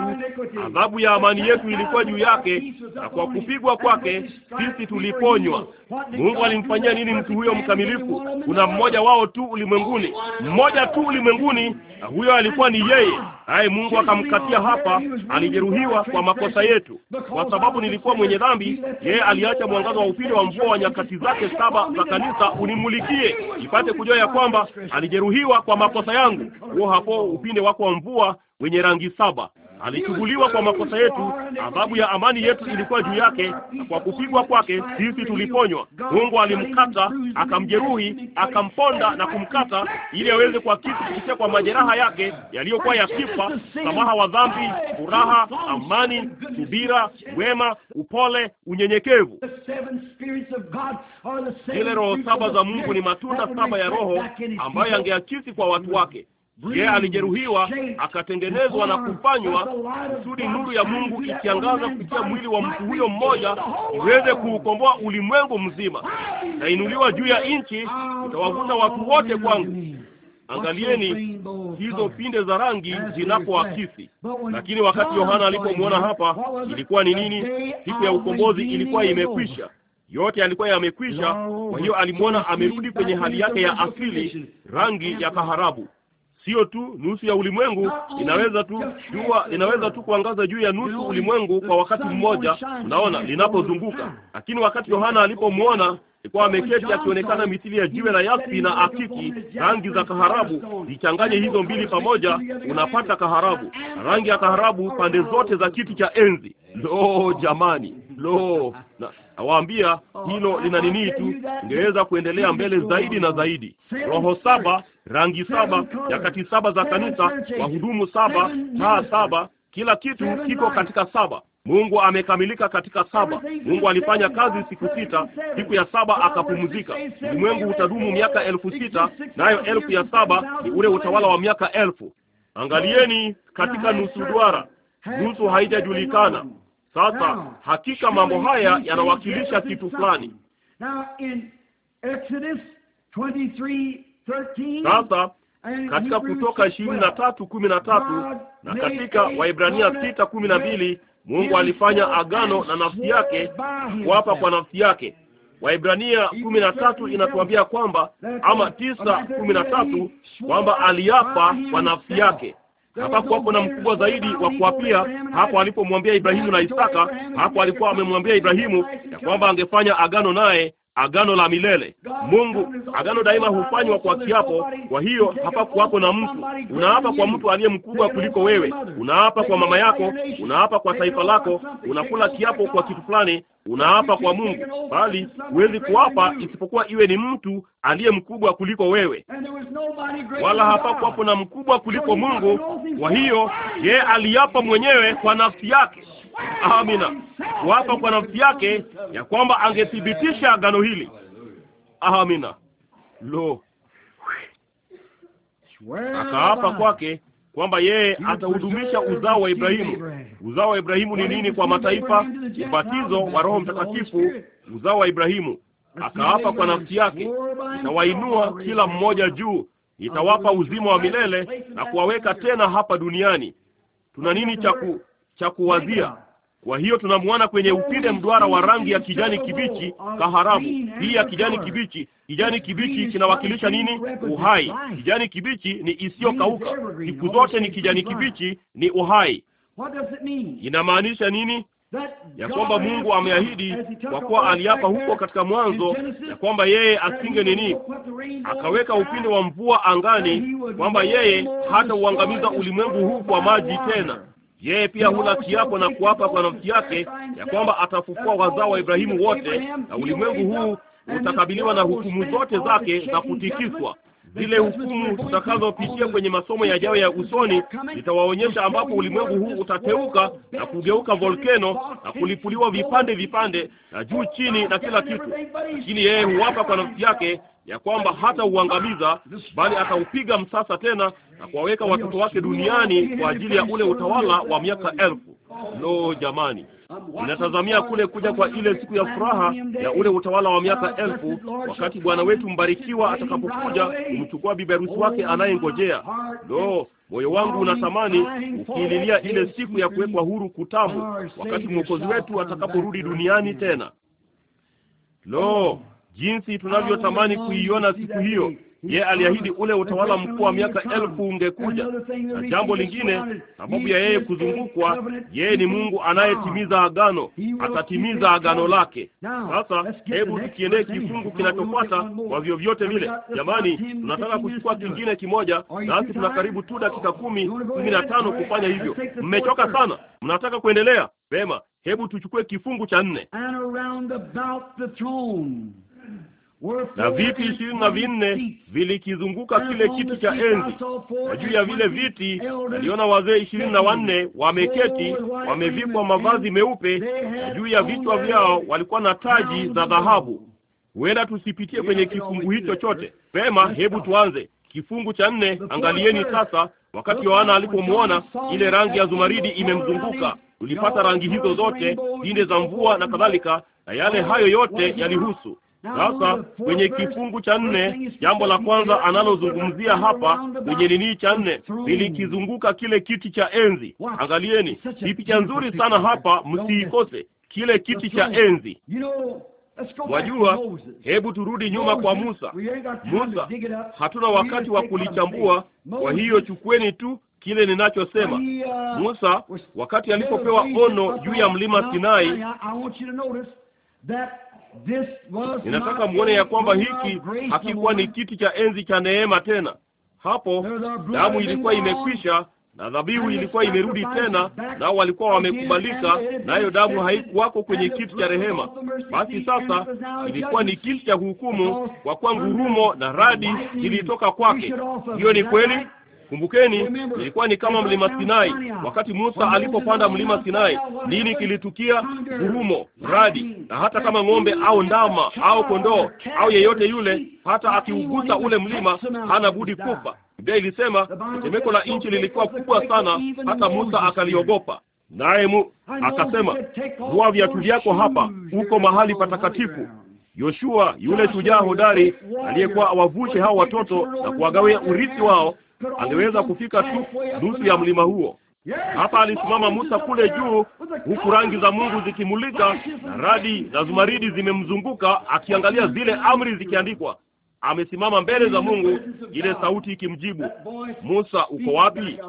Adhabu ya amani yetu ilikuwa juu yake, na kwa kupigwa kwake sisi tuliponywa. Mungu alimfanyia nini mtu huyo mkamilifu? kuna mmoja wao tu ulimwenguni, mmoja tu ulimwenguni, na huyo alikuwa ni yeye, naye Mungu akamkatia hapa. Alijeruhiwa kwa makosa yetu, kwa sababu nilikuwa mwenye dhambi. Yeye aliacha mwangazo wa upili wa mvua wa nyakati zake saba za kanisa unimulikie, ipate kujua ya kwamba alijeruhiwa kwa makosa yangu. Huo hapo upinde wako wa mvua wenye rangi saba alichukuliwa kwa makosa yetu, adhabu ya amani yetu ilikuwa juu yake, na kwa kupigwa kwake sisi tuliponywa. Mungu alimkata, akamjeruhi, akamponda na kumkata, ili aweze kitu kupitia kwa majeraha yake yaliyokuwa ya kifa, samaha wa dhambi, furaha, amani, subira, wema, upole, unyenyekevu. Zile roho saba za Mungu ni matunda saba ya Roho ambayo yangeakisi kwa watu wake. Yeye alijeruhiwa akatengenezwa na kufanywa kusudi nuru ya Mungu ikiangaza kupitia mwili wa mtu huyo mmoja iweze kuukomboa ulimwengu mzima. Nainuliwa juu ya nchi, utawavuta watu wote kwangu. Angalieni hizo pinde za rangi zinapoakisi. Lakini wakati Yohana alipomwona hapa, ilikuwa ni nini? Siku ya ukombozi ilikuwa imekwisha, yote alikuwa yamekwisha. Kwa hiyo alimwona amerudi kwenye hali yake ya asili, rangi ya kaharabu siyo tu nusu ya ulimwengu inaweza tu jua inaweza tu kuangaza juu ya nusu ulimwengu kwa wakati mmoja, unaona, linapozunguka. Lakini wakati Yohana alipomwona alikuwa ameketi akionekana mithili ya jiwe la yaspi na akiki, rangi za kaharabu. Zichanganye hizo mbili pamoja, unapata kaharabu, rangi ya kaharabu pande zote za kiti cha enzi. Lo, jamani, lo na nawaambia oh, hilo oh, lina nini oh, tu, ingeweza kuendelea mbele zaidi na zaidi. Roho saba, rangi saba, nyakati saba za kanisa, wahudumu saba, taa saba, kila kitu kiko katika saba. Mungu amekamilika katika saba. Mungu alifanya kazi siku sita, siku ya saba akapumzika. Ulimwengu utadumu miaka elfu sita, nayo elfu ya saba ni ule utawala wa miaka elfu. Angalieni katika nusu duara, nusu haijajulikana, sasa hakika mambo haya yanawakilisha kitu fulani. Sasa katika Kutoka ishirini na tatu kumi na tatu na katika Waibrania sita kumi na mbili Mungu alifanya agano na nafsi yake kuapa kwa nafsi yake. Waibrania kumi na tatu inatuambia kwamba ama tisa kumi na tatu kwamba aliapa kwa nafsi yake. Hapakuwapo na mkubwa zaidi wa kuapia hapo alipomwambia Ibrahimu na Isaka. Hapo alikuwa amemwambia Ibrahimu ya kwamba angefanya agano naye agano la milele. Mungu, agano daima hufanywa kwa kiapo. Kwa hiyo hapa hapakuwapo na mtu. Unaapa kwa mtu aliye mkubwa kuliko wewe, unaapa kwa mama yako, unaapa kwa taifa lako, unakula kiapo kwa kitu fulani, unaapa kwa Mungu, bali huwezi kuapa isipokuwa iwe ni mtu aliye mkubwa kuliko wewe, wala hapa kuwapo na mkubwa kuliko Mungu. Kwa hiyo yeye aliapa mwenyewe kwa nafsi yake amina, kuapa kwa nafsi yake ya kwamba angethibitisha agano hili. Amina. Lo, akaapa kwake kwamba yeye atahudumisha uzao wa Ibrahimu. Uzao wa Ibrahimu ni nini kwa mataifa? Ubatizo wa Roho Mtakatifu, uzao wa Ibrahimu. Akaapa kwa nafsi yake, itawainua kila mmoja juu, itawapa uzima wa milele na kuwaweka tena hapa duniani. Tuna nini cha cha kuwazia. Kwa hiyo tunamwona kwenye upinde mdwara wa rangi ya kijani kibichi, kaharabu hii ya kijani kibichi. Kijani kibichi kinawakilisha nini? Uhai. Kijani kibichi ni isiyokauka, siku zote ni kijani kibichi, ni uhai. Inamaanisha nini? ya kwamba Mungu ameahidi kwa kuwa aliapa huko katika mwanzo ya kwamba yeye asinge nini, akaweka upinde wa mvua angani, kwamba yeye hata uangamiza ulimwengu huu kwa maji tena. Yeye pia hula kiapo na kuapa kwa nafsi yake ya kwamba atafufua wazao wa Ibrahimu wote, na ulimwengu huu utakabiliwa na hukumu zote zake za kutikiswa. Zile hukumu tutakazopitia kwenye masomo yajayo ya usoni zitawaonyesha ambapo ulimwengu huu utateuka na kugeuka volkeno na kulipuliwa vipande vipande, na juu chini na kila kitu. Lakini yeye huapa kwa nafsi yake ya kwamba hata uangamiza bali ataupiga msasa tena na kuwaweka watoto wake duniani kwa ajili ya ule utawala wa miaka elfu. Lo, jamani, ninatazamia kule kuja kwa ile siku ya furaha ya ule utawala wa miaka elfu, wakati Bwana wetu mbarikiwa atakapokuja kumchukua harusi wake anayengojea. Lo, moyo wangu unatamani ukiililia ile siku ya kuwekwa huru kutamu, wakati mwokozi wetu atakaporudi duniani tena. Lo, jinsi tunavyotamani oh, kuiona siku hiyo. Ye aliahidi ule utawala mkuu wa miaka elfu ungekuja. Na jambo lingine, sababu ya yeye kuzungukwa, yeye ni Mungu anayetimiza agano, atatimiza agano lake. Sasa hebu tukiendee kifungu kinachofuata kwa vyovyote vile. Jamani, tunataka kuchukua kingine kimoja, nasi tuna karibu tu dakika kumi kumi na tano kufanya hivyo. Mmechoka sana, mnataka kuendelea? Vema, hebu tuchukue kifungu cha nne na viti ishirini na vinne vilikizunguka kile kiti cha enzi, na juu ya vile viti aliona wazee ishirini na wanne wameketi, wamevikwa mavazi meupe, na juu ya vichwa vyao walikuwa na taji za dhahabu. Huenda tusipitie kwenye kifungu hicho chote. Pema, hebu tuanze kifungu cha nne. Angalieni sasa, wakati Yohana alipomwona ile rangi ya zumaridi imemzunguka, tulipata rangi hizo zote, pinde za mvua na kadhalika, na yale hayo yote yalihusu sasa kwenye kifungu cha nne, jambo la kwanza analozungumzia hapa kwenye nini cha nne, nilikizunguka kile kiti cha enzi. Angalieni, ni picha nzuri sana hapa, msiikose kile kiti cha enzi. Wajua, hebu turudi nyuma kwa Musa. Musa, hatuna wakati wa kulichambua, kwa hiyo chukweni tu kile ninachosema. Musa wakati alipopewa ono juu ya mlima Sinai, Ninataka mwone ya kwamba hiki hakikuwa ni kiti cha enzi cha neema tena. Hapo damu ilikuwa imekwisha na dhabihu ilikuwa imerudi tena, nao walikuwa wamekubalika nayo, damu haikuwako kwenye kiti cha rehema. Basi sasa ilikuwa ni kiti cha hukumu, kwa kuwa ngurumo na radi ilitoka kwake. Hiyo ni kweli. Kumbukeni, ilikuwa ni kama mlima Sinai. Wakati Musa alipopanda mlima Sinai, nini kilitukia? Ngurumo, radi, na hata kama ng'ombe au ndama au kondoo au yeyote yule, hata akiugusa ule mlima, hana budi kufa. Biblia ilisema tetemeko la nchi lilikuwa kubwa sana, hata Musa akaliogopa. Naye mu akasema, vua viatu vyako, hapa uko mahali patakatifu. Yoshua yule shujaa hodari aliyekuwa awavushe hao watoto na kuwagawia urithi wao angeweza kufika tu nusu ya mlima huo. Hapa alisimama Musa kule juu, huku rangi za Mungu zikimulika na radi za zumaridi zimemzunguka, akiangalia zile amri zikiandikwa. Amesimama mbele za Mungu, ile sauti ikimjibu, Musa, uko wapi?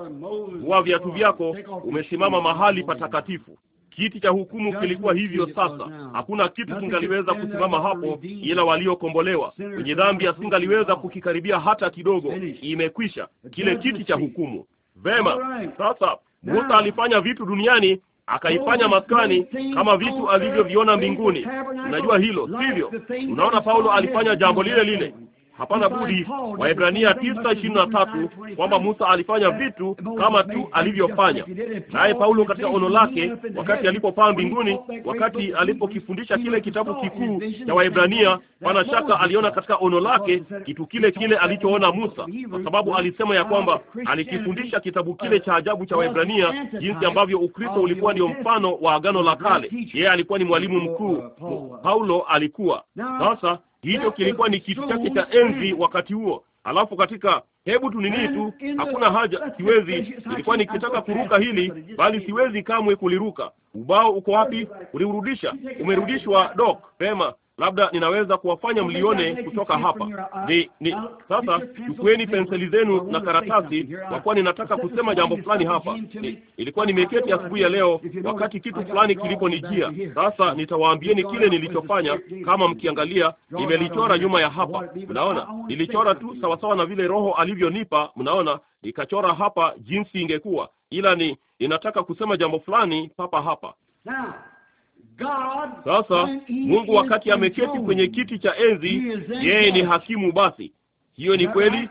Vua viatu vyako, umesimama mahali patakatifu. Kiti cha hukumu kilikuwa hivyo sasa. Hakuna kitu kingaliweza kusimama hapo, ila waliokombolewa wenye dhambi asingaliweza kukikaribia hata kidogo. Imekwisha kile kiti cha hukumu. Vema, sasa Musa alifanya vitu duniani akaifanya maskani kama vitu alivyoviona mbinguni. Unajua hilo, sivyo? Unaona, Paulo alifanya jambo lile lile hapana budi Waebrania tisa ishirini na tatu kwamba Musa alifanya vitu kama tu alivyofanya. Naye Paulo katika ono lake wakati alipopaa mbinguni, wakati alipokifundisha kile kitabu kikuu cha Waebrania, pana shaka aliona katika ono lake kitu kile kile alichoona Musa, kwa sababu alisema ya kwamba alikifundisha kitabu kile cha ajabu cha Waebrania, jinsi ambavyo Ukristo ulikuwa ndio mfano wa agano la kale. Yeye alikuwa ni mwalimu mkuu, uh, Paulo alikuwa sasa Hicho kilikuwa ni kitu chake cha enzi wakati huo. Alafu katika hebu tu nini tu, hakuna haja, siwezi. Nilikuwa nikitaka kuruka hili, bali siwezi kamwe kuliruka. Ubao uko wapi? Uliurudisha? Umerudishwa, Dok. Pema, labda ninaweza kuwafanya mlione kutoka hapa. Uh, ni, ni sasa, chukueni penseli zenu na karatasi, uh, kwa kuwa ninataka kusema jambo fulani hapa. Ni, ilikuwa nimeketi asubuhi ya leo wakati kitu fulani kiliponijia. Sasa nitawaambieni kile nilichofanya. Kama mkiangalia, nimelichora nyuma ya hapa, mnaona nilichora tu sawasawa na vile Roho alivyonipa, mnaona nikachora hapa jinsi ingekuwa, ila ni ninataka kusema jambo fulani papa hapa. Sasa Mungu wakati ameketi kwenye kiti cha enzi, yeye ni hakimu. Basi hiyo ni kweli.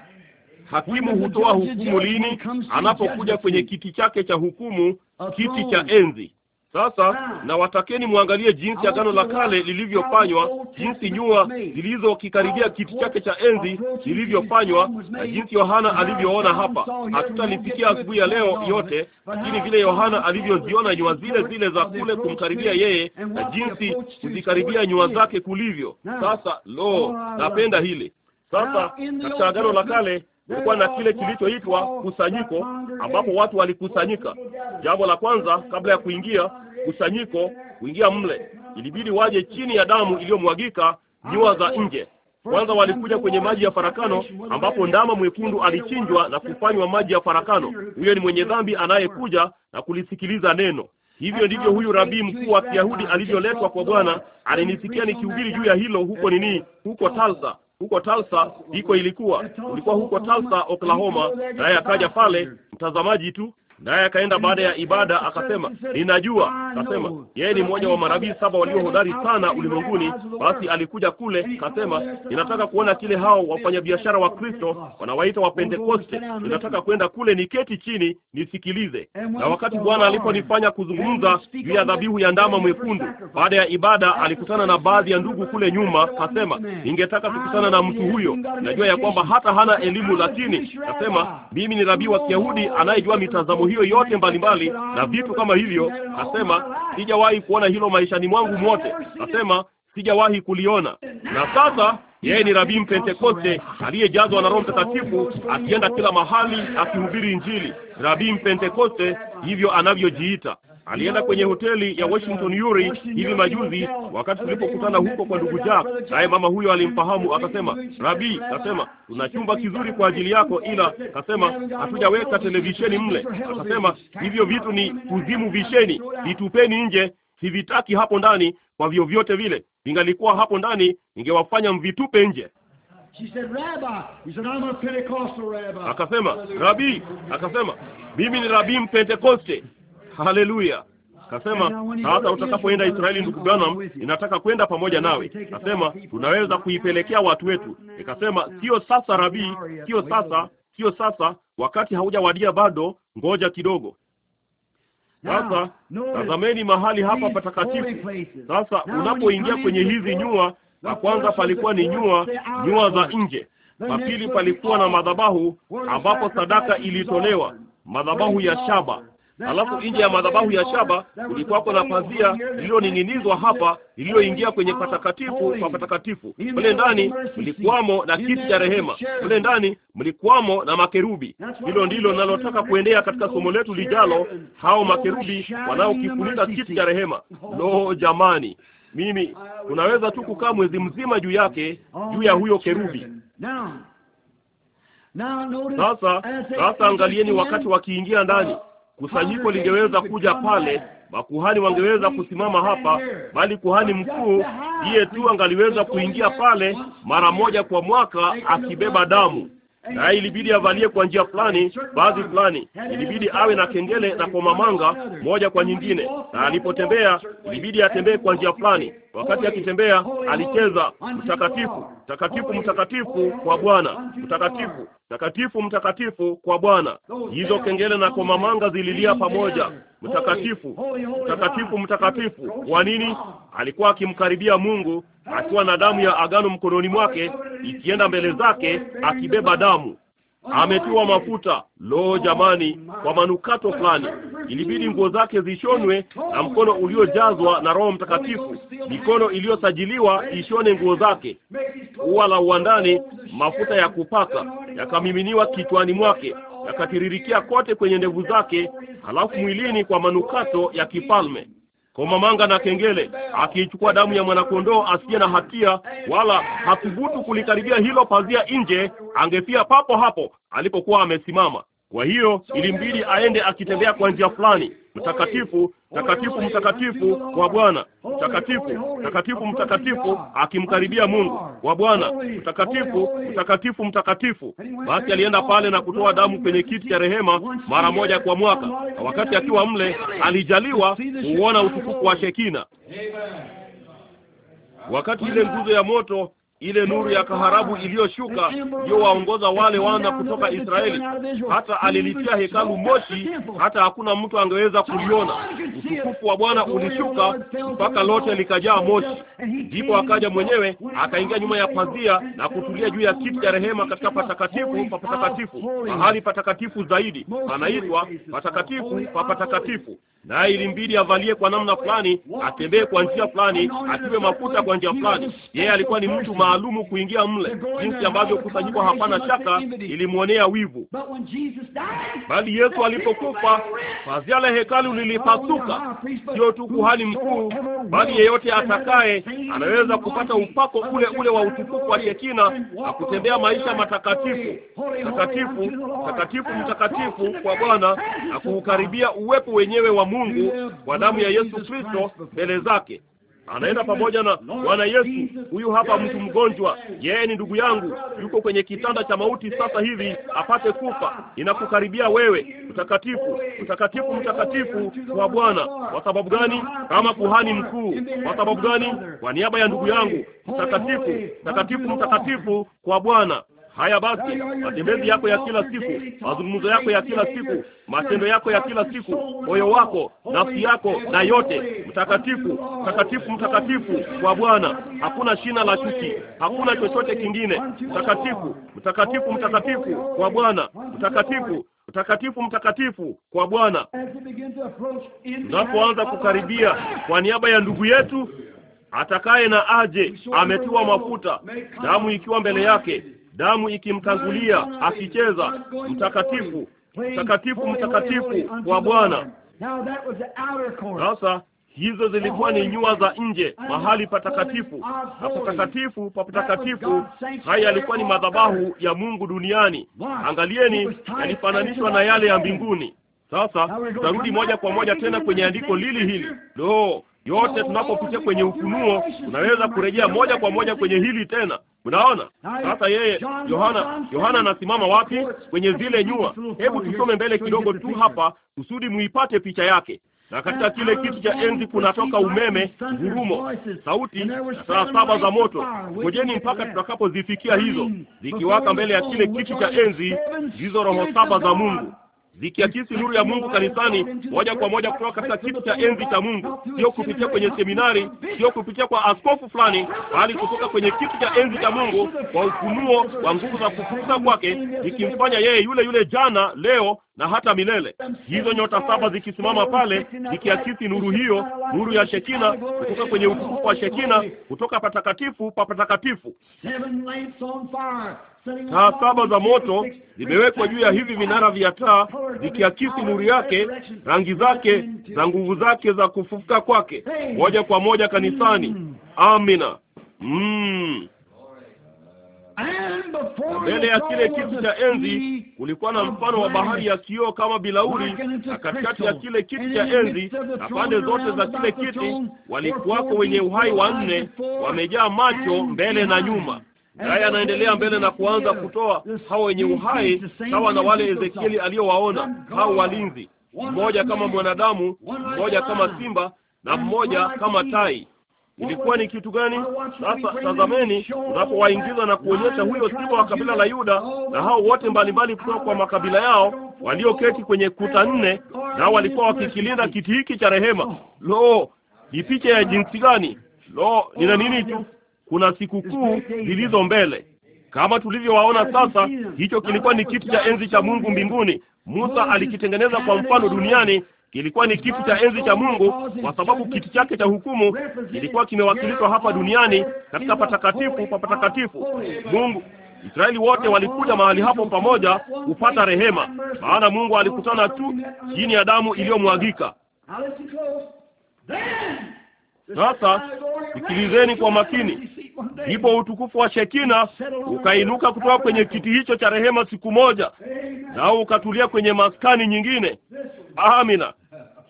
Hakimu hutoa hukumu lini? Anapokuja kwenye kiti chake cha hukumu, kiti cha enzi. Sasa ah. na watakeni mwangalie jinsi agano la kale lilivyofanywa, jinsi nyua zilizokikaribia kiti chake cha enzi lilivyofanywa, na jinsi Yohana alivyoona hapa. Hatutalifikia asubuhi ya leo yote, lakini vile Yohana alivyoziona nyua zile zile za kule kumkaribia yeye na jinsi kuzikaribia nyua zake kulivyo. Sasa lo, oh, napenda hili. Sasa katika agano la kale kulikuwa na kile kilichoitwa kusanyiko, ambapo watu walikusanyika. Jambo la kwanza kabla ya kuingia kusanyiko, kuingia mle, ilibidi waje chini ya damu iliyomwagika nyua za nje. Kwanza walikuja kwenye maji ya farakano, ambapo ndama mwekundu alichinjwa na kufanywa maji ya farakano. Huyo ni mwenye dhambi anayekuja na kulisikiliza neno. Hivyo ndivyo huyu rabii mkuu wa Kiyahudi alivyoletwa kwa Bwana. Alinisikia nikihubiri juu ya hilo huko nini, huko Talsa, huko Tulsa, ndiko ilikuwa. Ulikuwa huko Tulsa, Oklahoma, naye akaja pale mtazamaji tu, Naye akaenda baada ya ibada akasema, ninajua. Akasema yeye ni mmoja wa manabii saba walio hodari sana ulimwenguni. Basi alikuja kule, akasema, ninataka kuona kile hao wafanyabiashara wa Kristo wanawaita wa Pentekoste. Ninataka kwenda kule niketi chini nisikilize. Na wakati Bwana aliponifanya kuzungumza juu ya dhabihu ya ndama mwekundu, baada ya ibada alikutana na baadhi ya ndugu kule nyuma, akasema, ningetaka kukutana na mtu huyo, najua ya kwamba hata hana elimu, lakini akasema, mimi ni rabii wa Kiyahudi anayejua mitazamo hiyo yote mbalimbali na vitu kama hivyo. Nasema sijawahi kuona hilo maishani mwangu mwote, nasema sijawahi kuliona. Na sasa yeye ni rabii mpentekoste aliyejazwa na Roho Mtakatifu, akienda kila mahali akihubiri Injili. Rabii mpentekoste, hivyo anavyojiita alienda kwenye hoteli ya Washington Yuri hivi majuzi, wakati tulipokutana huko kwa ndugu Jack, naye mama huyo alimfahamu akasema, rabi akasema tuna chumba kizuri kwa ajili yako, ila akasema hatujaweka televisheni mle. Akasema hivyo vitu ni kuzimu, visheni vitupeni nje, sivitaki hapo ndani kwa vyovyote vile. Vingalikuwa hapo ndani, ningewafanya mvitupe nje. Akasema rabii, akasema mimi ni rabii Mpentekoste. Haleluya. Kasema sasa, utakapoenda Israeli, ndugu Branham, inataka kwenda pamoja nawe. Nasema tunaweza kuipelekea watu wetu. Nikasema sio sasa, Rabii, sio sasa, sio sasa, wakati haujawadia bado, ngoja kidogo. Sasa tazameni mahali hapa patakatifu. Sasa unapoingia kwenye hizi nyua, la kwanza palikuwa ni nyua, nyua za nje. La pili palikuwa na madhabahu ambapo sadaka ilitolewa, madhabahu ya shaba Alafu nje ya madhabahu ya shaba kulikuwako na pazia lililoning'inizwa hapa lililoingia kwenye patakatifu kwa patakatifu. Mle ndani mlikuwamo na kiti cha rehema, mle ndani mlikuwamo na makerubi. Hilo ndilo linalotaka kuendea katika somo letu lijalo, hao makerubi wanaokifunika kiti cha rehema. Lo, jamani, mimi unaweza tu kukaa mwezi mzima juu yake, juu ya huyo kerubi. Sasa sasa, angalieni wakati wakiingia ndani kusanyiko lingeweza kuja pale, makuhani wangeweza kusimama hapa, bali kuhani mkuu ndiye tu angaliweza kuingia pale mara moja kwa mwaka akibeba damu na ilibidi avalie kwa njia fulani, baadhi fulani, ilibidi awe na kengele na mamanga moja kwa nyingine, na alipotembea ilibidi atembee kwa njia fulani. Wakati akitembea alicheza mtakatifu, mtakatifu, mtakatifu kwa Bwana, mtakatifu, Mtakatifu, mtakatifu kwa Bwana. Hizo kengele na komamanga zililia pamoja, mtakatifu, mtakatifu, mtakatifu. Kwa nini? Alikuwa akimkaribia Mungu akiwa na damu ya agano mkononi mwake ikienda mbele zake, akibeba damu ametiwa mafuta. Lo jamani, kwa manukato fulani ilibidi nguo zake zishonwe na mkono uliojazwa na Roho Mtakatifu, mikono iliyosajiliwa ishone nguo zake. Ua la uandani, mafuta ya kupaka yakamiminiwa kichwani mwake, yakatiririkia kote kwenye ndevu zake, halafu mwilini kwa manukato ya kifalme komamanga na kengele, akiichukua damu ya mwanakondoo asiye na hatia, wala hathubutu kulikaribia hilo pazia nje, angefia papo hapo alipokuwa amesimama. Kwa hiyo ilimbidi aende akitembea kwa njia fulani, mtakatifu mtakatifu mtakatifu kwa Bwana, mtakatifu mtakatifu mtakatifu, akimkaribia Mungu kwa Bwana, mtakatifu mtakatifu mtakatifu. Basi alienda pale na kutoa damu kwenye kiti cha rehema mara moja kwa mwaka, na wakati akiwa mle alijaliwa kuuona utukufu wa Shekina. Wakati ile nguzo ya moto ile nuru ya kaharabu iliyoshuka yowaongoza wale wana kutoka Israeli. Hata alilitia hekalu moshi, hata hakuna mtu angeweza kuliona. Utukufu wa Bwana ulishuka mpaka lote likajaa moshi. Ndipo akaja mwenyewe akaingia nyuma ya pazia na kutulia juu ya kiti cha rehema katika patakatifu pa patakatifu, mahali patakatifu zaidi, panaitwa patakatifu pa patakatifu. Naye ilimbidi avalie kwa namna fulani, atembee kwa njia fulani, atiwe mafuta kwa njia fulani. Yeye alikuwa ni mtu ma maalumu kuingia mle, jinsi ambavyo kusanyiko, hapana shaka, ilimwonea wivu. Bali Yesu alipokufa, pazia la hekalu oh, lilipasuka. Sio tu kuhani mkuu, bali yeyote atakaye anaweza kupata upako ule ule wa utukufu wa Shekina na kutembea maisha matakatifu, takatifu, takatifu, mtakatifu kwa Bwana na kuukaribia uwepo wenyewe wa Mungu kwa damu ya Yesu Kristo mbele zake anaenda pamoja na Bwana Yesu. Huyu hapa mtu mgonjwa, yeye ni ndugu yangu, yuko kwenye kitanda cha mauti sasa hivi apate kufa. Inakukaribia wewe, mtakatifu, mtakatifu, mtakatifu wa Bwana. Kwa sababu gani? Kama kuhani mkuu. Kwa sababu gani? Kwa niaba ya ndugu yangu, mtakatifu, mtakatifu, mtakatifu kwa Bwana. Haya basi, matembezi yako ya kila siku, mazungumzo yako ya kila siku, matendo yako ya kila siku, moyo wako, nafsi yako na yote, mtakatifu, mtakatifu, mtakatifu kwa Bwana, hakuna shina la chuki, hakuna chochote kingine. Mtakatifu, mtakatifu, mtakatifu kwa Bwana, mtakatifu mtakatifu mtakatifu kwa Bwana. Tunapoanza kukaribia, kwa niaba ya ndugu yetu atakaye na aje, ametiwa mafuta, damu ikiwa mbele yake, damu ikimtangulia akicheza, mtakatifu, mtakatifu, mtakatifu wa Bwana. Sasa hizo zilikuwa ni nyua za nje, mahali patakatifu na patakatifu pa patakatifu. Haya yalikuwa ni madhabahu ya Mungu duniani. Angalieni, yalifananishwa na yale ya mbinguni. Sasa tutarudi moja kwa moja tena kwenye andiko lili hili lo yote tunapopitia kwenye Ufunuo tunaweza kurejea moja kwa moja kwenye hili tena. Mnaona sasa, yeye Yohana Yohana anasimama wapi kwenye zile nyua? Hebu tusome mbele kidogo tu hapa kusudi muipate picha yake. Na katika kile kitu cha enzi kunatoka umeme, ngurumo, sauti na saa saba za moto. Ngojeni mpaka tutakapozifikia hizo, zikiwaka mbele ya kile kitu cha enzi, hizo roho saba za Mungu zikiakisi nuru ya Mungu kanisani moja kwa moja kutoka katika kitu cha enzi cha Mungu, sio kupitia kwenye seminari, sio kupitia kwa askofu fulani, bali kutoka kwenye kitu cha enzi cha Mungu kwa ufunuo wa nguvu za kufufuka kwake, ikimfanya yeye yule yule jana, leo na hata milele. Hizo nyota saba zikisimama pale zikiakisi nuru hiyo, nuru ya Shekina, kutoka kwenye utukufu wa Shekina, kutoka patakatifu pa patakatifu. Taa saba za moto zimewekwa juu ya hivi vinara vya taa, zikiakisi nuru yake, rangi zake, za nguvu zake za kufufuka kwake, moja kwa moja kanisani. Amina. Mm. Mbele ya kile kiti cha enzi ulikuwa na mfano wa bahari ya kioo kama bilauri, na katikati ya kile kiti cha enzi na pande zote za kile kiti walikuwako wenye uhai wanne, wamejaa macho mbele na nyuma. Naye anaendelea mbele na kuanza kutoa hao wenye uhai sawa na wale Ezekieli aliyowaona hao walinzi, mmoja kama mwanadamu, mmoja kama simba na mmoja kama tai ilikuwa ni kitu gani? Sasa tazameni, unapowaingiza na kuonyesha huyo simba wa kabila la Yuda na hao wote mbalimbali kutoka kwa makabila yao walioketi kwenye kuta nne, nao walikuwa wakikilinda kiti hiki cha rehema. Lo, ni picha ya jinsi gani! Lo, nina nini tu, kuna sikukuu zilizo mbele kama tulivyowaona sasa. Hicho kilikuwa ni kiti cha enzi cha Mungu mbinguni. Musa alikitengeneza kwa mfano duniani kilikuwa ni kitu cha enzi cha Mungu, kwa sababu kiti chake cha hukumu kilikuwa kimewakilishwa hapa duniani katika patakatifu pa patakatifu. Mungu Israeli wote walikuja mahali hapo pamoja kupata rehema, maana Mungu alikutana tu chini ya damu iliyomwagika. Sasa sikilizeni kwa makini, ndipo utukufu wa Shekina ukainuka kutoka kwenye kiti hicho cha rehema siku moja, nao ukatulia kwenye maskani nyingine. Amina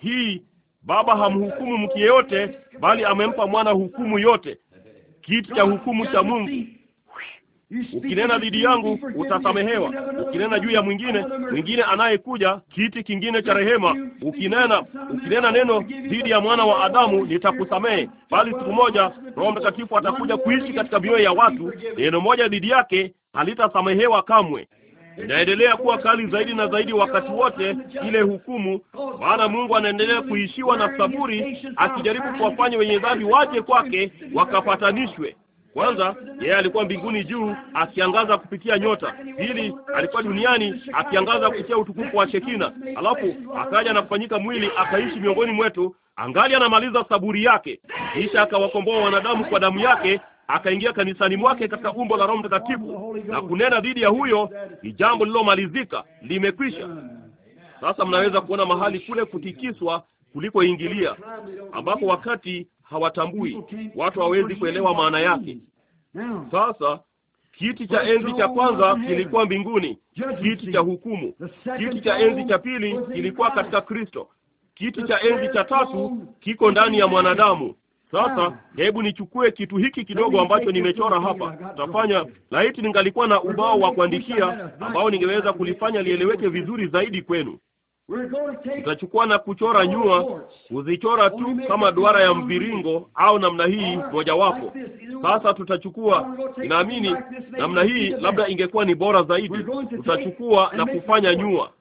hii Baba hamhukumu mtu yeyote, bali amempa mwana hukumu yote. Kiti cha hukumu cha Mungu. Ukinena dhidi yangu utasamehewa, ukinena juu ya mwingine mwingine anayekuja, kiti kingine cha rehema. Ukinena ukinena neno dhidi ya mwana wa Adamu nitakusamehe, bali siku moja Roho Mtakatifu atakuja kuishi katika mioyo ya watu. Neno moja dhidi yake halitasamehewa kamwe inaendelea kuwa kali zaidi na zaidi wakati wote, ile hukumu. Maana Mungu anaendelea kuishiwa na saburi, akijaribu kuwafanya wenye dhambi waje kwake wakapatanishwe. Kwanza yeye alikuwa mbinguni juu akiangaza kupitia nyota. Pili alikuwa duniani akiangaza kupitia utukufu wa Shekina. Alafu akaja na kufanyika mwili akaishi miongoni mwetu, angali anamaliza saburi yake, kisha akawakomboa wanadamu kwa damu yake akaingia kanisani mwake katika umbo la Roho Mtakatifu na kunena dhidi ya huyo, ni jambo lililomalizika, limekwisha. Sasa mnaweza kuona mahali kule kutikiswa kulikoingilia, ambapo wakati hawatambui, watu hawawezi kuelewa maana yake. Sasa kiti cha enzi cha kwanza kilikuwa mbinguni, kiti cha hukumu. Kiti cha enzi cha pili kilikuwa katika Kristo. Kiti cha enzi cha tatu kiko ndani ya mwanadamu, sasa hebu nichukue kitu hiki kidogo ambacho nimechora hapa. Tutafanya laiti ningalikuwa na ubao wa kuandikia ambao ningeweza kulifanya lieleweke vizuri zaidi kwenu. Tutachukua na kuchora nyua, kuzichora tu kama duara ya mviringo au namna hii mojawapo. Sasa tutachukua, naamini namna hii labda ingekuwa ni bora zaidi. Tutachukua na kufanya nyua.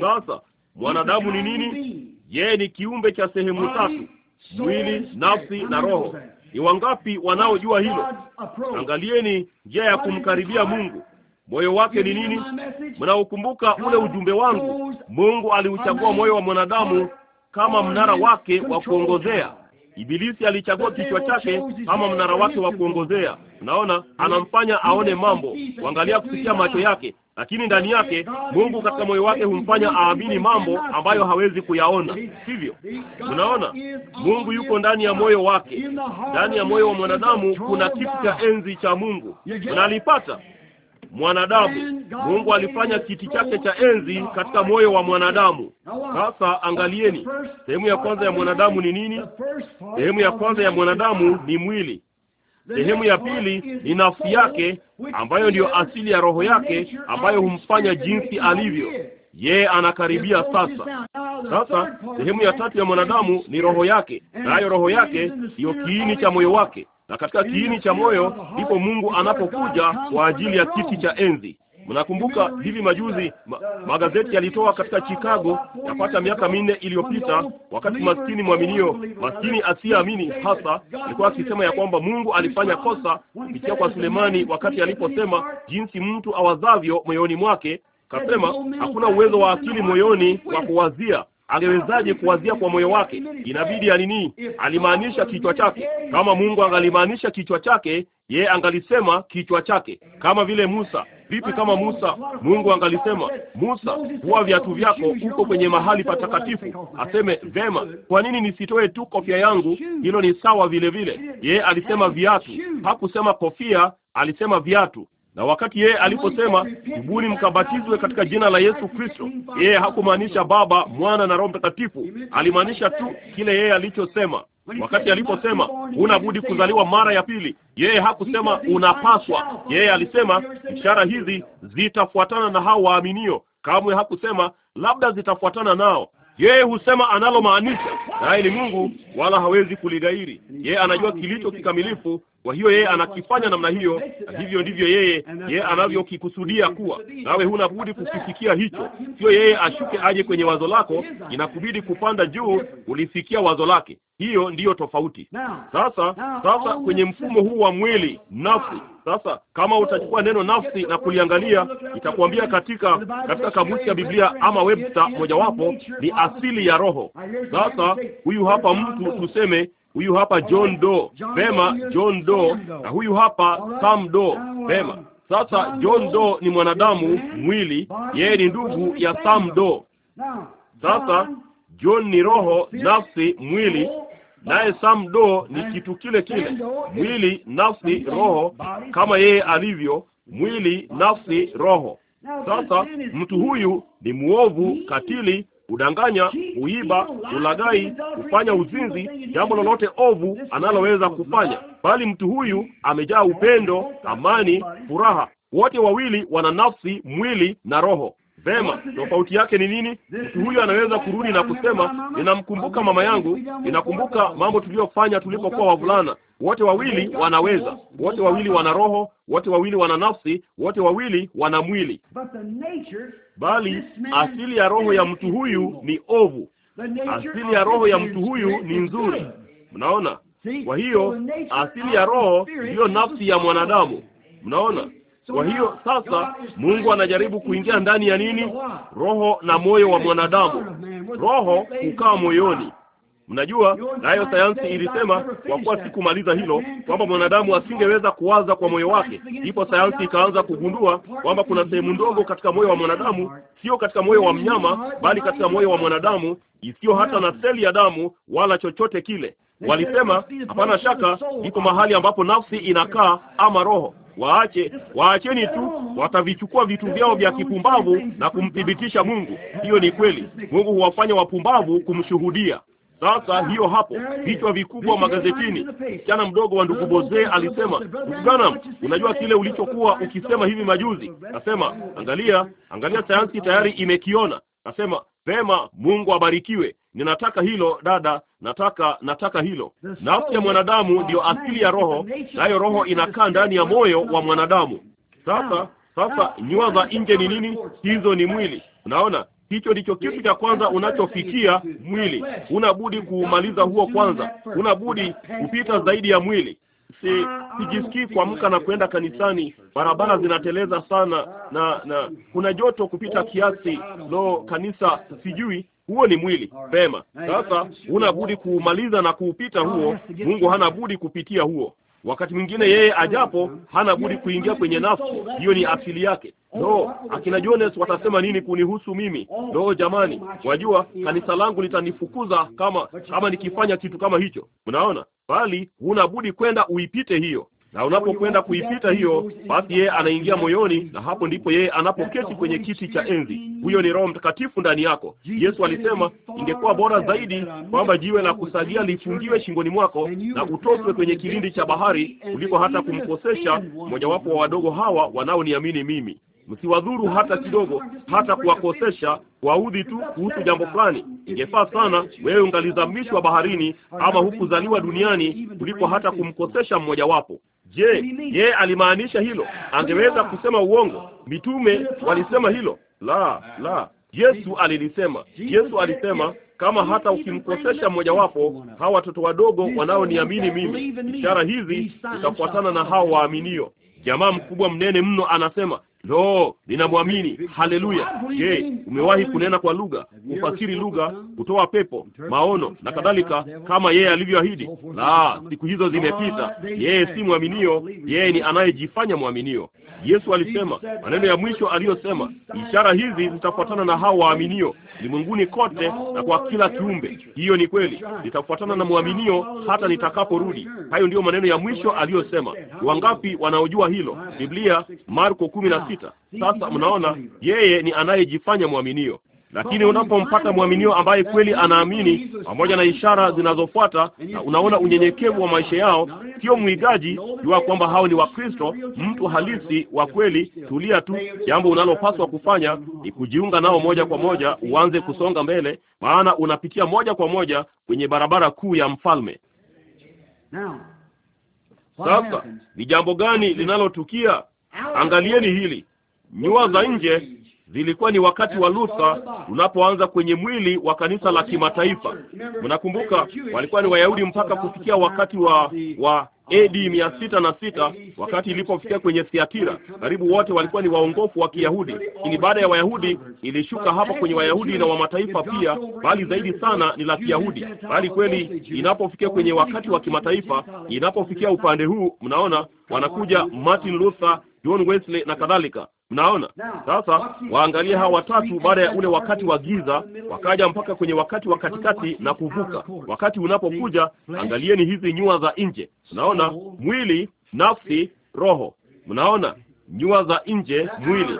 Sasa mwanadamu ni nini? Yeye ni kiumbe cha sehemu tatu mwili, nafsi na roho. Ni wangapi wanaojua hilo? Angalieni njia ya kumkaribia Mungu. Moyo wake ni nini? Mnaukumbuka ule ujumbe wangu? Mungu aliuchagua moyo wa mwanadamu kama mnara wake wa kuongozea. Ibilisi alichagua kichwa chake kama mnara wake wa kuongozea. Unaona, anamfanya aone mambo, kuangalia kupitia macho yake, lakini ndani yake Mungu katika moyo wake humfanya aamini mambo ambayo hawezi kuyaona. sivyo unaona, Mungu yuko ndani ya moyo wake. Ndani ya moyo wa mwanadamu kuna kitu cha enzi cha Mungu. Unalipata mwanadamu, Mungu alifanya kiti chake cha enzi katika moyo wa mwanadamu. Sasa angalieni, sehemu ya kwanza ya mwanadamu ni nini? Sehemu ya kwanza ya mwanadamu ni mwili. Sehemu ya pili ni nafsi yake ambayo ndiyo asili ya roho yake ambayo humfanya jinsi alivyo. Yeye anakaribia sasa. Sasa sehemu ya tatu ya mwanadamu ni roho yake, nayo roho yake ndiyo kiini cha moyo wake, na katika kiini cha moyo ndipo Mungu anapokuja kwa ajili ya kiti cha enzi. Mnakumbuka hivi majuzi ma, magazeti yalitoa katika Chicago yapata miaka minne iliyopita, wakati maskini mwaminio, maskini asiyeamini hasa, alikuwa akisema ya kwamba Mungu alifanya kosa kupitia kwa Sulemani wakati aliposema jinsi mtu awazavyo moyoni mwake Kasema hakuna uwezo wa akili moyoni wa kuwazia, angewezaje kuwazia kwa moyo wake? Inabidi anini, alimaanisha kichwa chake. Kama Mungu angalimaanisha kichwa chake, yeye angalisema kichwa chake, kama vile Musa. Vipi kama Musa, Mungu angalisema Musa, vua viatu vyako, uko kwenye mahali patakatifu? Aseme vema, kwa nini nisitoe tu kofia yangu? Hilo ni sawa vile vile. Yeye alisema viatu, hakusema kofia, alisema viatu. Na wakati yeye aliposema tubuni mkabatizwe katika jina la Yesu Kristo, yeye hakumaanisha Baba, Mwana na Roho Mtakatifu. Alimaanisha tu kile yeye alichosema. Wakati aliposema unabudi kuzaliwa mara ya pili, yeye hakusema unapaswa. Yeye alisema ishara hizi zitafuatana na hao waaminio. Kamwe hakusema labda zitafuatana nao. Yeye husema analomaanisha, na ni Mungu wala hawezi kuligairi. Yeye anajua kilicho kikamilifu kwa hiyo yeye anakifanya namna hiyo, na hivyo ndivyo yeye yeye anavyokikusudia kuwa, nawe huna budi kukifikia hicho. Sio yeye ashuke aje kwenye wazo lako, inakubidi kupanda juu ulifikia wazo lake. Hiyo ndiyo tofauti. Sasa sasa kwenye mfumo huu wa mwili nafsi, sasa kama utachukua neno nafsi na kuliangalia, itakuambia katika katika kamusi ya Biblia ama Webster mojawapo ni asili ya roho. Sasa huyu hapa mtu tuseme huyu hapa John Doe, vema, John Doe, na huyu hapa Sam Doe, vema. Sasa John Doe ni mwanadamu mwili, yeye ni ndugu ya Sam Doe. Sasa John ni roho, nafsi, mwili, naye Sam Doe ni kitu kile kile, mwili, nafsi, roho, kama yeye alivyo mwili, nafsi, roho. Sasa mtu huyu ni mwovu, katili, kudanganya, uiba ulagai kufanya uzinzi, jambo lolote ovu analoweza kufanya, bali mtu huyu amejaa upendo, amani, furaha. Wote wawili wana nafsi, mwili na roho. Vema, tofauti yake ni nini? Mtu huyu anaweza kurudi na kusema, ninamkumbuka mama yangu, ninakumbuka mambo tuliyofanya tulipokuwa wavulana. Wote wawili wanaweza, wote wawili wana roho, wote wawili wana nafsi, wote wawili wana mwili, bali asili ya roho ya mtu huyu ni ovu, asili ya roho ya mtu huyu ni nzuri. Mnaona? Kwa hiyo asili ya roho ndiyo nafsi ya mwanadamu. Mnaona? Kwa hiyo sasa Mungu anajaribu kuingia ndani ya nini? Roho na moyo wa mwanadamu. Roho hukaa moyoni. Mnajua, nayo sayansi ilisema kwa kuwa sikumaliza hilo, kwamba mwanadamu asingeweza kuwaza kwa moyo wake. Ndipo sayansi ikaanza kugundua kwamba kuna sehemu ndogo katika moyo wa mwanadamu, sio katika moyo wa mnyama, bali katika moyo wa mwanadamu, isiyo hata na seli ya damu wala chochote kile. Walisema hapana shaka, iko mahali ambapo nafsi inakaa ama roho waache, waacheni tu, watavichukua vitu vyao vya kipumbavu na kumthibitisha Mungu. Hiyo ni kweli, Mungu huwafanya wapumbavu kumshuhudia. Sasa hiyo hapo, vichwa vikubwa magazetini. Msichana mdogo wa ndugu Bozee alisema, Branham, unajua kile ulichokuwa ukisema hivi majuzi? Nasema angalia, angalia, sayansi tayari imekiona. Nasema vema, Mungu abarikiwe. Ninataka hilo dada, nataka nataka hilo. Nafsi ya mwanadamu ndiyo asili ya roho, nayo roho inakaa ndani ya moyo wa mwanadamu. Sasa sasa, nyua za nje ni nini? Hizo ni mwili. Unaona, hicho ndicho kitu cha kwanza unachofikia mwili. Unabudi kuumaliza huo kwanza, unabudi kupita zaidi ya mwili. Si sijisikii kuamka na kwenda kanisani. Barabara zinateleza sana na na kuna joto kupita kiasi. Lo, kanisa sijui huo ni mwili. Pema, sasa huna budi kuumaliza na kuupita oh, huo. Mungu hana budi kupitia huo. Wakati mwingine yeye ajapo hana budi kuingia kwenye nafsi. Hiyo ni asili yake. Lo, oh, akina Jones watasema nini kunihusu mimi? Lo, oh, jamani, wajua kanisa langu litanifukuza kama kama nikifanya kitu kama hicho. Mnaona, bali huna budi kwenda uipite hiyo na unapokwenda kuipita hiyo, basi yeye anaingia moyoni, na hapo ndipo yeye anapoketi kwenye kiti cha enzi. Huyo ni Roho Mtakatifu ndani yako. Yesu alisema ingekuwa bora zaidi kwamba jiwe la kusagia lifungiwe shingoni mwako na utoswe kwenye kilindi cha bahari kuliko hata kumkosesha mmojawapo wa wadogo hawa wanaoniamini mimi. Msiwadhuru hata kidogo, hata kuwakosesha, waudhi tu kuhusu jambo fulani. Ingefaa sana wewe ungalizamishwa baharini ama hukuzaliwa duniani kuliko hata kumkosesha mmojawapo. Je, yeye alimaanisha hilo? Angeweza kusema uongo? Mitume walisema hilo? La, la. Yesu alilisema. Yesu alisema kama hata ukimkosesha mmojawapo hawa watoto wadogo wanaoniamini mimi, ishara hizi zitafuatana na hao waaminio. Jamaa mkubwa mnene mno anasema Lo, ninamwamini. Haleluya! Je, umewahi kunena kwa lugha, kufasiri lugha, kutoa pepo, maono na kadhalika, kama yeye alivyoahidi? La, siku hizo zimepita. Yeye si mwaminio, yeye ni anayejifanya mwaminio. Yesu alisema maneno ya mwisho aliyosema, ishara hizi zitafuatana na hao waaminio limwenguni kote na kwa kila kiumbe. Hiyo ni kweli, zitafuatana na mwaminio hata nitakaporudi. Hayo ndiyo maneno ya mwisho aliyosema. Wangapi wanaojua hilo? Biblia, Marko kumi na sita. Sasa mnaona yeye ni anayejifanya mwaminio, lakini unapompata mwaminio ambaye kweli anaamini pamoja na ishara zinazofuata, na unaona unyenyekevu wa maisha yao, sio mwigaji, jua kwamba hao ni Wakristo, mtu halisi wa kweli. Tulia tu, jambo unalopaswa kufanya ni kujiunga nao moja kwa moja, uanze kusonga mbele, maana unapitia moja kwa moja kwenye barabara kuu ya mfalme. Sasa ni jambo gani linalotukia? Angalieni hili, nyua za nje zilikuwa ni wakati wa Luther unapoanza kwenye mwili wa kanisa la kimataifa. Mnakumbuka walikuwa ni Wayahudi mpaka kufikia wakati wa wa AD mia sita na sita wakati ilipofikia kwenye Thiatira, karibu wote walikuwa ni waongofu wa Kiyahudi. Lakini baada ya Wayahudi ilishuka hapa kwenye Wayahudi na wa mataifa pia, bali zaidi sana ni la Kiyahudi. Bali kweli inapofikia kwenye wakati wa kimataifa, inapofikia upande huu, mnaona wanakuja Martin Luther John Wesley na kadhalika. Mnaona sasa, waangalie hawa watatu. Baada ya ule wakati wa giza, wakaja mpaka kwenye wakati wa katikati na kuvuka. Wakati unapokuja, angalieni hizi nyua za nje. Mnaona mwili, nafsi, roho. Mnaona nyua za nje, mwili,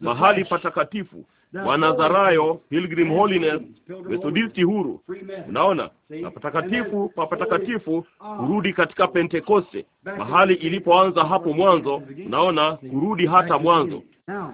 mahali patakatifu, Wanazarayo, Pilgrim Holiness, Methodisti huru, unaona, na patakatifu pa patakatifu kurudi katika Pentekoste, mahali ilipoanza hapo mwanzo, unaona, kurudi hata mwanzo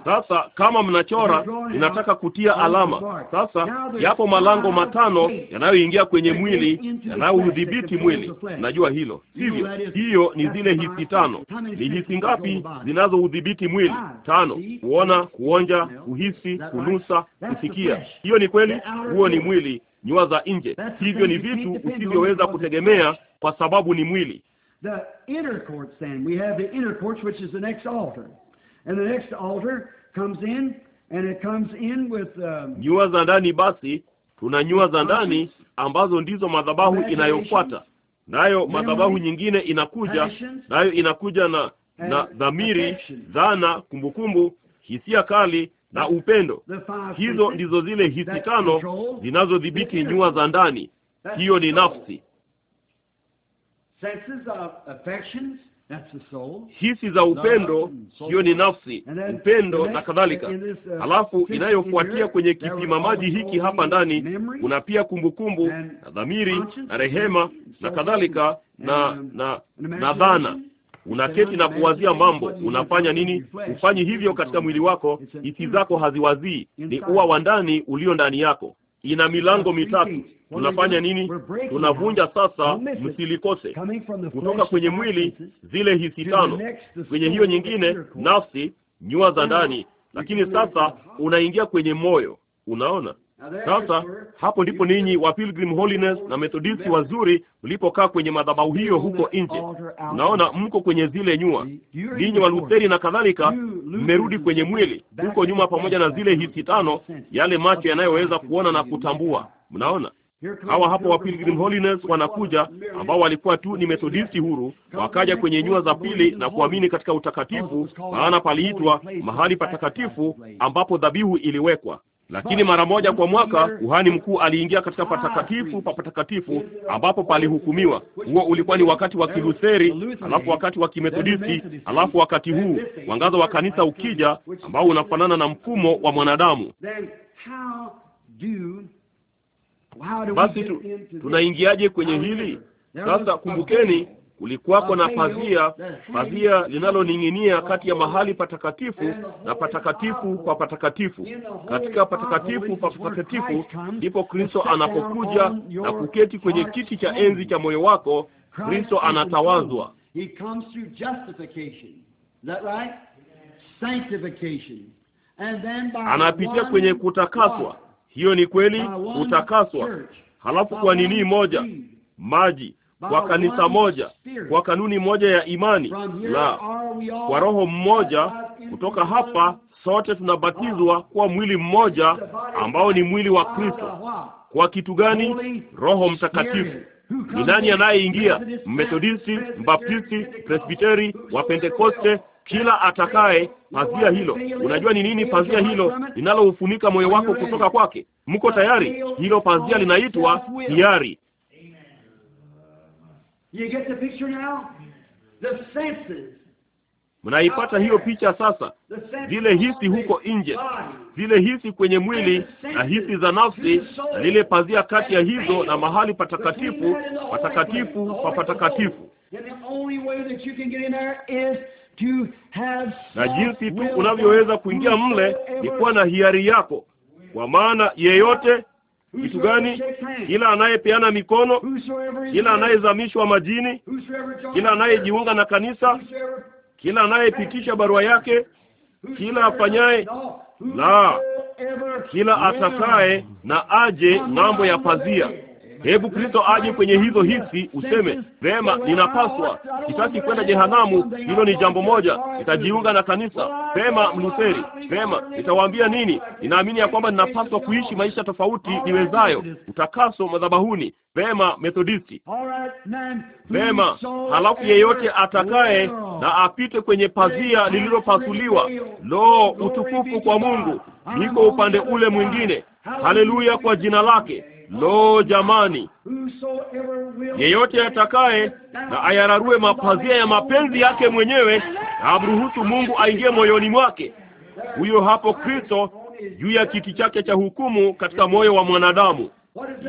sasa kama mnachora, ninataka kutia alama. Sasa yapo malango matano yanayoingia kwenye mwili, yanayoudhibiti mwili. Najua hilo, sivyo? Hiyo ni zile hisi tano. Ni hisi ngapi zinazoudhibiti mwili? Ah, tano: kuona, kuonja, kuhisi, kunusa, kusikia. Hiyo ni kweli, huo ni mwili. Nyua za nje, hivyo ni vitu usivyoweza kutegemea kwa sababu ni mwili. And the next altar comes in and it comes in with um, nyua za ndani. Basi tuna nyua za ndani ambazo ndizo madhabahu inayofuata, nayo madhabahu nyingine inakuja nayo, inakuja na na dhamiri, dhana, kumbukumbu, hisia kali na upendo. Hizo ndizo zile hisi tano zinazodhibiti nyua za ndani. Hiyo ni nafsi hisi za upendo, hiyo ni nafsi, upendo na kadhalika. Halafu uh, inayofuatia kwenye kipima maji hiki hapa ndani kuna pia kumbukumbu na dhamiri na rehema na kadhalika, na na na dhana unaketi na kuwazia mambo, unafanya nini? Hufanyi hivyo katika mwili wako, hisi zako haziwazii. Ni ua wa ndani ulio ndani yako, ina milango mitatu tunafanya nini? Tunavunja sasa, msilikose kutoka kwenye mwili zile hisi tano, kwenye hiyo nyingine nafsi, nyua za ndani, lakini sasa unaingia kwenye moyo. Unaona sasa, hapo ndipo ninyi wa Pilgrim Holiness na Methodisti wazuri mlipokaa kwenye madhabahu hiyo huko nje. Naona mko kwenye zile nyua. Ninyi wa Lutheri na kadhalika, mmerudi kwenye mwili huko nyuma, pamoja na zile hisi tano, yale macho yanayoweza kuona na kutambua. Mnaona hawa hapo wa Pilgrim Holiness wanakuja ambao walikuwa tu ni Methodisti huru, wakaja kwenye nyua za pili na kuamini katika utakatifu, maana paliitwa mahali patakatifu ambapo dhabihu iliwekwa. Lakini mara moja kwa mwaka kuhani mkuu aliingia katika ah, patakatifu pa patakatifu ambapo palihukumiwa. Huo ulikuwa ni wakati wa Kilutheri, alafu wakati wa Kimethodisti, alafu wakati huu mwangaza wa kanisa ukija, ambao unafanana na mfumo wa mwanadamu. Basi tu, tunaingiaje kwenye hili sasa? Kumbukeni, kulikuwako na pazia, pazia linaloning'inia kati ya mahali patakatifu na patakatifu kwa patakatifu. Katika patakatifu pa patakatifu ndipo Kristo anapokuja na kuketi kwenye kiti cha enzi cha moyo wako. Kristo anatawazwa anapitia kwenye kutakaswa hiyo ni kweli, utakaswa. Halafu kwa nini moja maji kwa kanisa moja, kwa kanuni moja ya imani, la kwa roho mmoja. Kutoka hapa sote tunabatizwa kwa mwili mmoja ambao ni mwili wa Kristo. Kwa kitu gani? Roho Mtakatifu. Ni nani anayeingia? Mmethodisti, Mbaptisti, Presbiteri, Wapentekoste, kila atakaye pazia hilo. Unajua ni nini pazia hilo linalohufunika moyo wako kutoka kwake? Mko tayari? Hilo pazia linaitwa hiari. Mnaipata hiyo picha sasa? Zile hisi huko nje, zile hisi kwenye mwili na hisi za nafsi, na lile pazia kati ya hizo na mahali patakatifu, patakatifu pa patakatifu na jinsi tu unavyoweza kuingia mle ni kuwa na hiari yako, kwa maana yeyote kitu gani? Kila anayepeana mikono, kila anayezamishwa majini, kila anayejiunga na kanisa, kila anayepitisha barua yake, kila afanyaye na kila atakaye na aje ng'ambo ya pazia Hebu Kristo aje kwenye hizo hisi, useme vema, ninapaswa sitaki kwenda jehanamu. Hilo ni jambo moja. Nitajiunga na kanisa vema, Mlutheri vema. Nitawaambia nini? Ninaamini ya kwamba ninapaswa kuishi maisha tofauti niwezayo, utakaso madhabahuni vema, Methodisti vema. Halafu yeyote atakaye na apite kwenye pazia lililopasuliwa. Lo, utukufu kwa Mungu! Niko upande ule mwingine. Haleluya kwa jina lake. Lo, jamani, yeyote atakaye na ayararue mapazia ya mapenzi yake mwenyewe na amruhusu Mungu aingie moyoni mwake, huyo hapo Kristo juu ya kiti chake cha hukumu katika moyo wa mwanadamu.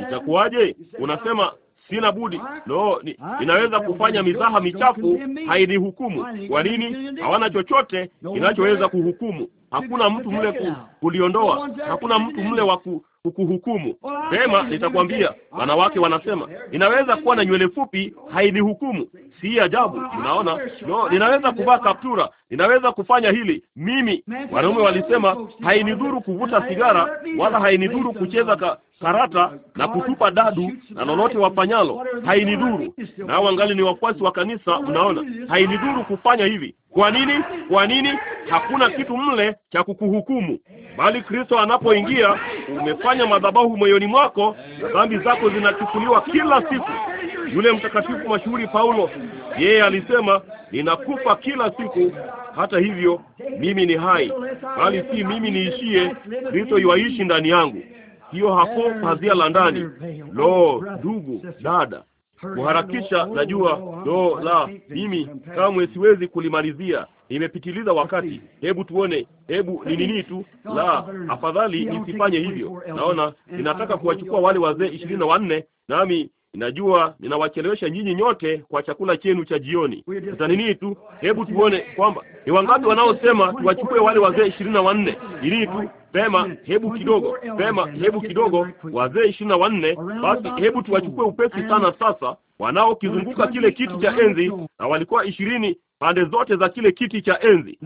Itakuwaje? Unasema sina budi. Lo, ni, inaweza kufanya mizaha michafu hainihukumu. Kwa nini? Hawana chochote kinachoweza kuhukumu hakuna mtu mle kuliondoa, hakuna mtu mle wa kukuhukumu. Sema nitakwambia, wanawake wanasema inaweza kuwa na nywele fupi hainihukumu. Si ajabu, unaona. No, ninaweza kuvaa kaptura, ninaweza kufanya hili mimi. Wanaume walisema hainidhuru kuvuta sigara wala hainidhuru kucheza ka karata na kutupa dadu na lolote wafanyalo hainidhuru. na wangali ni wafuasi wa kanisa, unaona, hainidhuru kufanya hivi. Kwa nini? Kwa nini? Hakuna kitu mle cha kukuhukumu, bali Kristo anapoingia, umefanya madhabahu moyoni mwako na dhambi zako zinachukuliwa kila siku. Yule mtakatifu mashuhuri Paulo, yeye alisema, ninakufa kila siku, hata hivyo mimi ni hai, bali si mimi niishie, Kristo yuaishi ndani yangu. Hiyo hapo pazia la ndani. Lo, ndugu, dada kuharakisha, najua. do la, mimi kamwe siwezi kulimalizia, nimepitiliza wakati. Hebu tuone, hebu ni nini tu la, afadhali nisifanye hivyo. Naona ninataka kuwachukua wale wazee ishirini na wanne nami Ninajua ninawachelewesha nyinyi nyote kwa chakula chenu cha jioni. Sasa nini tu, hebu tuone kwamba ni wangapi wanaosema tuwachukue wale wazee ishirini na wanne. Nini tu pema, hebu kidogo, pema, hebu kidogo, wazee ishirini na wanne. Basi hebu tuwachukue upesi sana sasa, wanaokizunguka kile kiti cha enzi, na walikuwa ishirini pande zote za kile kiti cha enzi.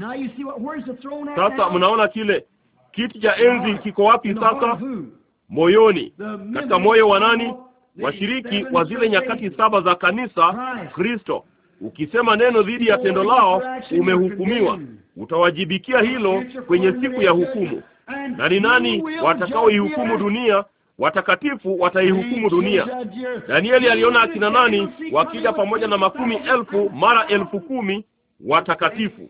Sasa mnaona kile kiti cha enzi kiko wapi sasa? Moyoni, katika moyo wa nani? washiriki wa zile nyakati saba za kanisa Kristo. Ukisema neno dhidi ya tendo lao, umehukumiwa. Utawajibikia hilo kwenye siku ya hukumu. Na ni nani watakaoihukumu dunia? Watakatifu wataihukumu dunia. Danieli aliona akina nani wakija pamoja na makumi elfu mara elfu kumi watakatifu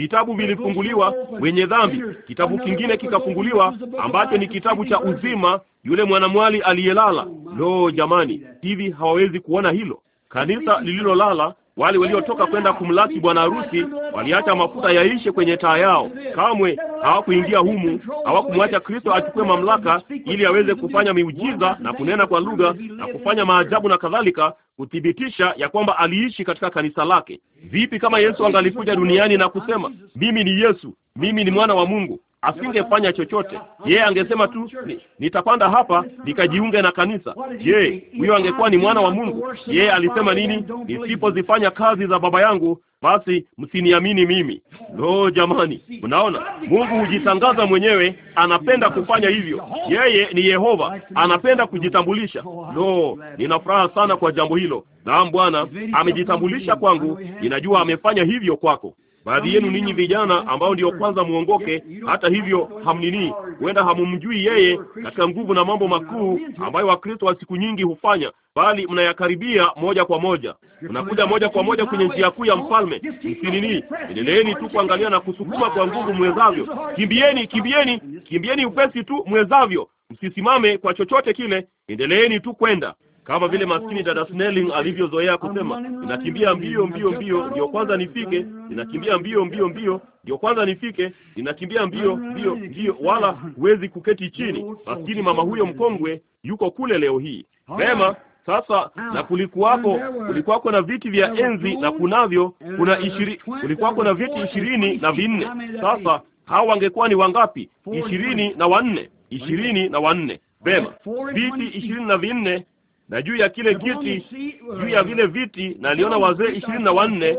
vitabu vilifunguliwa wenye dhambi, kitabu kingine kikafunguliwa ambacho ni kitabu cha uzima, yule mwanamwali aliyelala. Lo, jamani, hivi hawawezi kuona hilo? Kanisa lililolala wale waliotoka kwenda kumlaki bwana harusi waliacha mafuta yaishe kwenye taa yao, kamwe hawakuingia humu. Hawakumwacha Kristo achukue mamlaka ili aweze kufanya miujiza na kunena kwa lugha na kufanya maajabu na kadhalika, kuthibitisha ya kwamba aliishi katika kanisa lake. Vipi kama Yesu angalikuja duniani na kusema mimi ni Yesu, mimi ni mwana wa Mungu, asingefanya chochote. Yeye angesema tu ni, nitapanda hapa nikajiunge na kanisa. Je, huyo angekuwa ni mwana wa Mungu? Yeye alisema nini? Nisipozifanya kazi za Baba yangu basi msiniamini mimi. Lo, jamani, mnaona Mungu hujitangaza mwenyewe, anapenda kufanya hivyo. Yeye ni Yehova, anapenda kujitambulisha. Lo, nina furaha sana kwa jambo hilo. Naam, Bwana amejitambulisha kwangu, ninajua amefanya hivyo kwako. Baadhi yenu ninyi vijana ambao ndiyo kwanza mwongoke, hata hivyo hamnini, huenda hamumjui yeye katika nguvu na mambo makuu ambayo Wakristo wa siku nyingi hufanya, bali mnayakaribia moja kwa moja, mnakuja moja kwa moja kwenye njia kuu ya mfalme. Msinini, endeleeni tu kuangalia na kusukuma kwa nguvu mwezavyo. Kimbieni, kimbieni, kimbieni upesi tu mwezavyo, msisimame kwa chochote kile, endeleeni tu kwenda kama vile maskini dada Snelling alivyozoea kusema, ninakimbia mbio mbio mbio ndio kwanza nifike, ninakimbia mbio mbio mbio ndio kwanza nifike, ninakimbia mbio mbio mbio, wala huwezi kuketi chini. Maskini mama huyo mkongwe yuko kule leo hii. Vema, sasa na kulikuwako, kulikuwako na viti vya enzi na kunavyo kuna ishiri, kulikuwako na viti ishirini na vinne. Sasa hao wangekuwa ni wangapi? Ishirini na wanne, ishirini na wanne. Vema, viti ishirini na vinne na juu ya kile kiti, uh, juu ya vile viti, na aliona wazee ishirini na wanne,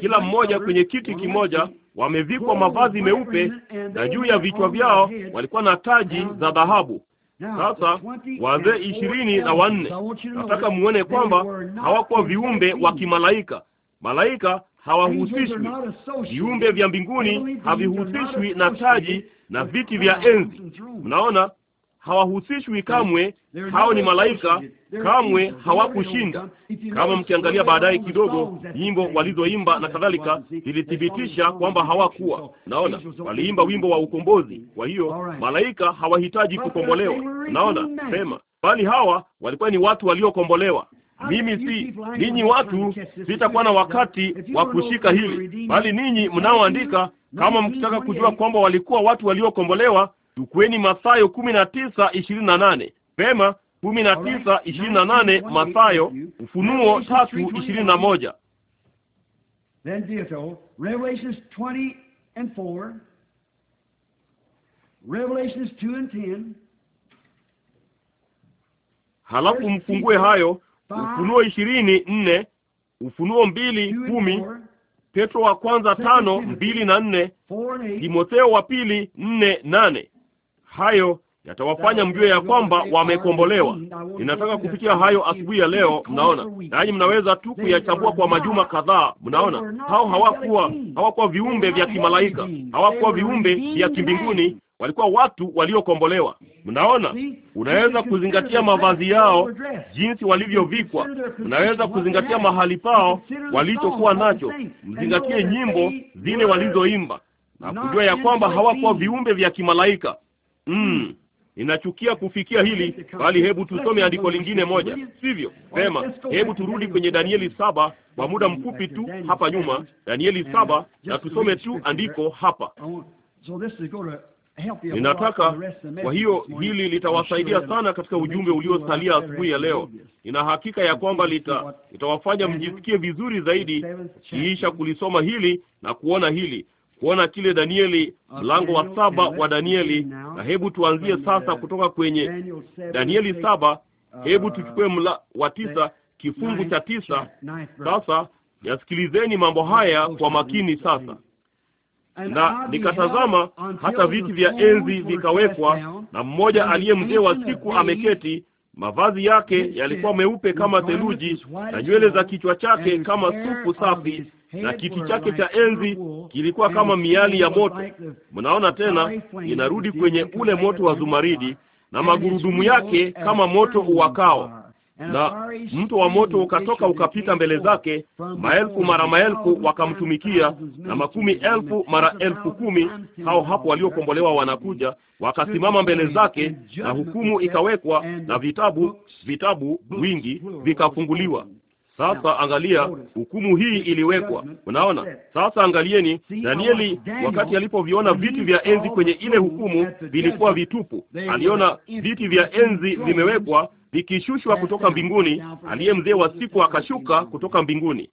kila mmoja kwenye kiti kimoja, wamevikwa mavazi meupe, na juu ya vichwa vyao walikuwa na taji za dhahabu. Sasa wazee ishirini na wanne, nataka muone kwamba hawakuwa viumbe wa kimalaika. Malaika hawahusishwi, viumbe vya mbinguni havihusishwi na taji na viti vya enzi. Mnaona, hawahusishwi kamwe. Hao ni malaika, kamwe hawakushinda. Kama mkiangalia baadaye kidogo, nyimbo walizoimba na kadhalika zilithibitisha kwamba hawakuwa. Naona waliimba wimbo wa ukombozi. Kwa hiyo malaika hawahitaji kukombolewa. Naona sema, bali hawa walikuwa ni watu waliokombolewa. Mimi si ninyi, watu sitakuwa na wakati wa kushika hili, bali ninyi mnaoandika, kama mkitaka kujua kwamba walikuwa watu waliokombolewa Chukueni Mathayo kumi na tisa ishirini na nane pema kumi na tisa ishirini na nane Mathayo, Ufunuo tatu ishirini na moja halafu mfungue hayo Ufunuo ishirini nne Ufunuo mbili kumi Petro wa kwanza tano mbili na nne Timotheo wa pili nne nane hayo yatawafanya mjue ya kwamba wamekombolewa. Ninataka kupitia hayo asubuhi ya leo, mnaona. Nanyi mnaweza tu kuyachambua kwa majuma kadhaa, mnaona. Hao hawakuwa hawakuwa viumbe vya kimalaika, hawakuwa viumbe vya kimbinguni, walikuwa watu waliokombolewa. Mnaona, unaweza kuzingatia mavazi yao, jinsi walivyovikwa. Unaweza kuzingatia mahali pao walichokuwa nacho, mzingatie nyimbo zile walizoimba na kujua ya kwamba hawakuwa viumbe vya kimalaika Mm, ninachukia kufikia hili bali, hebu tusome andiko lingine moja, sivyo? Sema, hebu turudi kwenye Danieli saba kwa muda mfupi tu hapa nyuma, Danieli saba, na tusome tu andiko hapa. Ninataka kwa hiyo hili litawasaidia sana katika ujumbe uliosalia asubuhi ya leo. Nina hakika ya kwamba lita- litawafanya mjisikie vizuri zaidi kiisha kulisoma hili na kuona hili, kuona kile Danieli mlango wa saba wa Danieli, na hebu tuanzie uh, sasa kutoka kwenye Danieli saba. Uh, hebu tuchukue mla wa tisa kifungu cha tisa. Sasa yasikilizeni mambo haya oh, kwa makini sasa na nikatazama hata viti vya enzi vikawekwa, na mmoja aliye mzee wa siku ameketi. Mavazi yake yalikuwa meupe kama theluji, na nywele za kichwa chake kama sufu safi, na kiti chake cha enzi kilikuwa kama miali ya moto. Mnaona tena, inarudi kwenye ule moto wa zumaridi, na magurudumu yake kama moto uwakao na mto wa moto ukatoka ukapita mbele zake. Maelfu mara maelfu wakamtumikia, na makumi elfu mara elfu kumi. Hao hapo waliokombolewa wanakuja, wakasimama mbele zake, na hukumu ikawekwa, na vitabu vitabu wingi vikafunguliwa. Sasa angalia, hukumu hii iliwekwa. Unaona, sasa angalieni, Danieli wakati alipoviona viti vya enzi kwenye ile hukumu vilikuwa vitupu, aliona viti vya enzi vimewekwa vikishushwa kutoka mbinguni, aliye mzee wa siku akashuka kutoka mbinguni.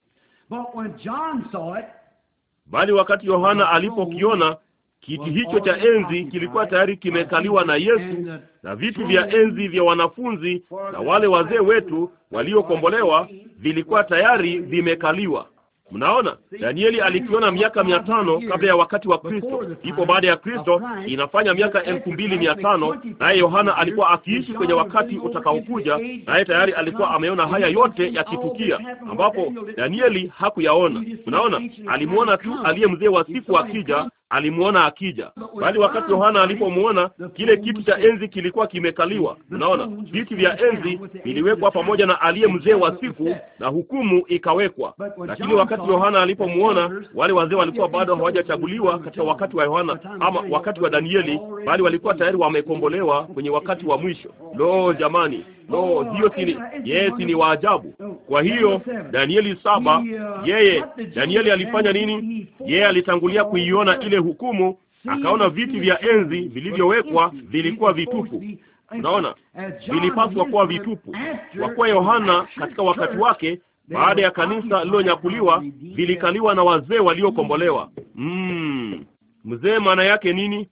Bali wakati Yohana alipokiona Kiti hicho cha enzi kilikuwa tayari kimekaliwa na Yesu na viti vya enzi vya wanafunzi na wale wazee wetu waliokombolewa vilikuwa tayari vimekaliwa. Mnaona, Danieli alikiona miaka mia tano kabla ya wakati wa Kristo, ipo baada ya Kristo inafanya miaka elfu mbili mia tano naye Yohana alikuwa akiishi kwenye wakati utakaokuja, naye tayari alikuwa ameona haya yote yakitukia, ambapo Danieli hakuyaona. Mnaona, alimwona tu aliye mzee wa siku akija alimwona akija, bali wakati Yohana alipomwona kile kitu cha enzi kilikuwa kimekaliwa. Unaona, viti vya enzi viliwekwa pamoja na aliye mzee wa siku na hukumu ikawekwa. Lakini wakati Yohana alipomwona, wale wazee walikuwa bado hawajachaguliwa katika wakati wa Yohana ama wakati wa Danieli, bali walikuwa tayari wamekombolewa kwenye wakati wa mwisho. Lo, jamani! No, oh, hiyo si uh, yeye, si ni waajabu. Kwa hiyo Danieli saba, yeye Danieli alifanya nini? Yeye alitangulia kuiona ile hukumu, akaona viti vya enzi vilivyowekwa vilikuwa vitupu. Unaona, vilipaswa kuwa vitupu, kwa kuwa Yohana katika wakati wake baada ya kanisa lilonyakuliwa vilikaliwa na wazee waliokombolewa. Mm, Mzee maana yake nini?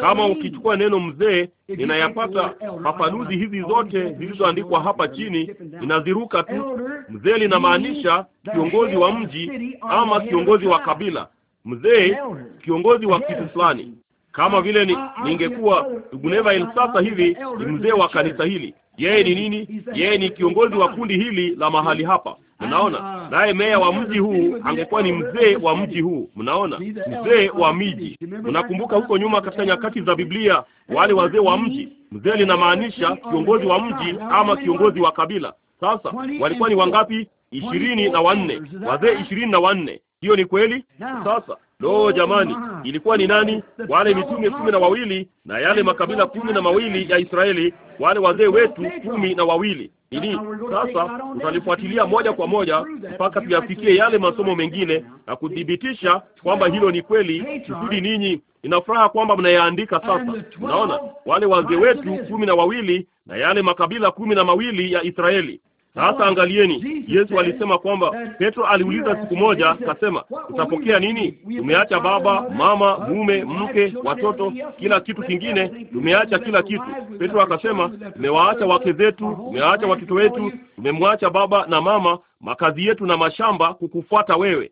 Kama ukichukua neno mzee, ninayapata fafanuzi hizi zote zilizoandikwa hapa chini, ninaziruka tu. Mzee linamaanisha kiongozi wa mji ama kiongozi wa kabila, mzee kiongozi wa kitu fulani. Kama vile ningekuwa ni Gunevael sasa hivi ni mzee wa kanisa hili. Yeye ni nini? Yeye ni kiongozi wa kundi hili la mahali hapa. Mnaona, ah, ah. naye meya wa mji huu angekuwa ni mzee wa mji huu. Mnaona, mzee wa miji. Mnakumbuka huko nyuma katika nyakati za Biblia, wale wazee wa mji. Mzee linamaanisha kiongozi wa mji ama kiongozi wa kabila. Sasa walikuwa ni wangapi? Ishirini na wanne, wazee ishirini na wanne. Hiyo ni kweli. Sasa Lo, oh, jamani, ilikuwa ni nani? Wale mitume kumi na wawili na yale makabila kumi na mawili ya Israeli, wale wazee wetu kumi na wawili ili sasa tutalifuatilia moja kwa moja mpaka tuyafikie yale masomo mengine na kuthibitisha kwamba hilo ni kweli, kusudi ninyi ina furaha kwamba mnayaandika sasa. Unaona, wale wazee wetu kumi na wawili na yale makabila kumi na mawili ya Israeli sasa angalieni, Yesu alisema kwamba Petro aliuliza siku moja, akasema utapokea nini? Tumeacha baba, mama, mume, mke, watoto, kila kitu kingine, tumeacha kila kitu. Petro akasema, tumewaacha wake zetu, tumewaacha watoto wetu, tumemwacha baba na mama, makazi yetu na mashamba, kukufuata wewe.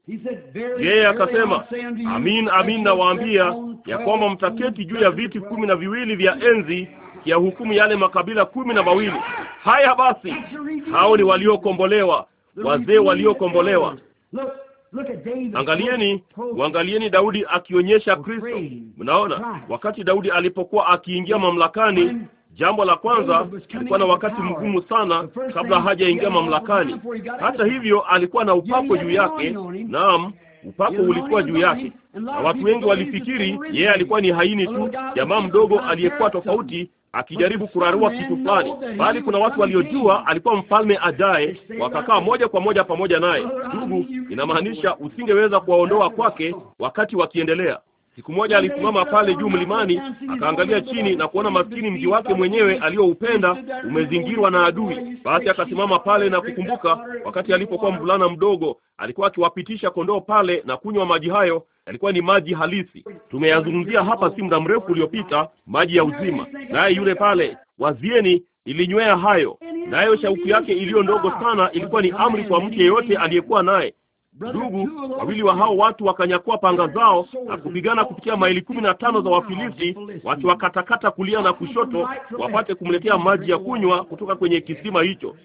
Yeye akasema, amin, amin nawaambia ya kwamba mtaketi juu ya viti kumi na viwili vya enzi ya hukumu yale makabila kumi na mawili. Haya basi, hao ni waliokombolewa, wazee waliokombolewa. Angalieni, uangalieni Daudi akionyesha Kristo. Mnaona, wakati Daudi alipokuwa akiingia mamlakani, jambo la kwanza alikuwa na wakati mgumu sana kabla hajaingia mamlakani. Hata hivyo, alikuwa na upako juu yake. Naam, upako ulikuwa juu yake na watu wengi walifikiri yeye alikuwa ni haini tu, jamaa mdogo aliyekuwa tofauti akijaribu kurarua kitu fulani, bali kuna watu waliojua alikuwa mfalme ajaye, wakakaa moja kwa moja pamoja naye. Ndugu, inamaanisha usingeweza kuwaondoa kwake wakati wakiendelea. Siku moja alisimama pale juu mlimani, akaangalia chini na kuona maskini mji wake mwenyewe aliyoupenda umezingirwa na adui. Basi akasimama pale na kukumbuka wakati alipokuwa mvulana mdogo, alikuwa akiwapitisha kondoo pale na kunywa maji hayo, yalikuwa ni maji halisi. Tumeyazungumzia hapa si muda mrefu uliopita, maji ya uzima, naye yule pale wazieni ilinywea hayo, nayo shauku yake iliyo ndogo sana ilikuwa ni amri kwa mtu yeyote aliyekuwa naye. Ndugu wawili wa hao watu wakanyakua panga zao na kupigana kupitia maili kumi na tano za Wafilisti, wakiwakatakata kulia na kushoto, wapate kumletea maji ya kunywa kutoka kwenye kisima hicho.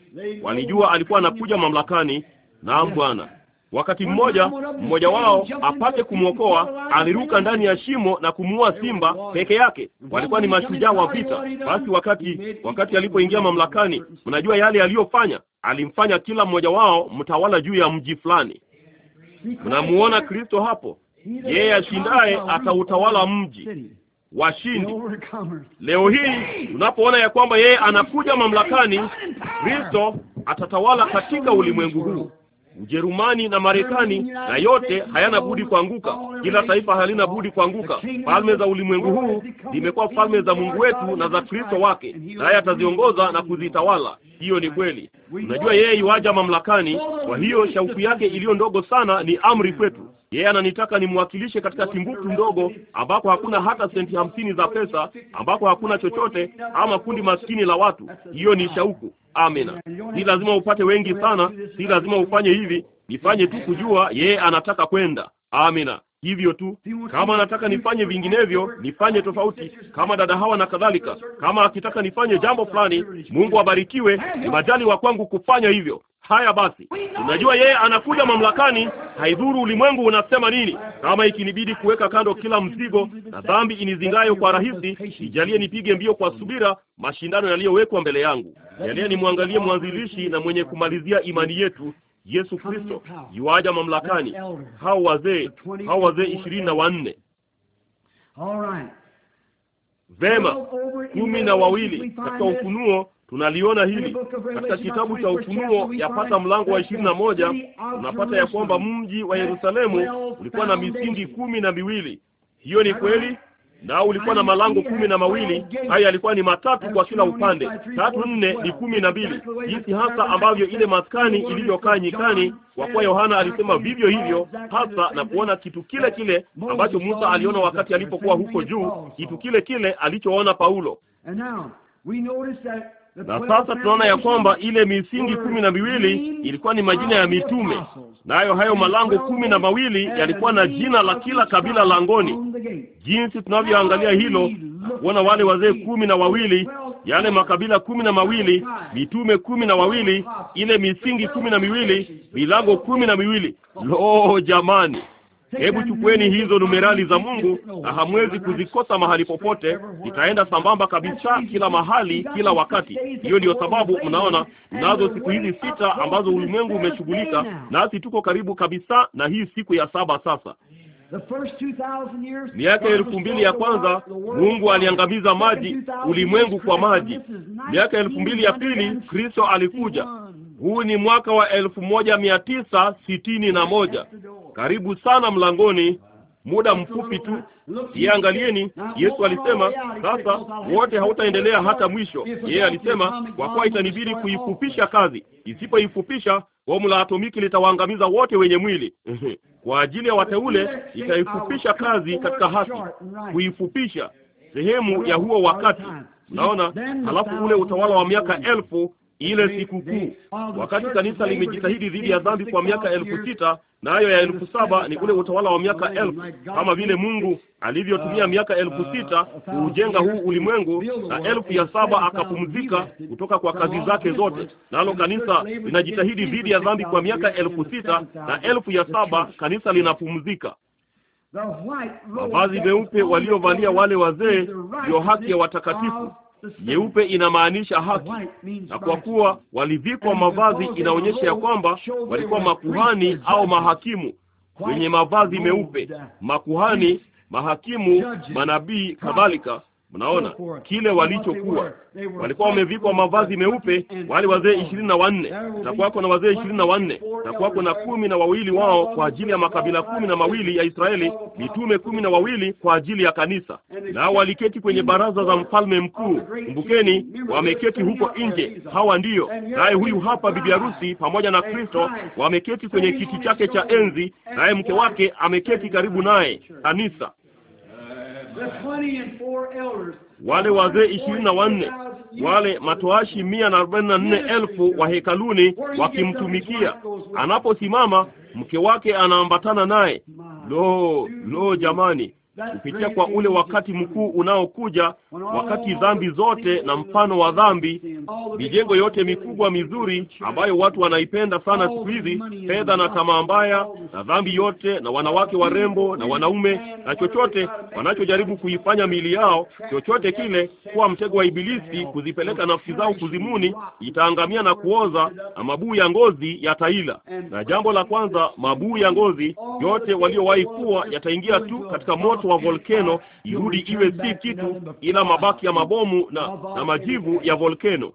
Walijua alikuwa anakuja mamlakani. Naam Bwana, Wakati mmoja mmoja wao apate kumwokoa, aliruka ndani ya shimo na kumuua simba peke yake. Walikuwa ni mashujaa wa vita. Basi wakati wakati alipoingia mamlakani, mnajua yale aliyofanya, alimfanya kila mmoja wao mtawala juu ya mji fulani. Mnamuona Kristo hapo, yeye ashindaye atautawala mji washindi. Leo hii unapoona ya kwamba yeye anakuja mamlakani, Kristo atatawala katika ulimwengu huu. Ujerumani na Marekani, na yote hayana budi kuanguka. Kila taifa halina budi kuanguka. Falme za ulimwengu huu zimekuwa falme za Mungu wetu na za Kristo wake, naye ataziongoza na kuzitawala. Hiyo ni kweli. Unajua, yeye iwaja mamlakani. Kwa hiyo shauku yake iliyo ndogo sana ni amri kwetu. Yeye yeah, ananitaka nimwakilishe katika timbuktu ndogo ambako hakuna hata senti hamsini za pesa, ambako hakuna chochote ama kundi maskini la watu. Hiyo ni shauku. Amina. Si lazima upate wengi sana, si lazima ufanye hivi, nifanye tu kujua yeye yeah, anataka kwenda. Amina hivyo tu. Kama anataka nifanye vinginevyo, nifanye tofauti, kama dada Hawa na kadhalika. Kama akitaka nifanye jambo fulani, Mungu abarikiwe, ni majali wa kwangu kufanya hivyo. Haya basi, unajua yeye anakuja mamlakani, haidhuru ulimwengu unasema nini. Kama ikinibidi kuweka kando kila mzigo na dhambi inizingayo kwa rahisi, ijalie nipige mbio kwa subira mashindano yaliyowekwa mbele yangu. Jalie nimwangalie mwanzilishi na mwenye kumalizia imani yetu, Yesu Kristo yuaja mamlakani. Hao wazee hao wazee ishirini na wanne vema, kumi na wawili katika Ufunuo tunaliona hili katika kitabu cha Ufunuo, yapata mlango wa ishirini na moja unapata ya kwamba mji wa Yerusalemu ulikuwa na misingi kumi na miwili. Hiyo ni kweli, na ulikuwa na malango kumi na mawili. Hayo yalikuwa ni matatu kwa kila upande, tatu nne ni kumi na mbili, jinsi hasa ambavyo ile maskani ilivyokaa nyikani. Kwa kuwa Yohana alisema vivyo hivyo hasa, na kuona kitu kile kile ambacho Musa aliona wakati alipokuwa huko juu, kitu kile kile alichoona Paulo. Na sasa tunaona ya kwamba ile misingi kumi na miwili ilikuwa ni majina ya mitume, nayo hayo malango kumi na mawili yalikuwa na jina la kila kabila langoni. Jinsi tunavyoangalia hilo kuona wale wazee kumi na wawili, yale makabila kumi na mawili, mitume kumi na wawili, ile misingi kumi na miwili, milango kumi na miwili. Lo, jamani! Hebu chukueni hizo numerali za Mungu na hamwezi kuzikosa mahali popote. Itaenda sambamba kabisa kila mahali, kila wakati. Hiyo ndiyo sababu mnaona nazo siku hizi sita ambazo ulimwengu umeshughulika nasi, tuko karibu kabisa na hii siku ya saba sasa. Miaka elfu mbili ya kwanza Mungu aliangamiza maji, ulimwengu kwa maji. Miaka elfu mbili ya pili Kristo alikuja huu ni mwaka wa elfu moja mia tisa sitini na moja. Karibu sana mlangoni, muda mfupi tu. angalieni Yesu alisema sasa wote hautaendelea hata mwisho. Yeye alisema kwa kuwa itanibidi kuifupisha kazi, isipoifupisha bomu la atomiki litawaangamiza wote wenye mwili. Kwa ajili ya wateule itaifupisha kazi katika haki, kuifupisha sehemu ya huo wakati. Naona halafu ule utawala wa miaka elfu ile sikukuu, wakati kanisa limejitahidi dhidi ya dhambi kwa miaka elfu sita nayo ya elfu saba ni ule utawala wa miaka elfu, kama vile Mungu alivyotumia miaka elfu sita kuujenga huu ulimwengu, na elfu ya saba akapumzika kutoka kwa kazi zake zote. Nalo kanisa linajitahidi dhidi ya dhambi kwa miaka elfu sita na elfu ya saba kanisa linapumzika. Mavazi meupe waliovalia wale wazee ndio haki ya watakatifu Nyeupe inamaanisha haki, na kwa kuwa walivikwa mavazi, inaonyesha ya kwamba walikuwa makuhani au mahakimu wenye mavazi meupe, makuhani, mahakimu, manabii kadhalika, Mnaona kile walichokuwa, walikuwa wamevikwa mavazi meupe, wale wazee ishirini na wanne. Takuwako na wazee ishirini na wanne, takuwako na kumi na wawili wao kwa ajili ya makabila kumi na mawili ya Israeli, mitume kumi na wawili kwa ajili ya kanisa. Nao waliketi kwenye baraza za mfalme mkuu. Kumbukeni, wameketi huko nje. Hawa ndiyo, naye huyu hapa bibi harusi pamoja na Kristo wameketi kwenye kiti chake cha enzi, naye mke wake ameketi karibu naye, kanisa wale wazee ishirini na wanne wale matoashi mia na arobaini na nne elfu wa hekaluni wakimtumikia. Anaposimama mke wake anaambatana naye. Lo, lo, jamani, kupitia kwa ule wakati mkuu unaokuja, wakati dhambi zote na mfano wa dhambi, mijengo yote mikubwa mizuri ambayo watu wanaipenda sana siku hizi, fedha na tamaa mbaya na dhambi yote na wanawake warembo na wanaume na chochote wanachojaribu kuifanya miili yao, chochote kile, kuwa mtego wa Ibilisi, kuzipeleka nafsi zao kuzimuni, itaangamia na kuoza, na mabuu ya ngozi yataila. Na jambo la kwanza, mabuu ya ngozi yote waliowahi kuwa yataingia tu katika moto moto wa volkeno irudi iwe si kitu ila mabaki ya mabomu na, na majivu ya volkeno.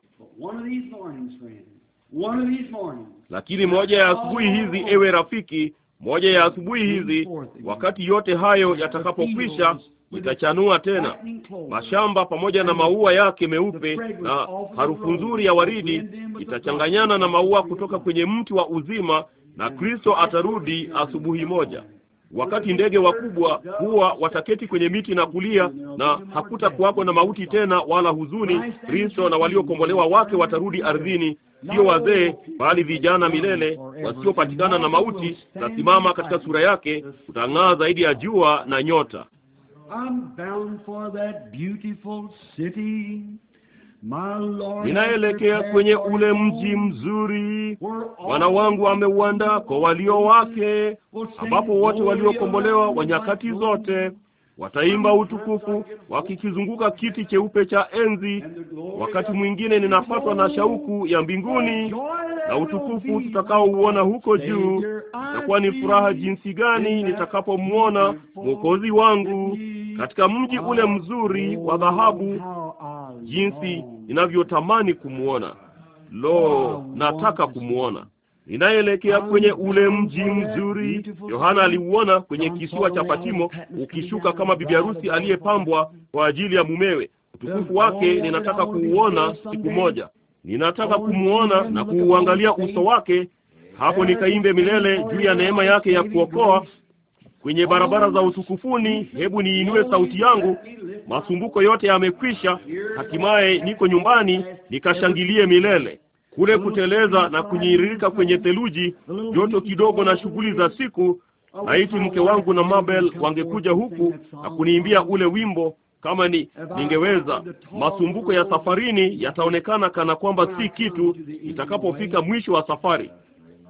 Lakini moja ya asubuhi hizi, ewe rafiki, moja ya asubuhi hizi, wakati yote hayo yatakapokwisha, itachanua tena mashamba pamoja na maua yake meupe, na harufu nzuri ya waridi itachanganyana na maua kutoka kwenye mti wa uzima, na Kristo atarudi asubuhi moja. Wakati ndege wakubwa huwa wataketi kwenye miti na kulia, na hakutakuwako na mauti tena wala huzuni. Kristo na waliokombolewa wake watarudi ardhini, sio wazee, bali vijana milele, wasiopatikana na mauti. Tasimama katika sura yake, utang'aa zaidi ya jua na nyota ninaelekea kwenye ule mji mzuri Bwana wangu ameuandaa kwa walio wake, ambapo wote waliokombolewa wa nyakati zote wataimba utukufu wakikizunguka kiti cheupe cha enzi. Wakati mwingine ninapatwa na shauku ya mbinguni na utukufu tutakaouona huko juu. Itakuwa ni furaha jinsi gani nitakapomwona Mwokozi wangu katika mji ule mzuri wa dhahabu, jinsi ninavyotamani kumwona! Lo, nataka kumwona inayoelekea kwenye ule mji mzuri Yohana aliuona kwenye kisiwa cha Patimo, ukishuka kama bibi harusi aliyepambwa kwa ajili ya mumewe. Utukufu wake ninataka kuuona siku moja, ninataka kumwona na kuuangalia uso wake, hapo nikaimbe milele juu ya neema yake ya kuokoa. Kwenye barabara za utukufuni, hebu niinue sauti yangu, masumbuko yote yamekwisha, hatimaye niko nyumbani, nikashangilie milele kule kuteleza na kunyiririka kwenye theluji, joto kidogo na shughuli za siku. Laiti mke wangu na Mabel wangekuja huku na kuniimbia ule wimbo kama ni ningeweza. Masumbuko ya safarini yataonekana kana kwamba si kitu itakapofika mwisho wa safari.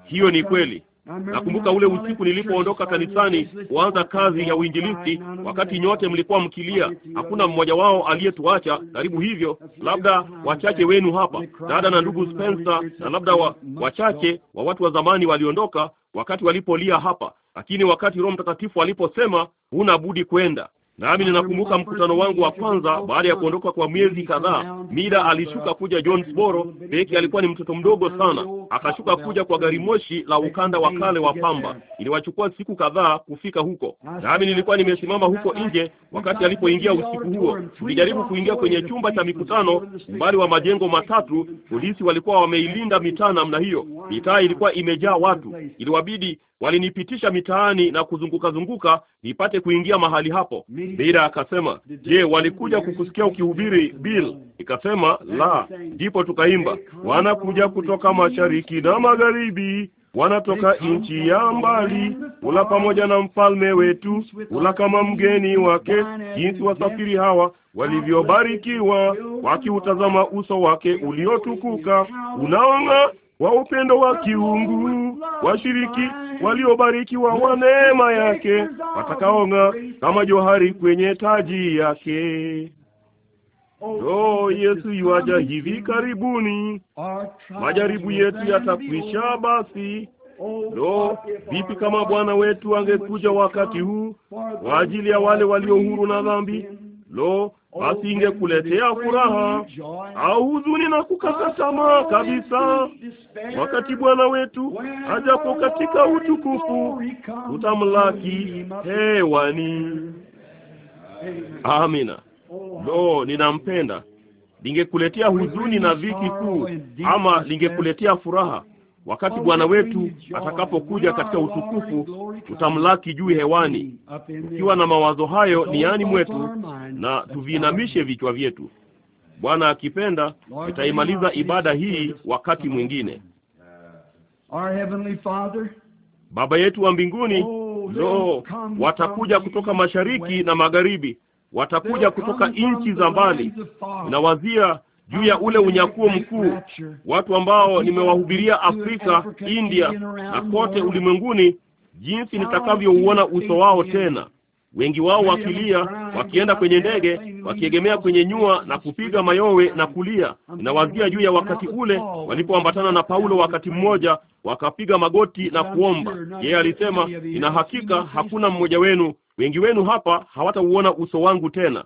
Hiyo ni kweli. Nakumbuka ule usiku nilipoondoka kanisani kuanza kazi ya uinjilisti, wakati nyote mlikuwa mkilia, hakuna mmoja wao aliyetuacha karibu hivyo, labda wachache wenu hapa, dada na ndugu Spencer, na labda wa, wachache wa watu wa zamani waliondoka wakati walipolia hapa, lakini wakati Roho Mtakatifu aliposema huna budi kwenda Nami ninakumbuka mkutano wangu wa kwanza baada ya kuondoka kwa miezi kadhaa. Mida alishuka kuja Jonesboro beki alikuwa ni mtoto mdogo sana, akashuka kuja kwa gari moshi la ukanda wa kale wa pamba. Iliwachukua siku kadhaa kufika huko, nami nilikuwa nimesimama huko nje wakati alipoingia usiku huo. Tulijaribu kuingia kwenye chumba cha mikutano, umbali wa majengo matatu. Polisi walikuwa wameilinda mitaa namna hiyo, mitaa ilikuwa imejaa watu, iliwabidi walinipitisha mitaani na kuzunguka zunguka nipate kuingia mahali hapo. Bila akasema, je, walikuja kukusikia ukihubiri Bill? Ikasema la. Ndipo tukaimba, wanakuja kutoka mashariki na magharibi wanatoka nchi ya mbali, ula pamoja na mfalme wetu, ula kama mgeni wake. Jinsi wasafiri hawa walivyobarikiwa, wakiutazama uso wake uliotukuka unaong'aa wa upendo wa kiungu, washiriki waliobarikiwa wa neema yake, watakaonga kama johari kwenye taji yake. Lo, Yesu yuaja hivi karibuni. Majaribu yetu yatakwisha basi. Lo, vipi kama Bwana wetu angekuja wakati huu kwa ajili ya wale walio huru na dhambi! Lo, basi ingekuletea furaha au huzuni na kukata tamaa kabisa. Wakati Bwana wetu ajapo katika utukufu, utamlaki hewani. Amina. Lo, ninampenda. Lingekuletea huzuni na dhiki kuu, ama lingekuletea furaha Wakati Bwana wetu atakapokuja katika utukufu, tutamlaki juu hewani. Tukiwa na mawazo hayo ni yani mwetu, na tuviinamishe vichwa vyetu. Bwana akipenda, tutaimaliza ibada hii wakati mwingine. Baba yetu wa mbinguni, oh, lo, watakuja kutoka mashariki na magharibi, watakuja kutoka nchi za mbali. Ninawazia juu ya ule unyakuo mkuu, watu ambao nimewahubiria Afrika, India na kote ulimwenguni, jinsi nitakavyouona uso wao tena, wengi wao wakilia, wakienda kwenye ndege, wakiegemea kwenye nyua na kupiga mayowe na kulia. Ninawazia juu ya wakati ule walipoambatana na Paulo, wakati mmoja wakapiga magoti na kuomba. Yeye alisema, ina hakika hakuna mmoja wenu, wengi wenu hapa hawatauona uso wangu tena,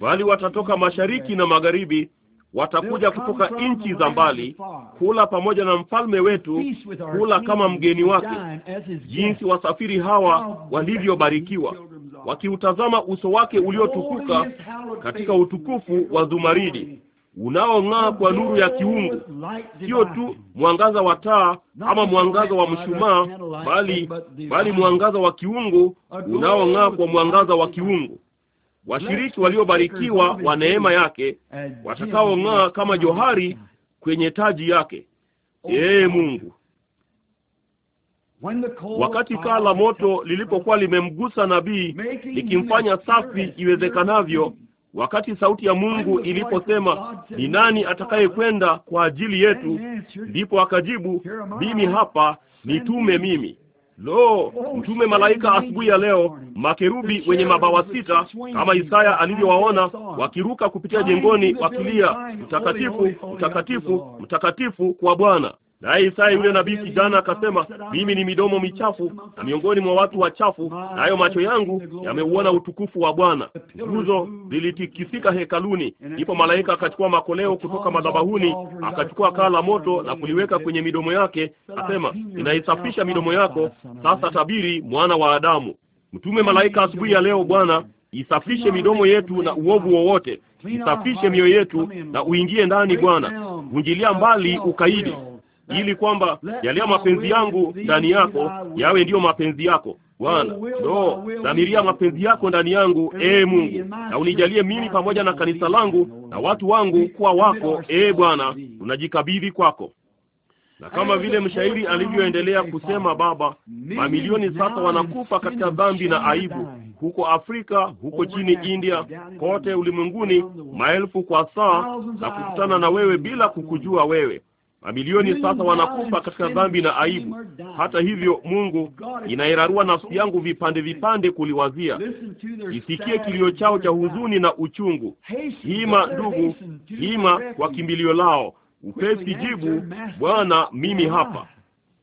bali watatoka mashariki na magharibi, watakuja kutoka nchi za mbali kula pamoja na mfalme wetu, kula kama mgeni wake. Jinsi wasafiri hawa walivyobarikiwa, wakiutazama uso wake uliotukuka katika utukufu wa zumaridi unaong'aa kwa nuru ya kiungu, sio tu mwangaza wa taa ama mwangaza wa mshumaa, bali bali mwangaza wa kiungu unaong'aa kwa mwangaza wa kiungu washiriki waliobarikiwa wa neema yake watakaong'aa kama johari kwenye taji yake. Ee Mungu, wakati kaa la moto lilipokuwa limemgusa nabii likimfanya safi iwezekanavyo, wakati sauti ya Mungu iliposema ni nani atakayekwenda kwa ajili yetu, ndipo akajibu mimi hapa, nitume mimi. Lo, mtume malaika asubuhi ya leo, makerubi wenye mabawa sita kama Isaya alivyowaona wakiruka kupitia jengoni wakilia, mtakatifu, mtakatifu, mtakatifu kwa Bwana. Naye Isaya yule nabii kijana akasema, mimi ni midomo michafu na miongoni mwa watu wachafu, nayo macho yangu yameuona utukufu wa Bwana. Nguzo zilitikisika hekaluni, ndipo malaika akachukua makoleo kutoka madhabahuni, akachukua kaa la moto na kuliweka kwenye midomo yake, akasema, inaisafisha midomo yako sasa, tabiri, mwana wa Adamu. Mtume malaika asubuhi ya leo, Bwana isafishe midomo yetu na uovu wowote, isafishe mioyo yetu na uingie ndani, Bwana vunjilia mbali ukaidi ili kwamba yaliyo mapenzi yangu ndani yako yawe ndiyo mapenzi yako Bwana. Ndoo dhamiria mapenzi yako ndani yangu, ee Mungu, na unijalie mimi pamoja na kanisa langu na watu wangu kuwa wako, ee Bwana, tunajikabidhi kwako na kama vile mshairi alivyoendelea kusema, Baba, mamilioni sasa wanakufa katika dhambi na aibu, huko Afrika, huko chini India, kote ulimwenguni, maelfu kwa saa na kukutana na wewe bila kukujua wewe. Mamilioni sasa wanakufa katika dhambi na aibu. Hata hivyo, Mungu inairarua nafsi yangu vipande vipande kuliwazia. Isikie kilio chao cha huzuni na uchungu. Hima ndugu, hima kwa kimbilio lao. Upesi jibu, Bwana, mimi hapa.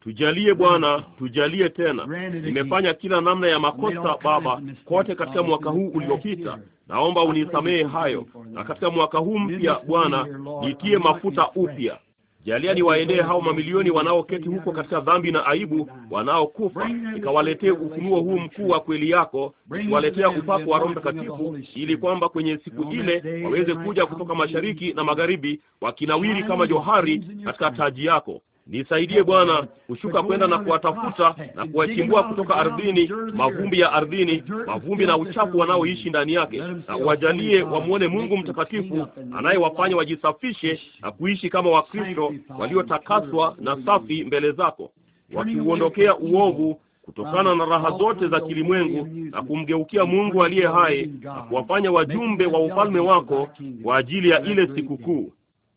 Tujalie Bwana, tujalie tena. Nimefanya kila namna ya makosa Baba, kote katika mwaka huu uliopita. Naomba unisamehe hayo, na katika mwaka huu mpya Bwana, nitie mafuta upya. Jalia niwaendee hao mamilioni wanaoketi huko katika dhambi na aibu, wanaokufa, ikawaletee ufunuo huu mkuu wa kweli yako, nikiwaletea upako wa Roho Mtakatifu, ili kwamba kwenye siku ile waweze kuja kutoka mashariki na magharibi, wakinawiri kama johari katika taji yako. Nisaidie Bwana kushuka kwenda na kuwatafuta na kuwachimbua kutoka ardhini, mavumbi ya ardhini, mavumbi na uchafu wanaoishi ndani yake, na uwajalie wamwone Mungu mtakatifu anayewafanya wajisafishe na kuishi kama Wakristo waliotakaswa na safi mbele zako, wakiuondokea uovu kutokana na raha zote za kilimwengu na kumgeukia Mungu aliye hai na kuwafanya wajumbe wa ufalme wako kwa ajili ya ile sikukuu.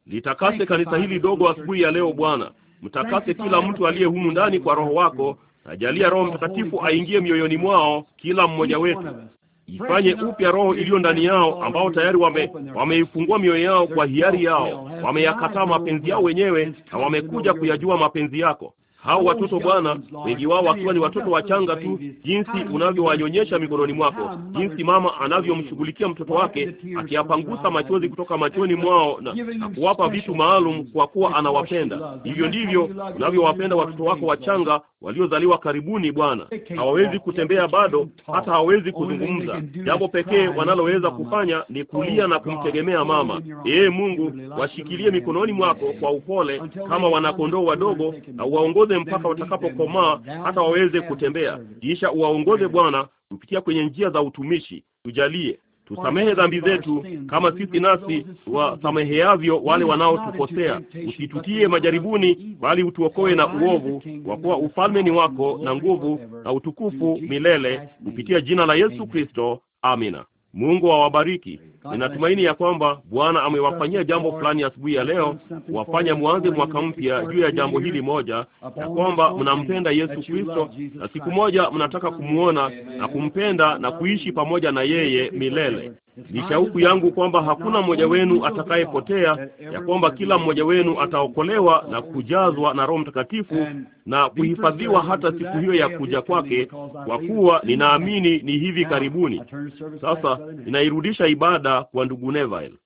Litakase kanisa hili dogo asubuhi ya leo Bwana, mtakase kila mtu aliye humu ndani kwa Roho wako, na jalia Roho Mtakatifu aingie mioyoni mwao kila mmoja wetu. Ifanye upya roho iliyo ndani yao, ambao tayari wame wameifungua mioyo yao kwa hiari yao, wameyakataa mapenzi yao wenyewe na wamekuja kuyajua mapenzi yako hao watoto Bwana, wengi wao wakiwa ni watoto wachanga tu, jinsi unavyowanyonyesha mikononi mwako, jinsi mama anavyomshughulikia mtoto wake, akiyapangusa machozi kutoka machoni mwao na, na kuwapa vitu maalum kwa kuwa anawapenda. Hivyo ndivyo unavyowapenda watoto wako wachanga waliozaliwa karibuni, Bwana, hawawezi kutembea bado, hata hawawezi kuzungumza. Jambo pekee wanaloweza kufanya ni kulia oh, na kumtegemea mama. Ee Mungu, washikilie mikononi mwako kwa upole kama wanakondoo wadogo, na uwaongoze mpaka watakapokomaa hata waweze kutembea. Kisha uwaongoze Bwana kupitia kwenye njia za utumishi. Tujalie Tusamehe dhambi zetu kama sisi nasi wasameheavyo wale wanaotukosea, usitutie majaribuni, bali utuokoe na uovu, kwa kuwa ufalme ni wako na nguvu na utukufu milele, kupitia jina la Yesu Kristo. Amina. Mungu awabariki. Ninatumaini ya kwamba Bwana amewafanyia jambo fulani asubuhi ya, leo wafanya mwanze mwaka mpya juu ya jambo hili moja, ya kwamba mnampenda Yesu Kristo na siku moja mnataka kumwona na kumpenda na kuishi pamoja na yeye milele. Ni shauku yangu kwamba hakuna mmoja wenu atakayepotea, ya kwamba kila mmoja wenu ataokolewa na kujazwa na Roho Mtakatifu na kuhifadhiwa hata siku hiyo ya kuja kwake, kwa kuwa ninaamini ni hivi karibuni. Sasa ninairudisha ibada kuwa ndugu Neville.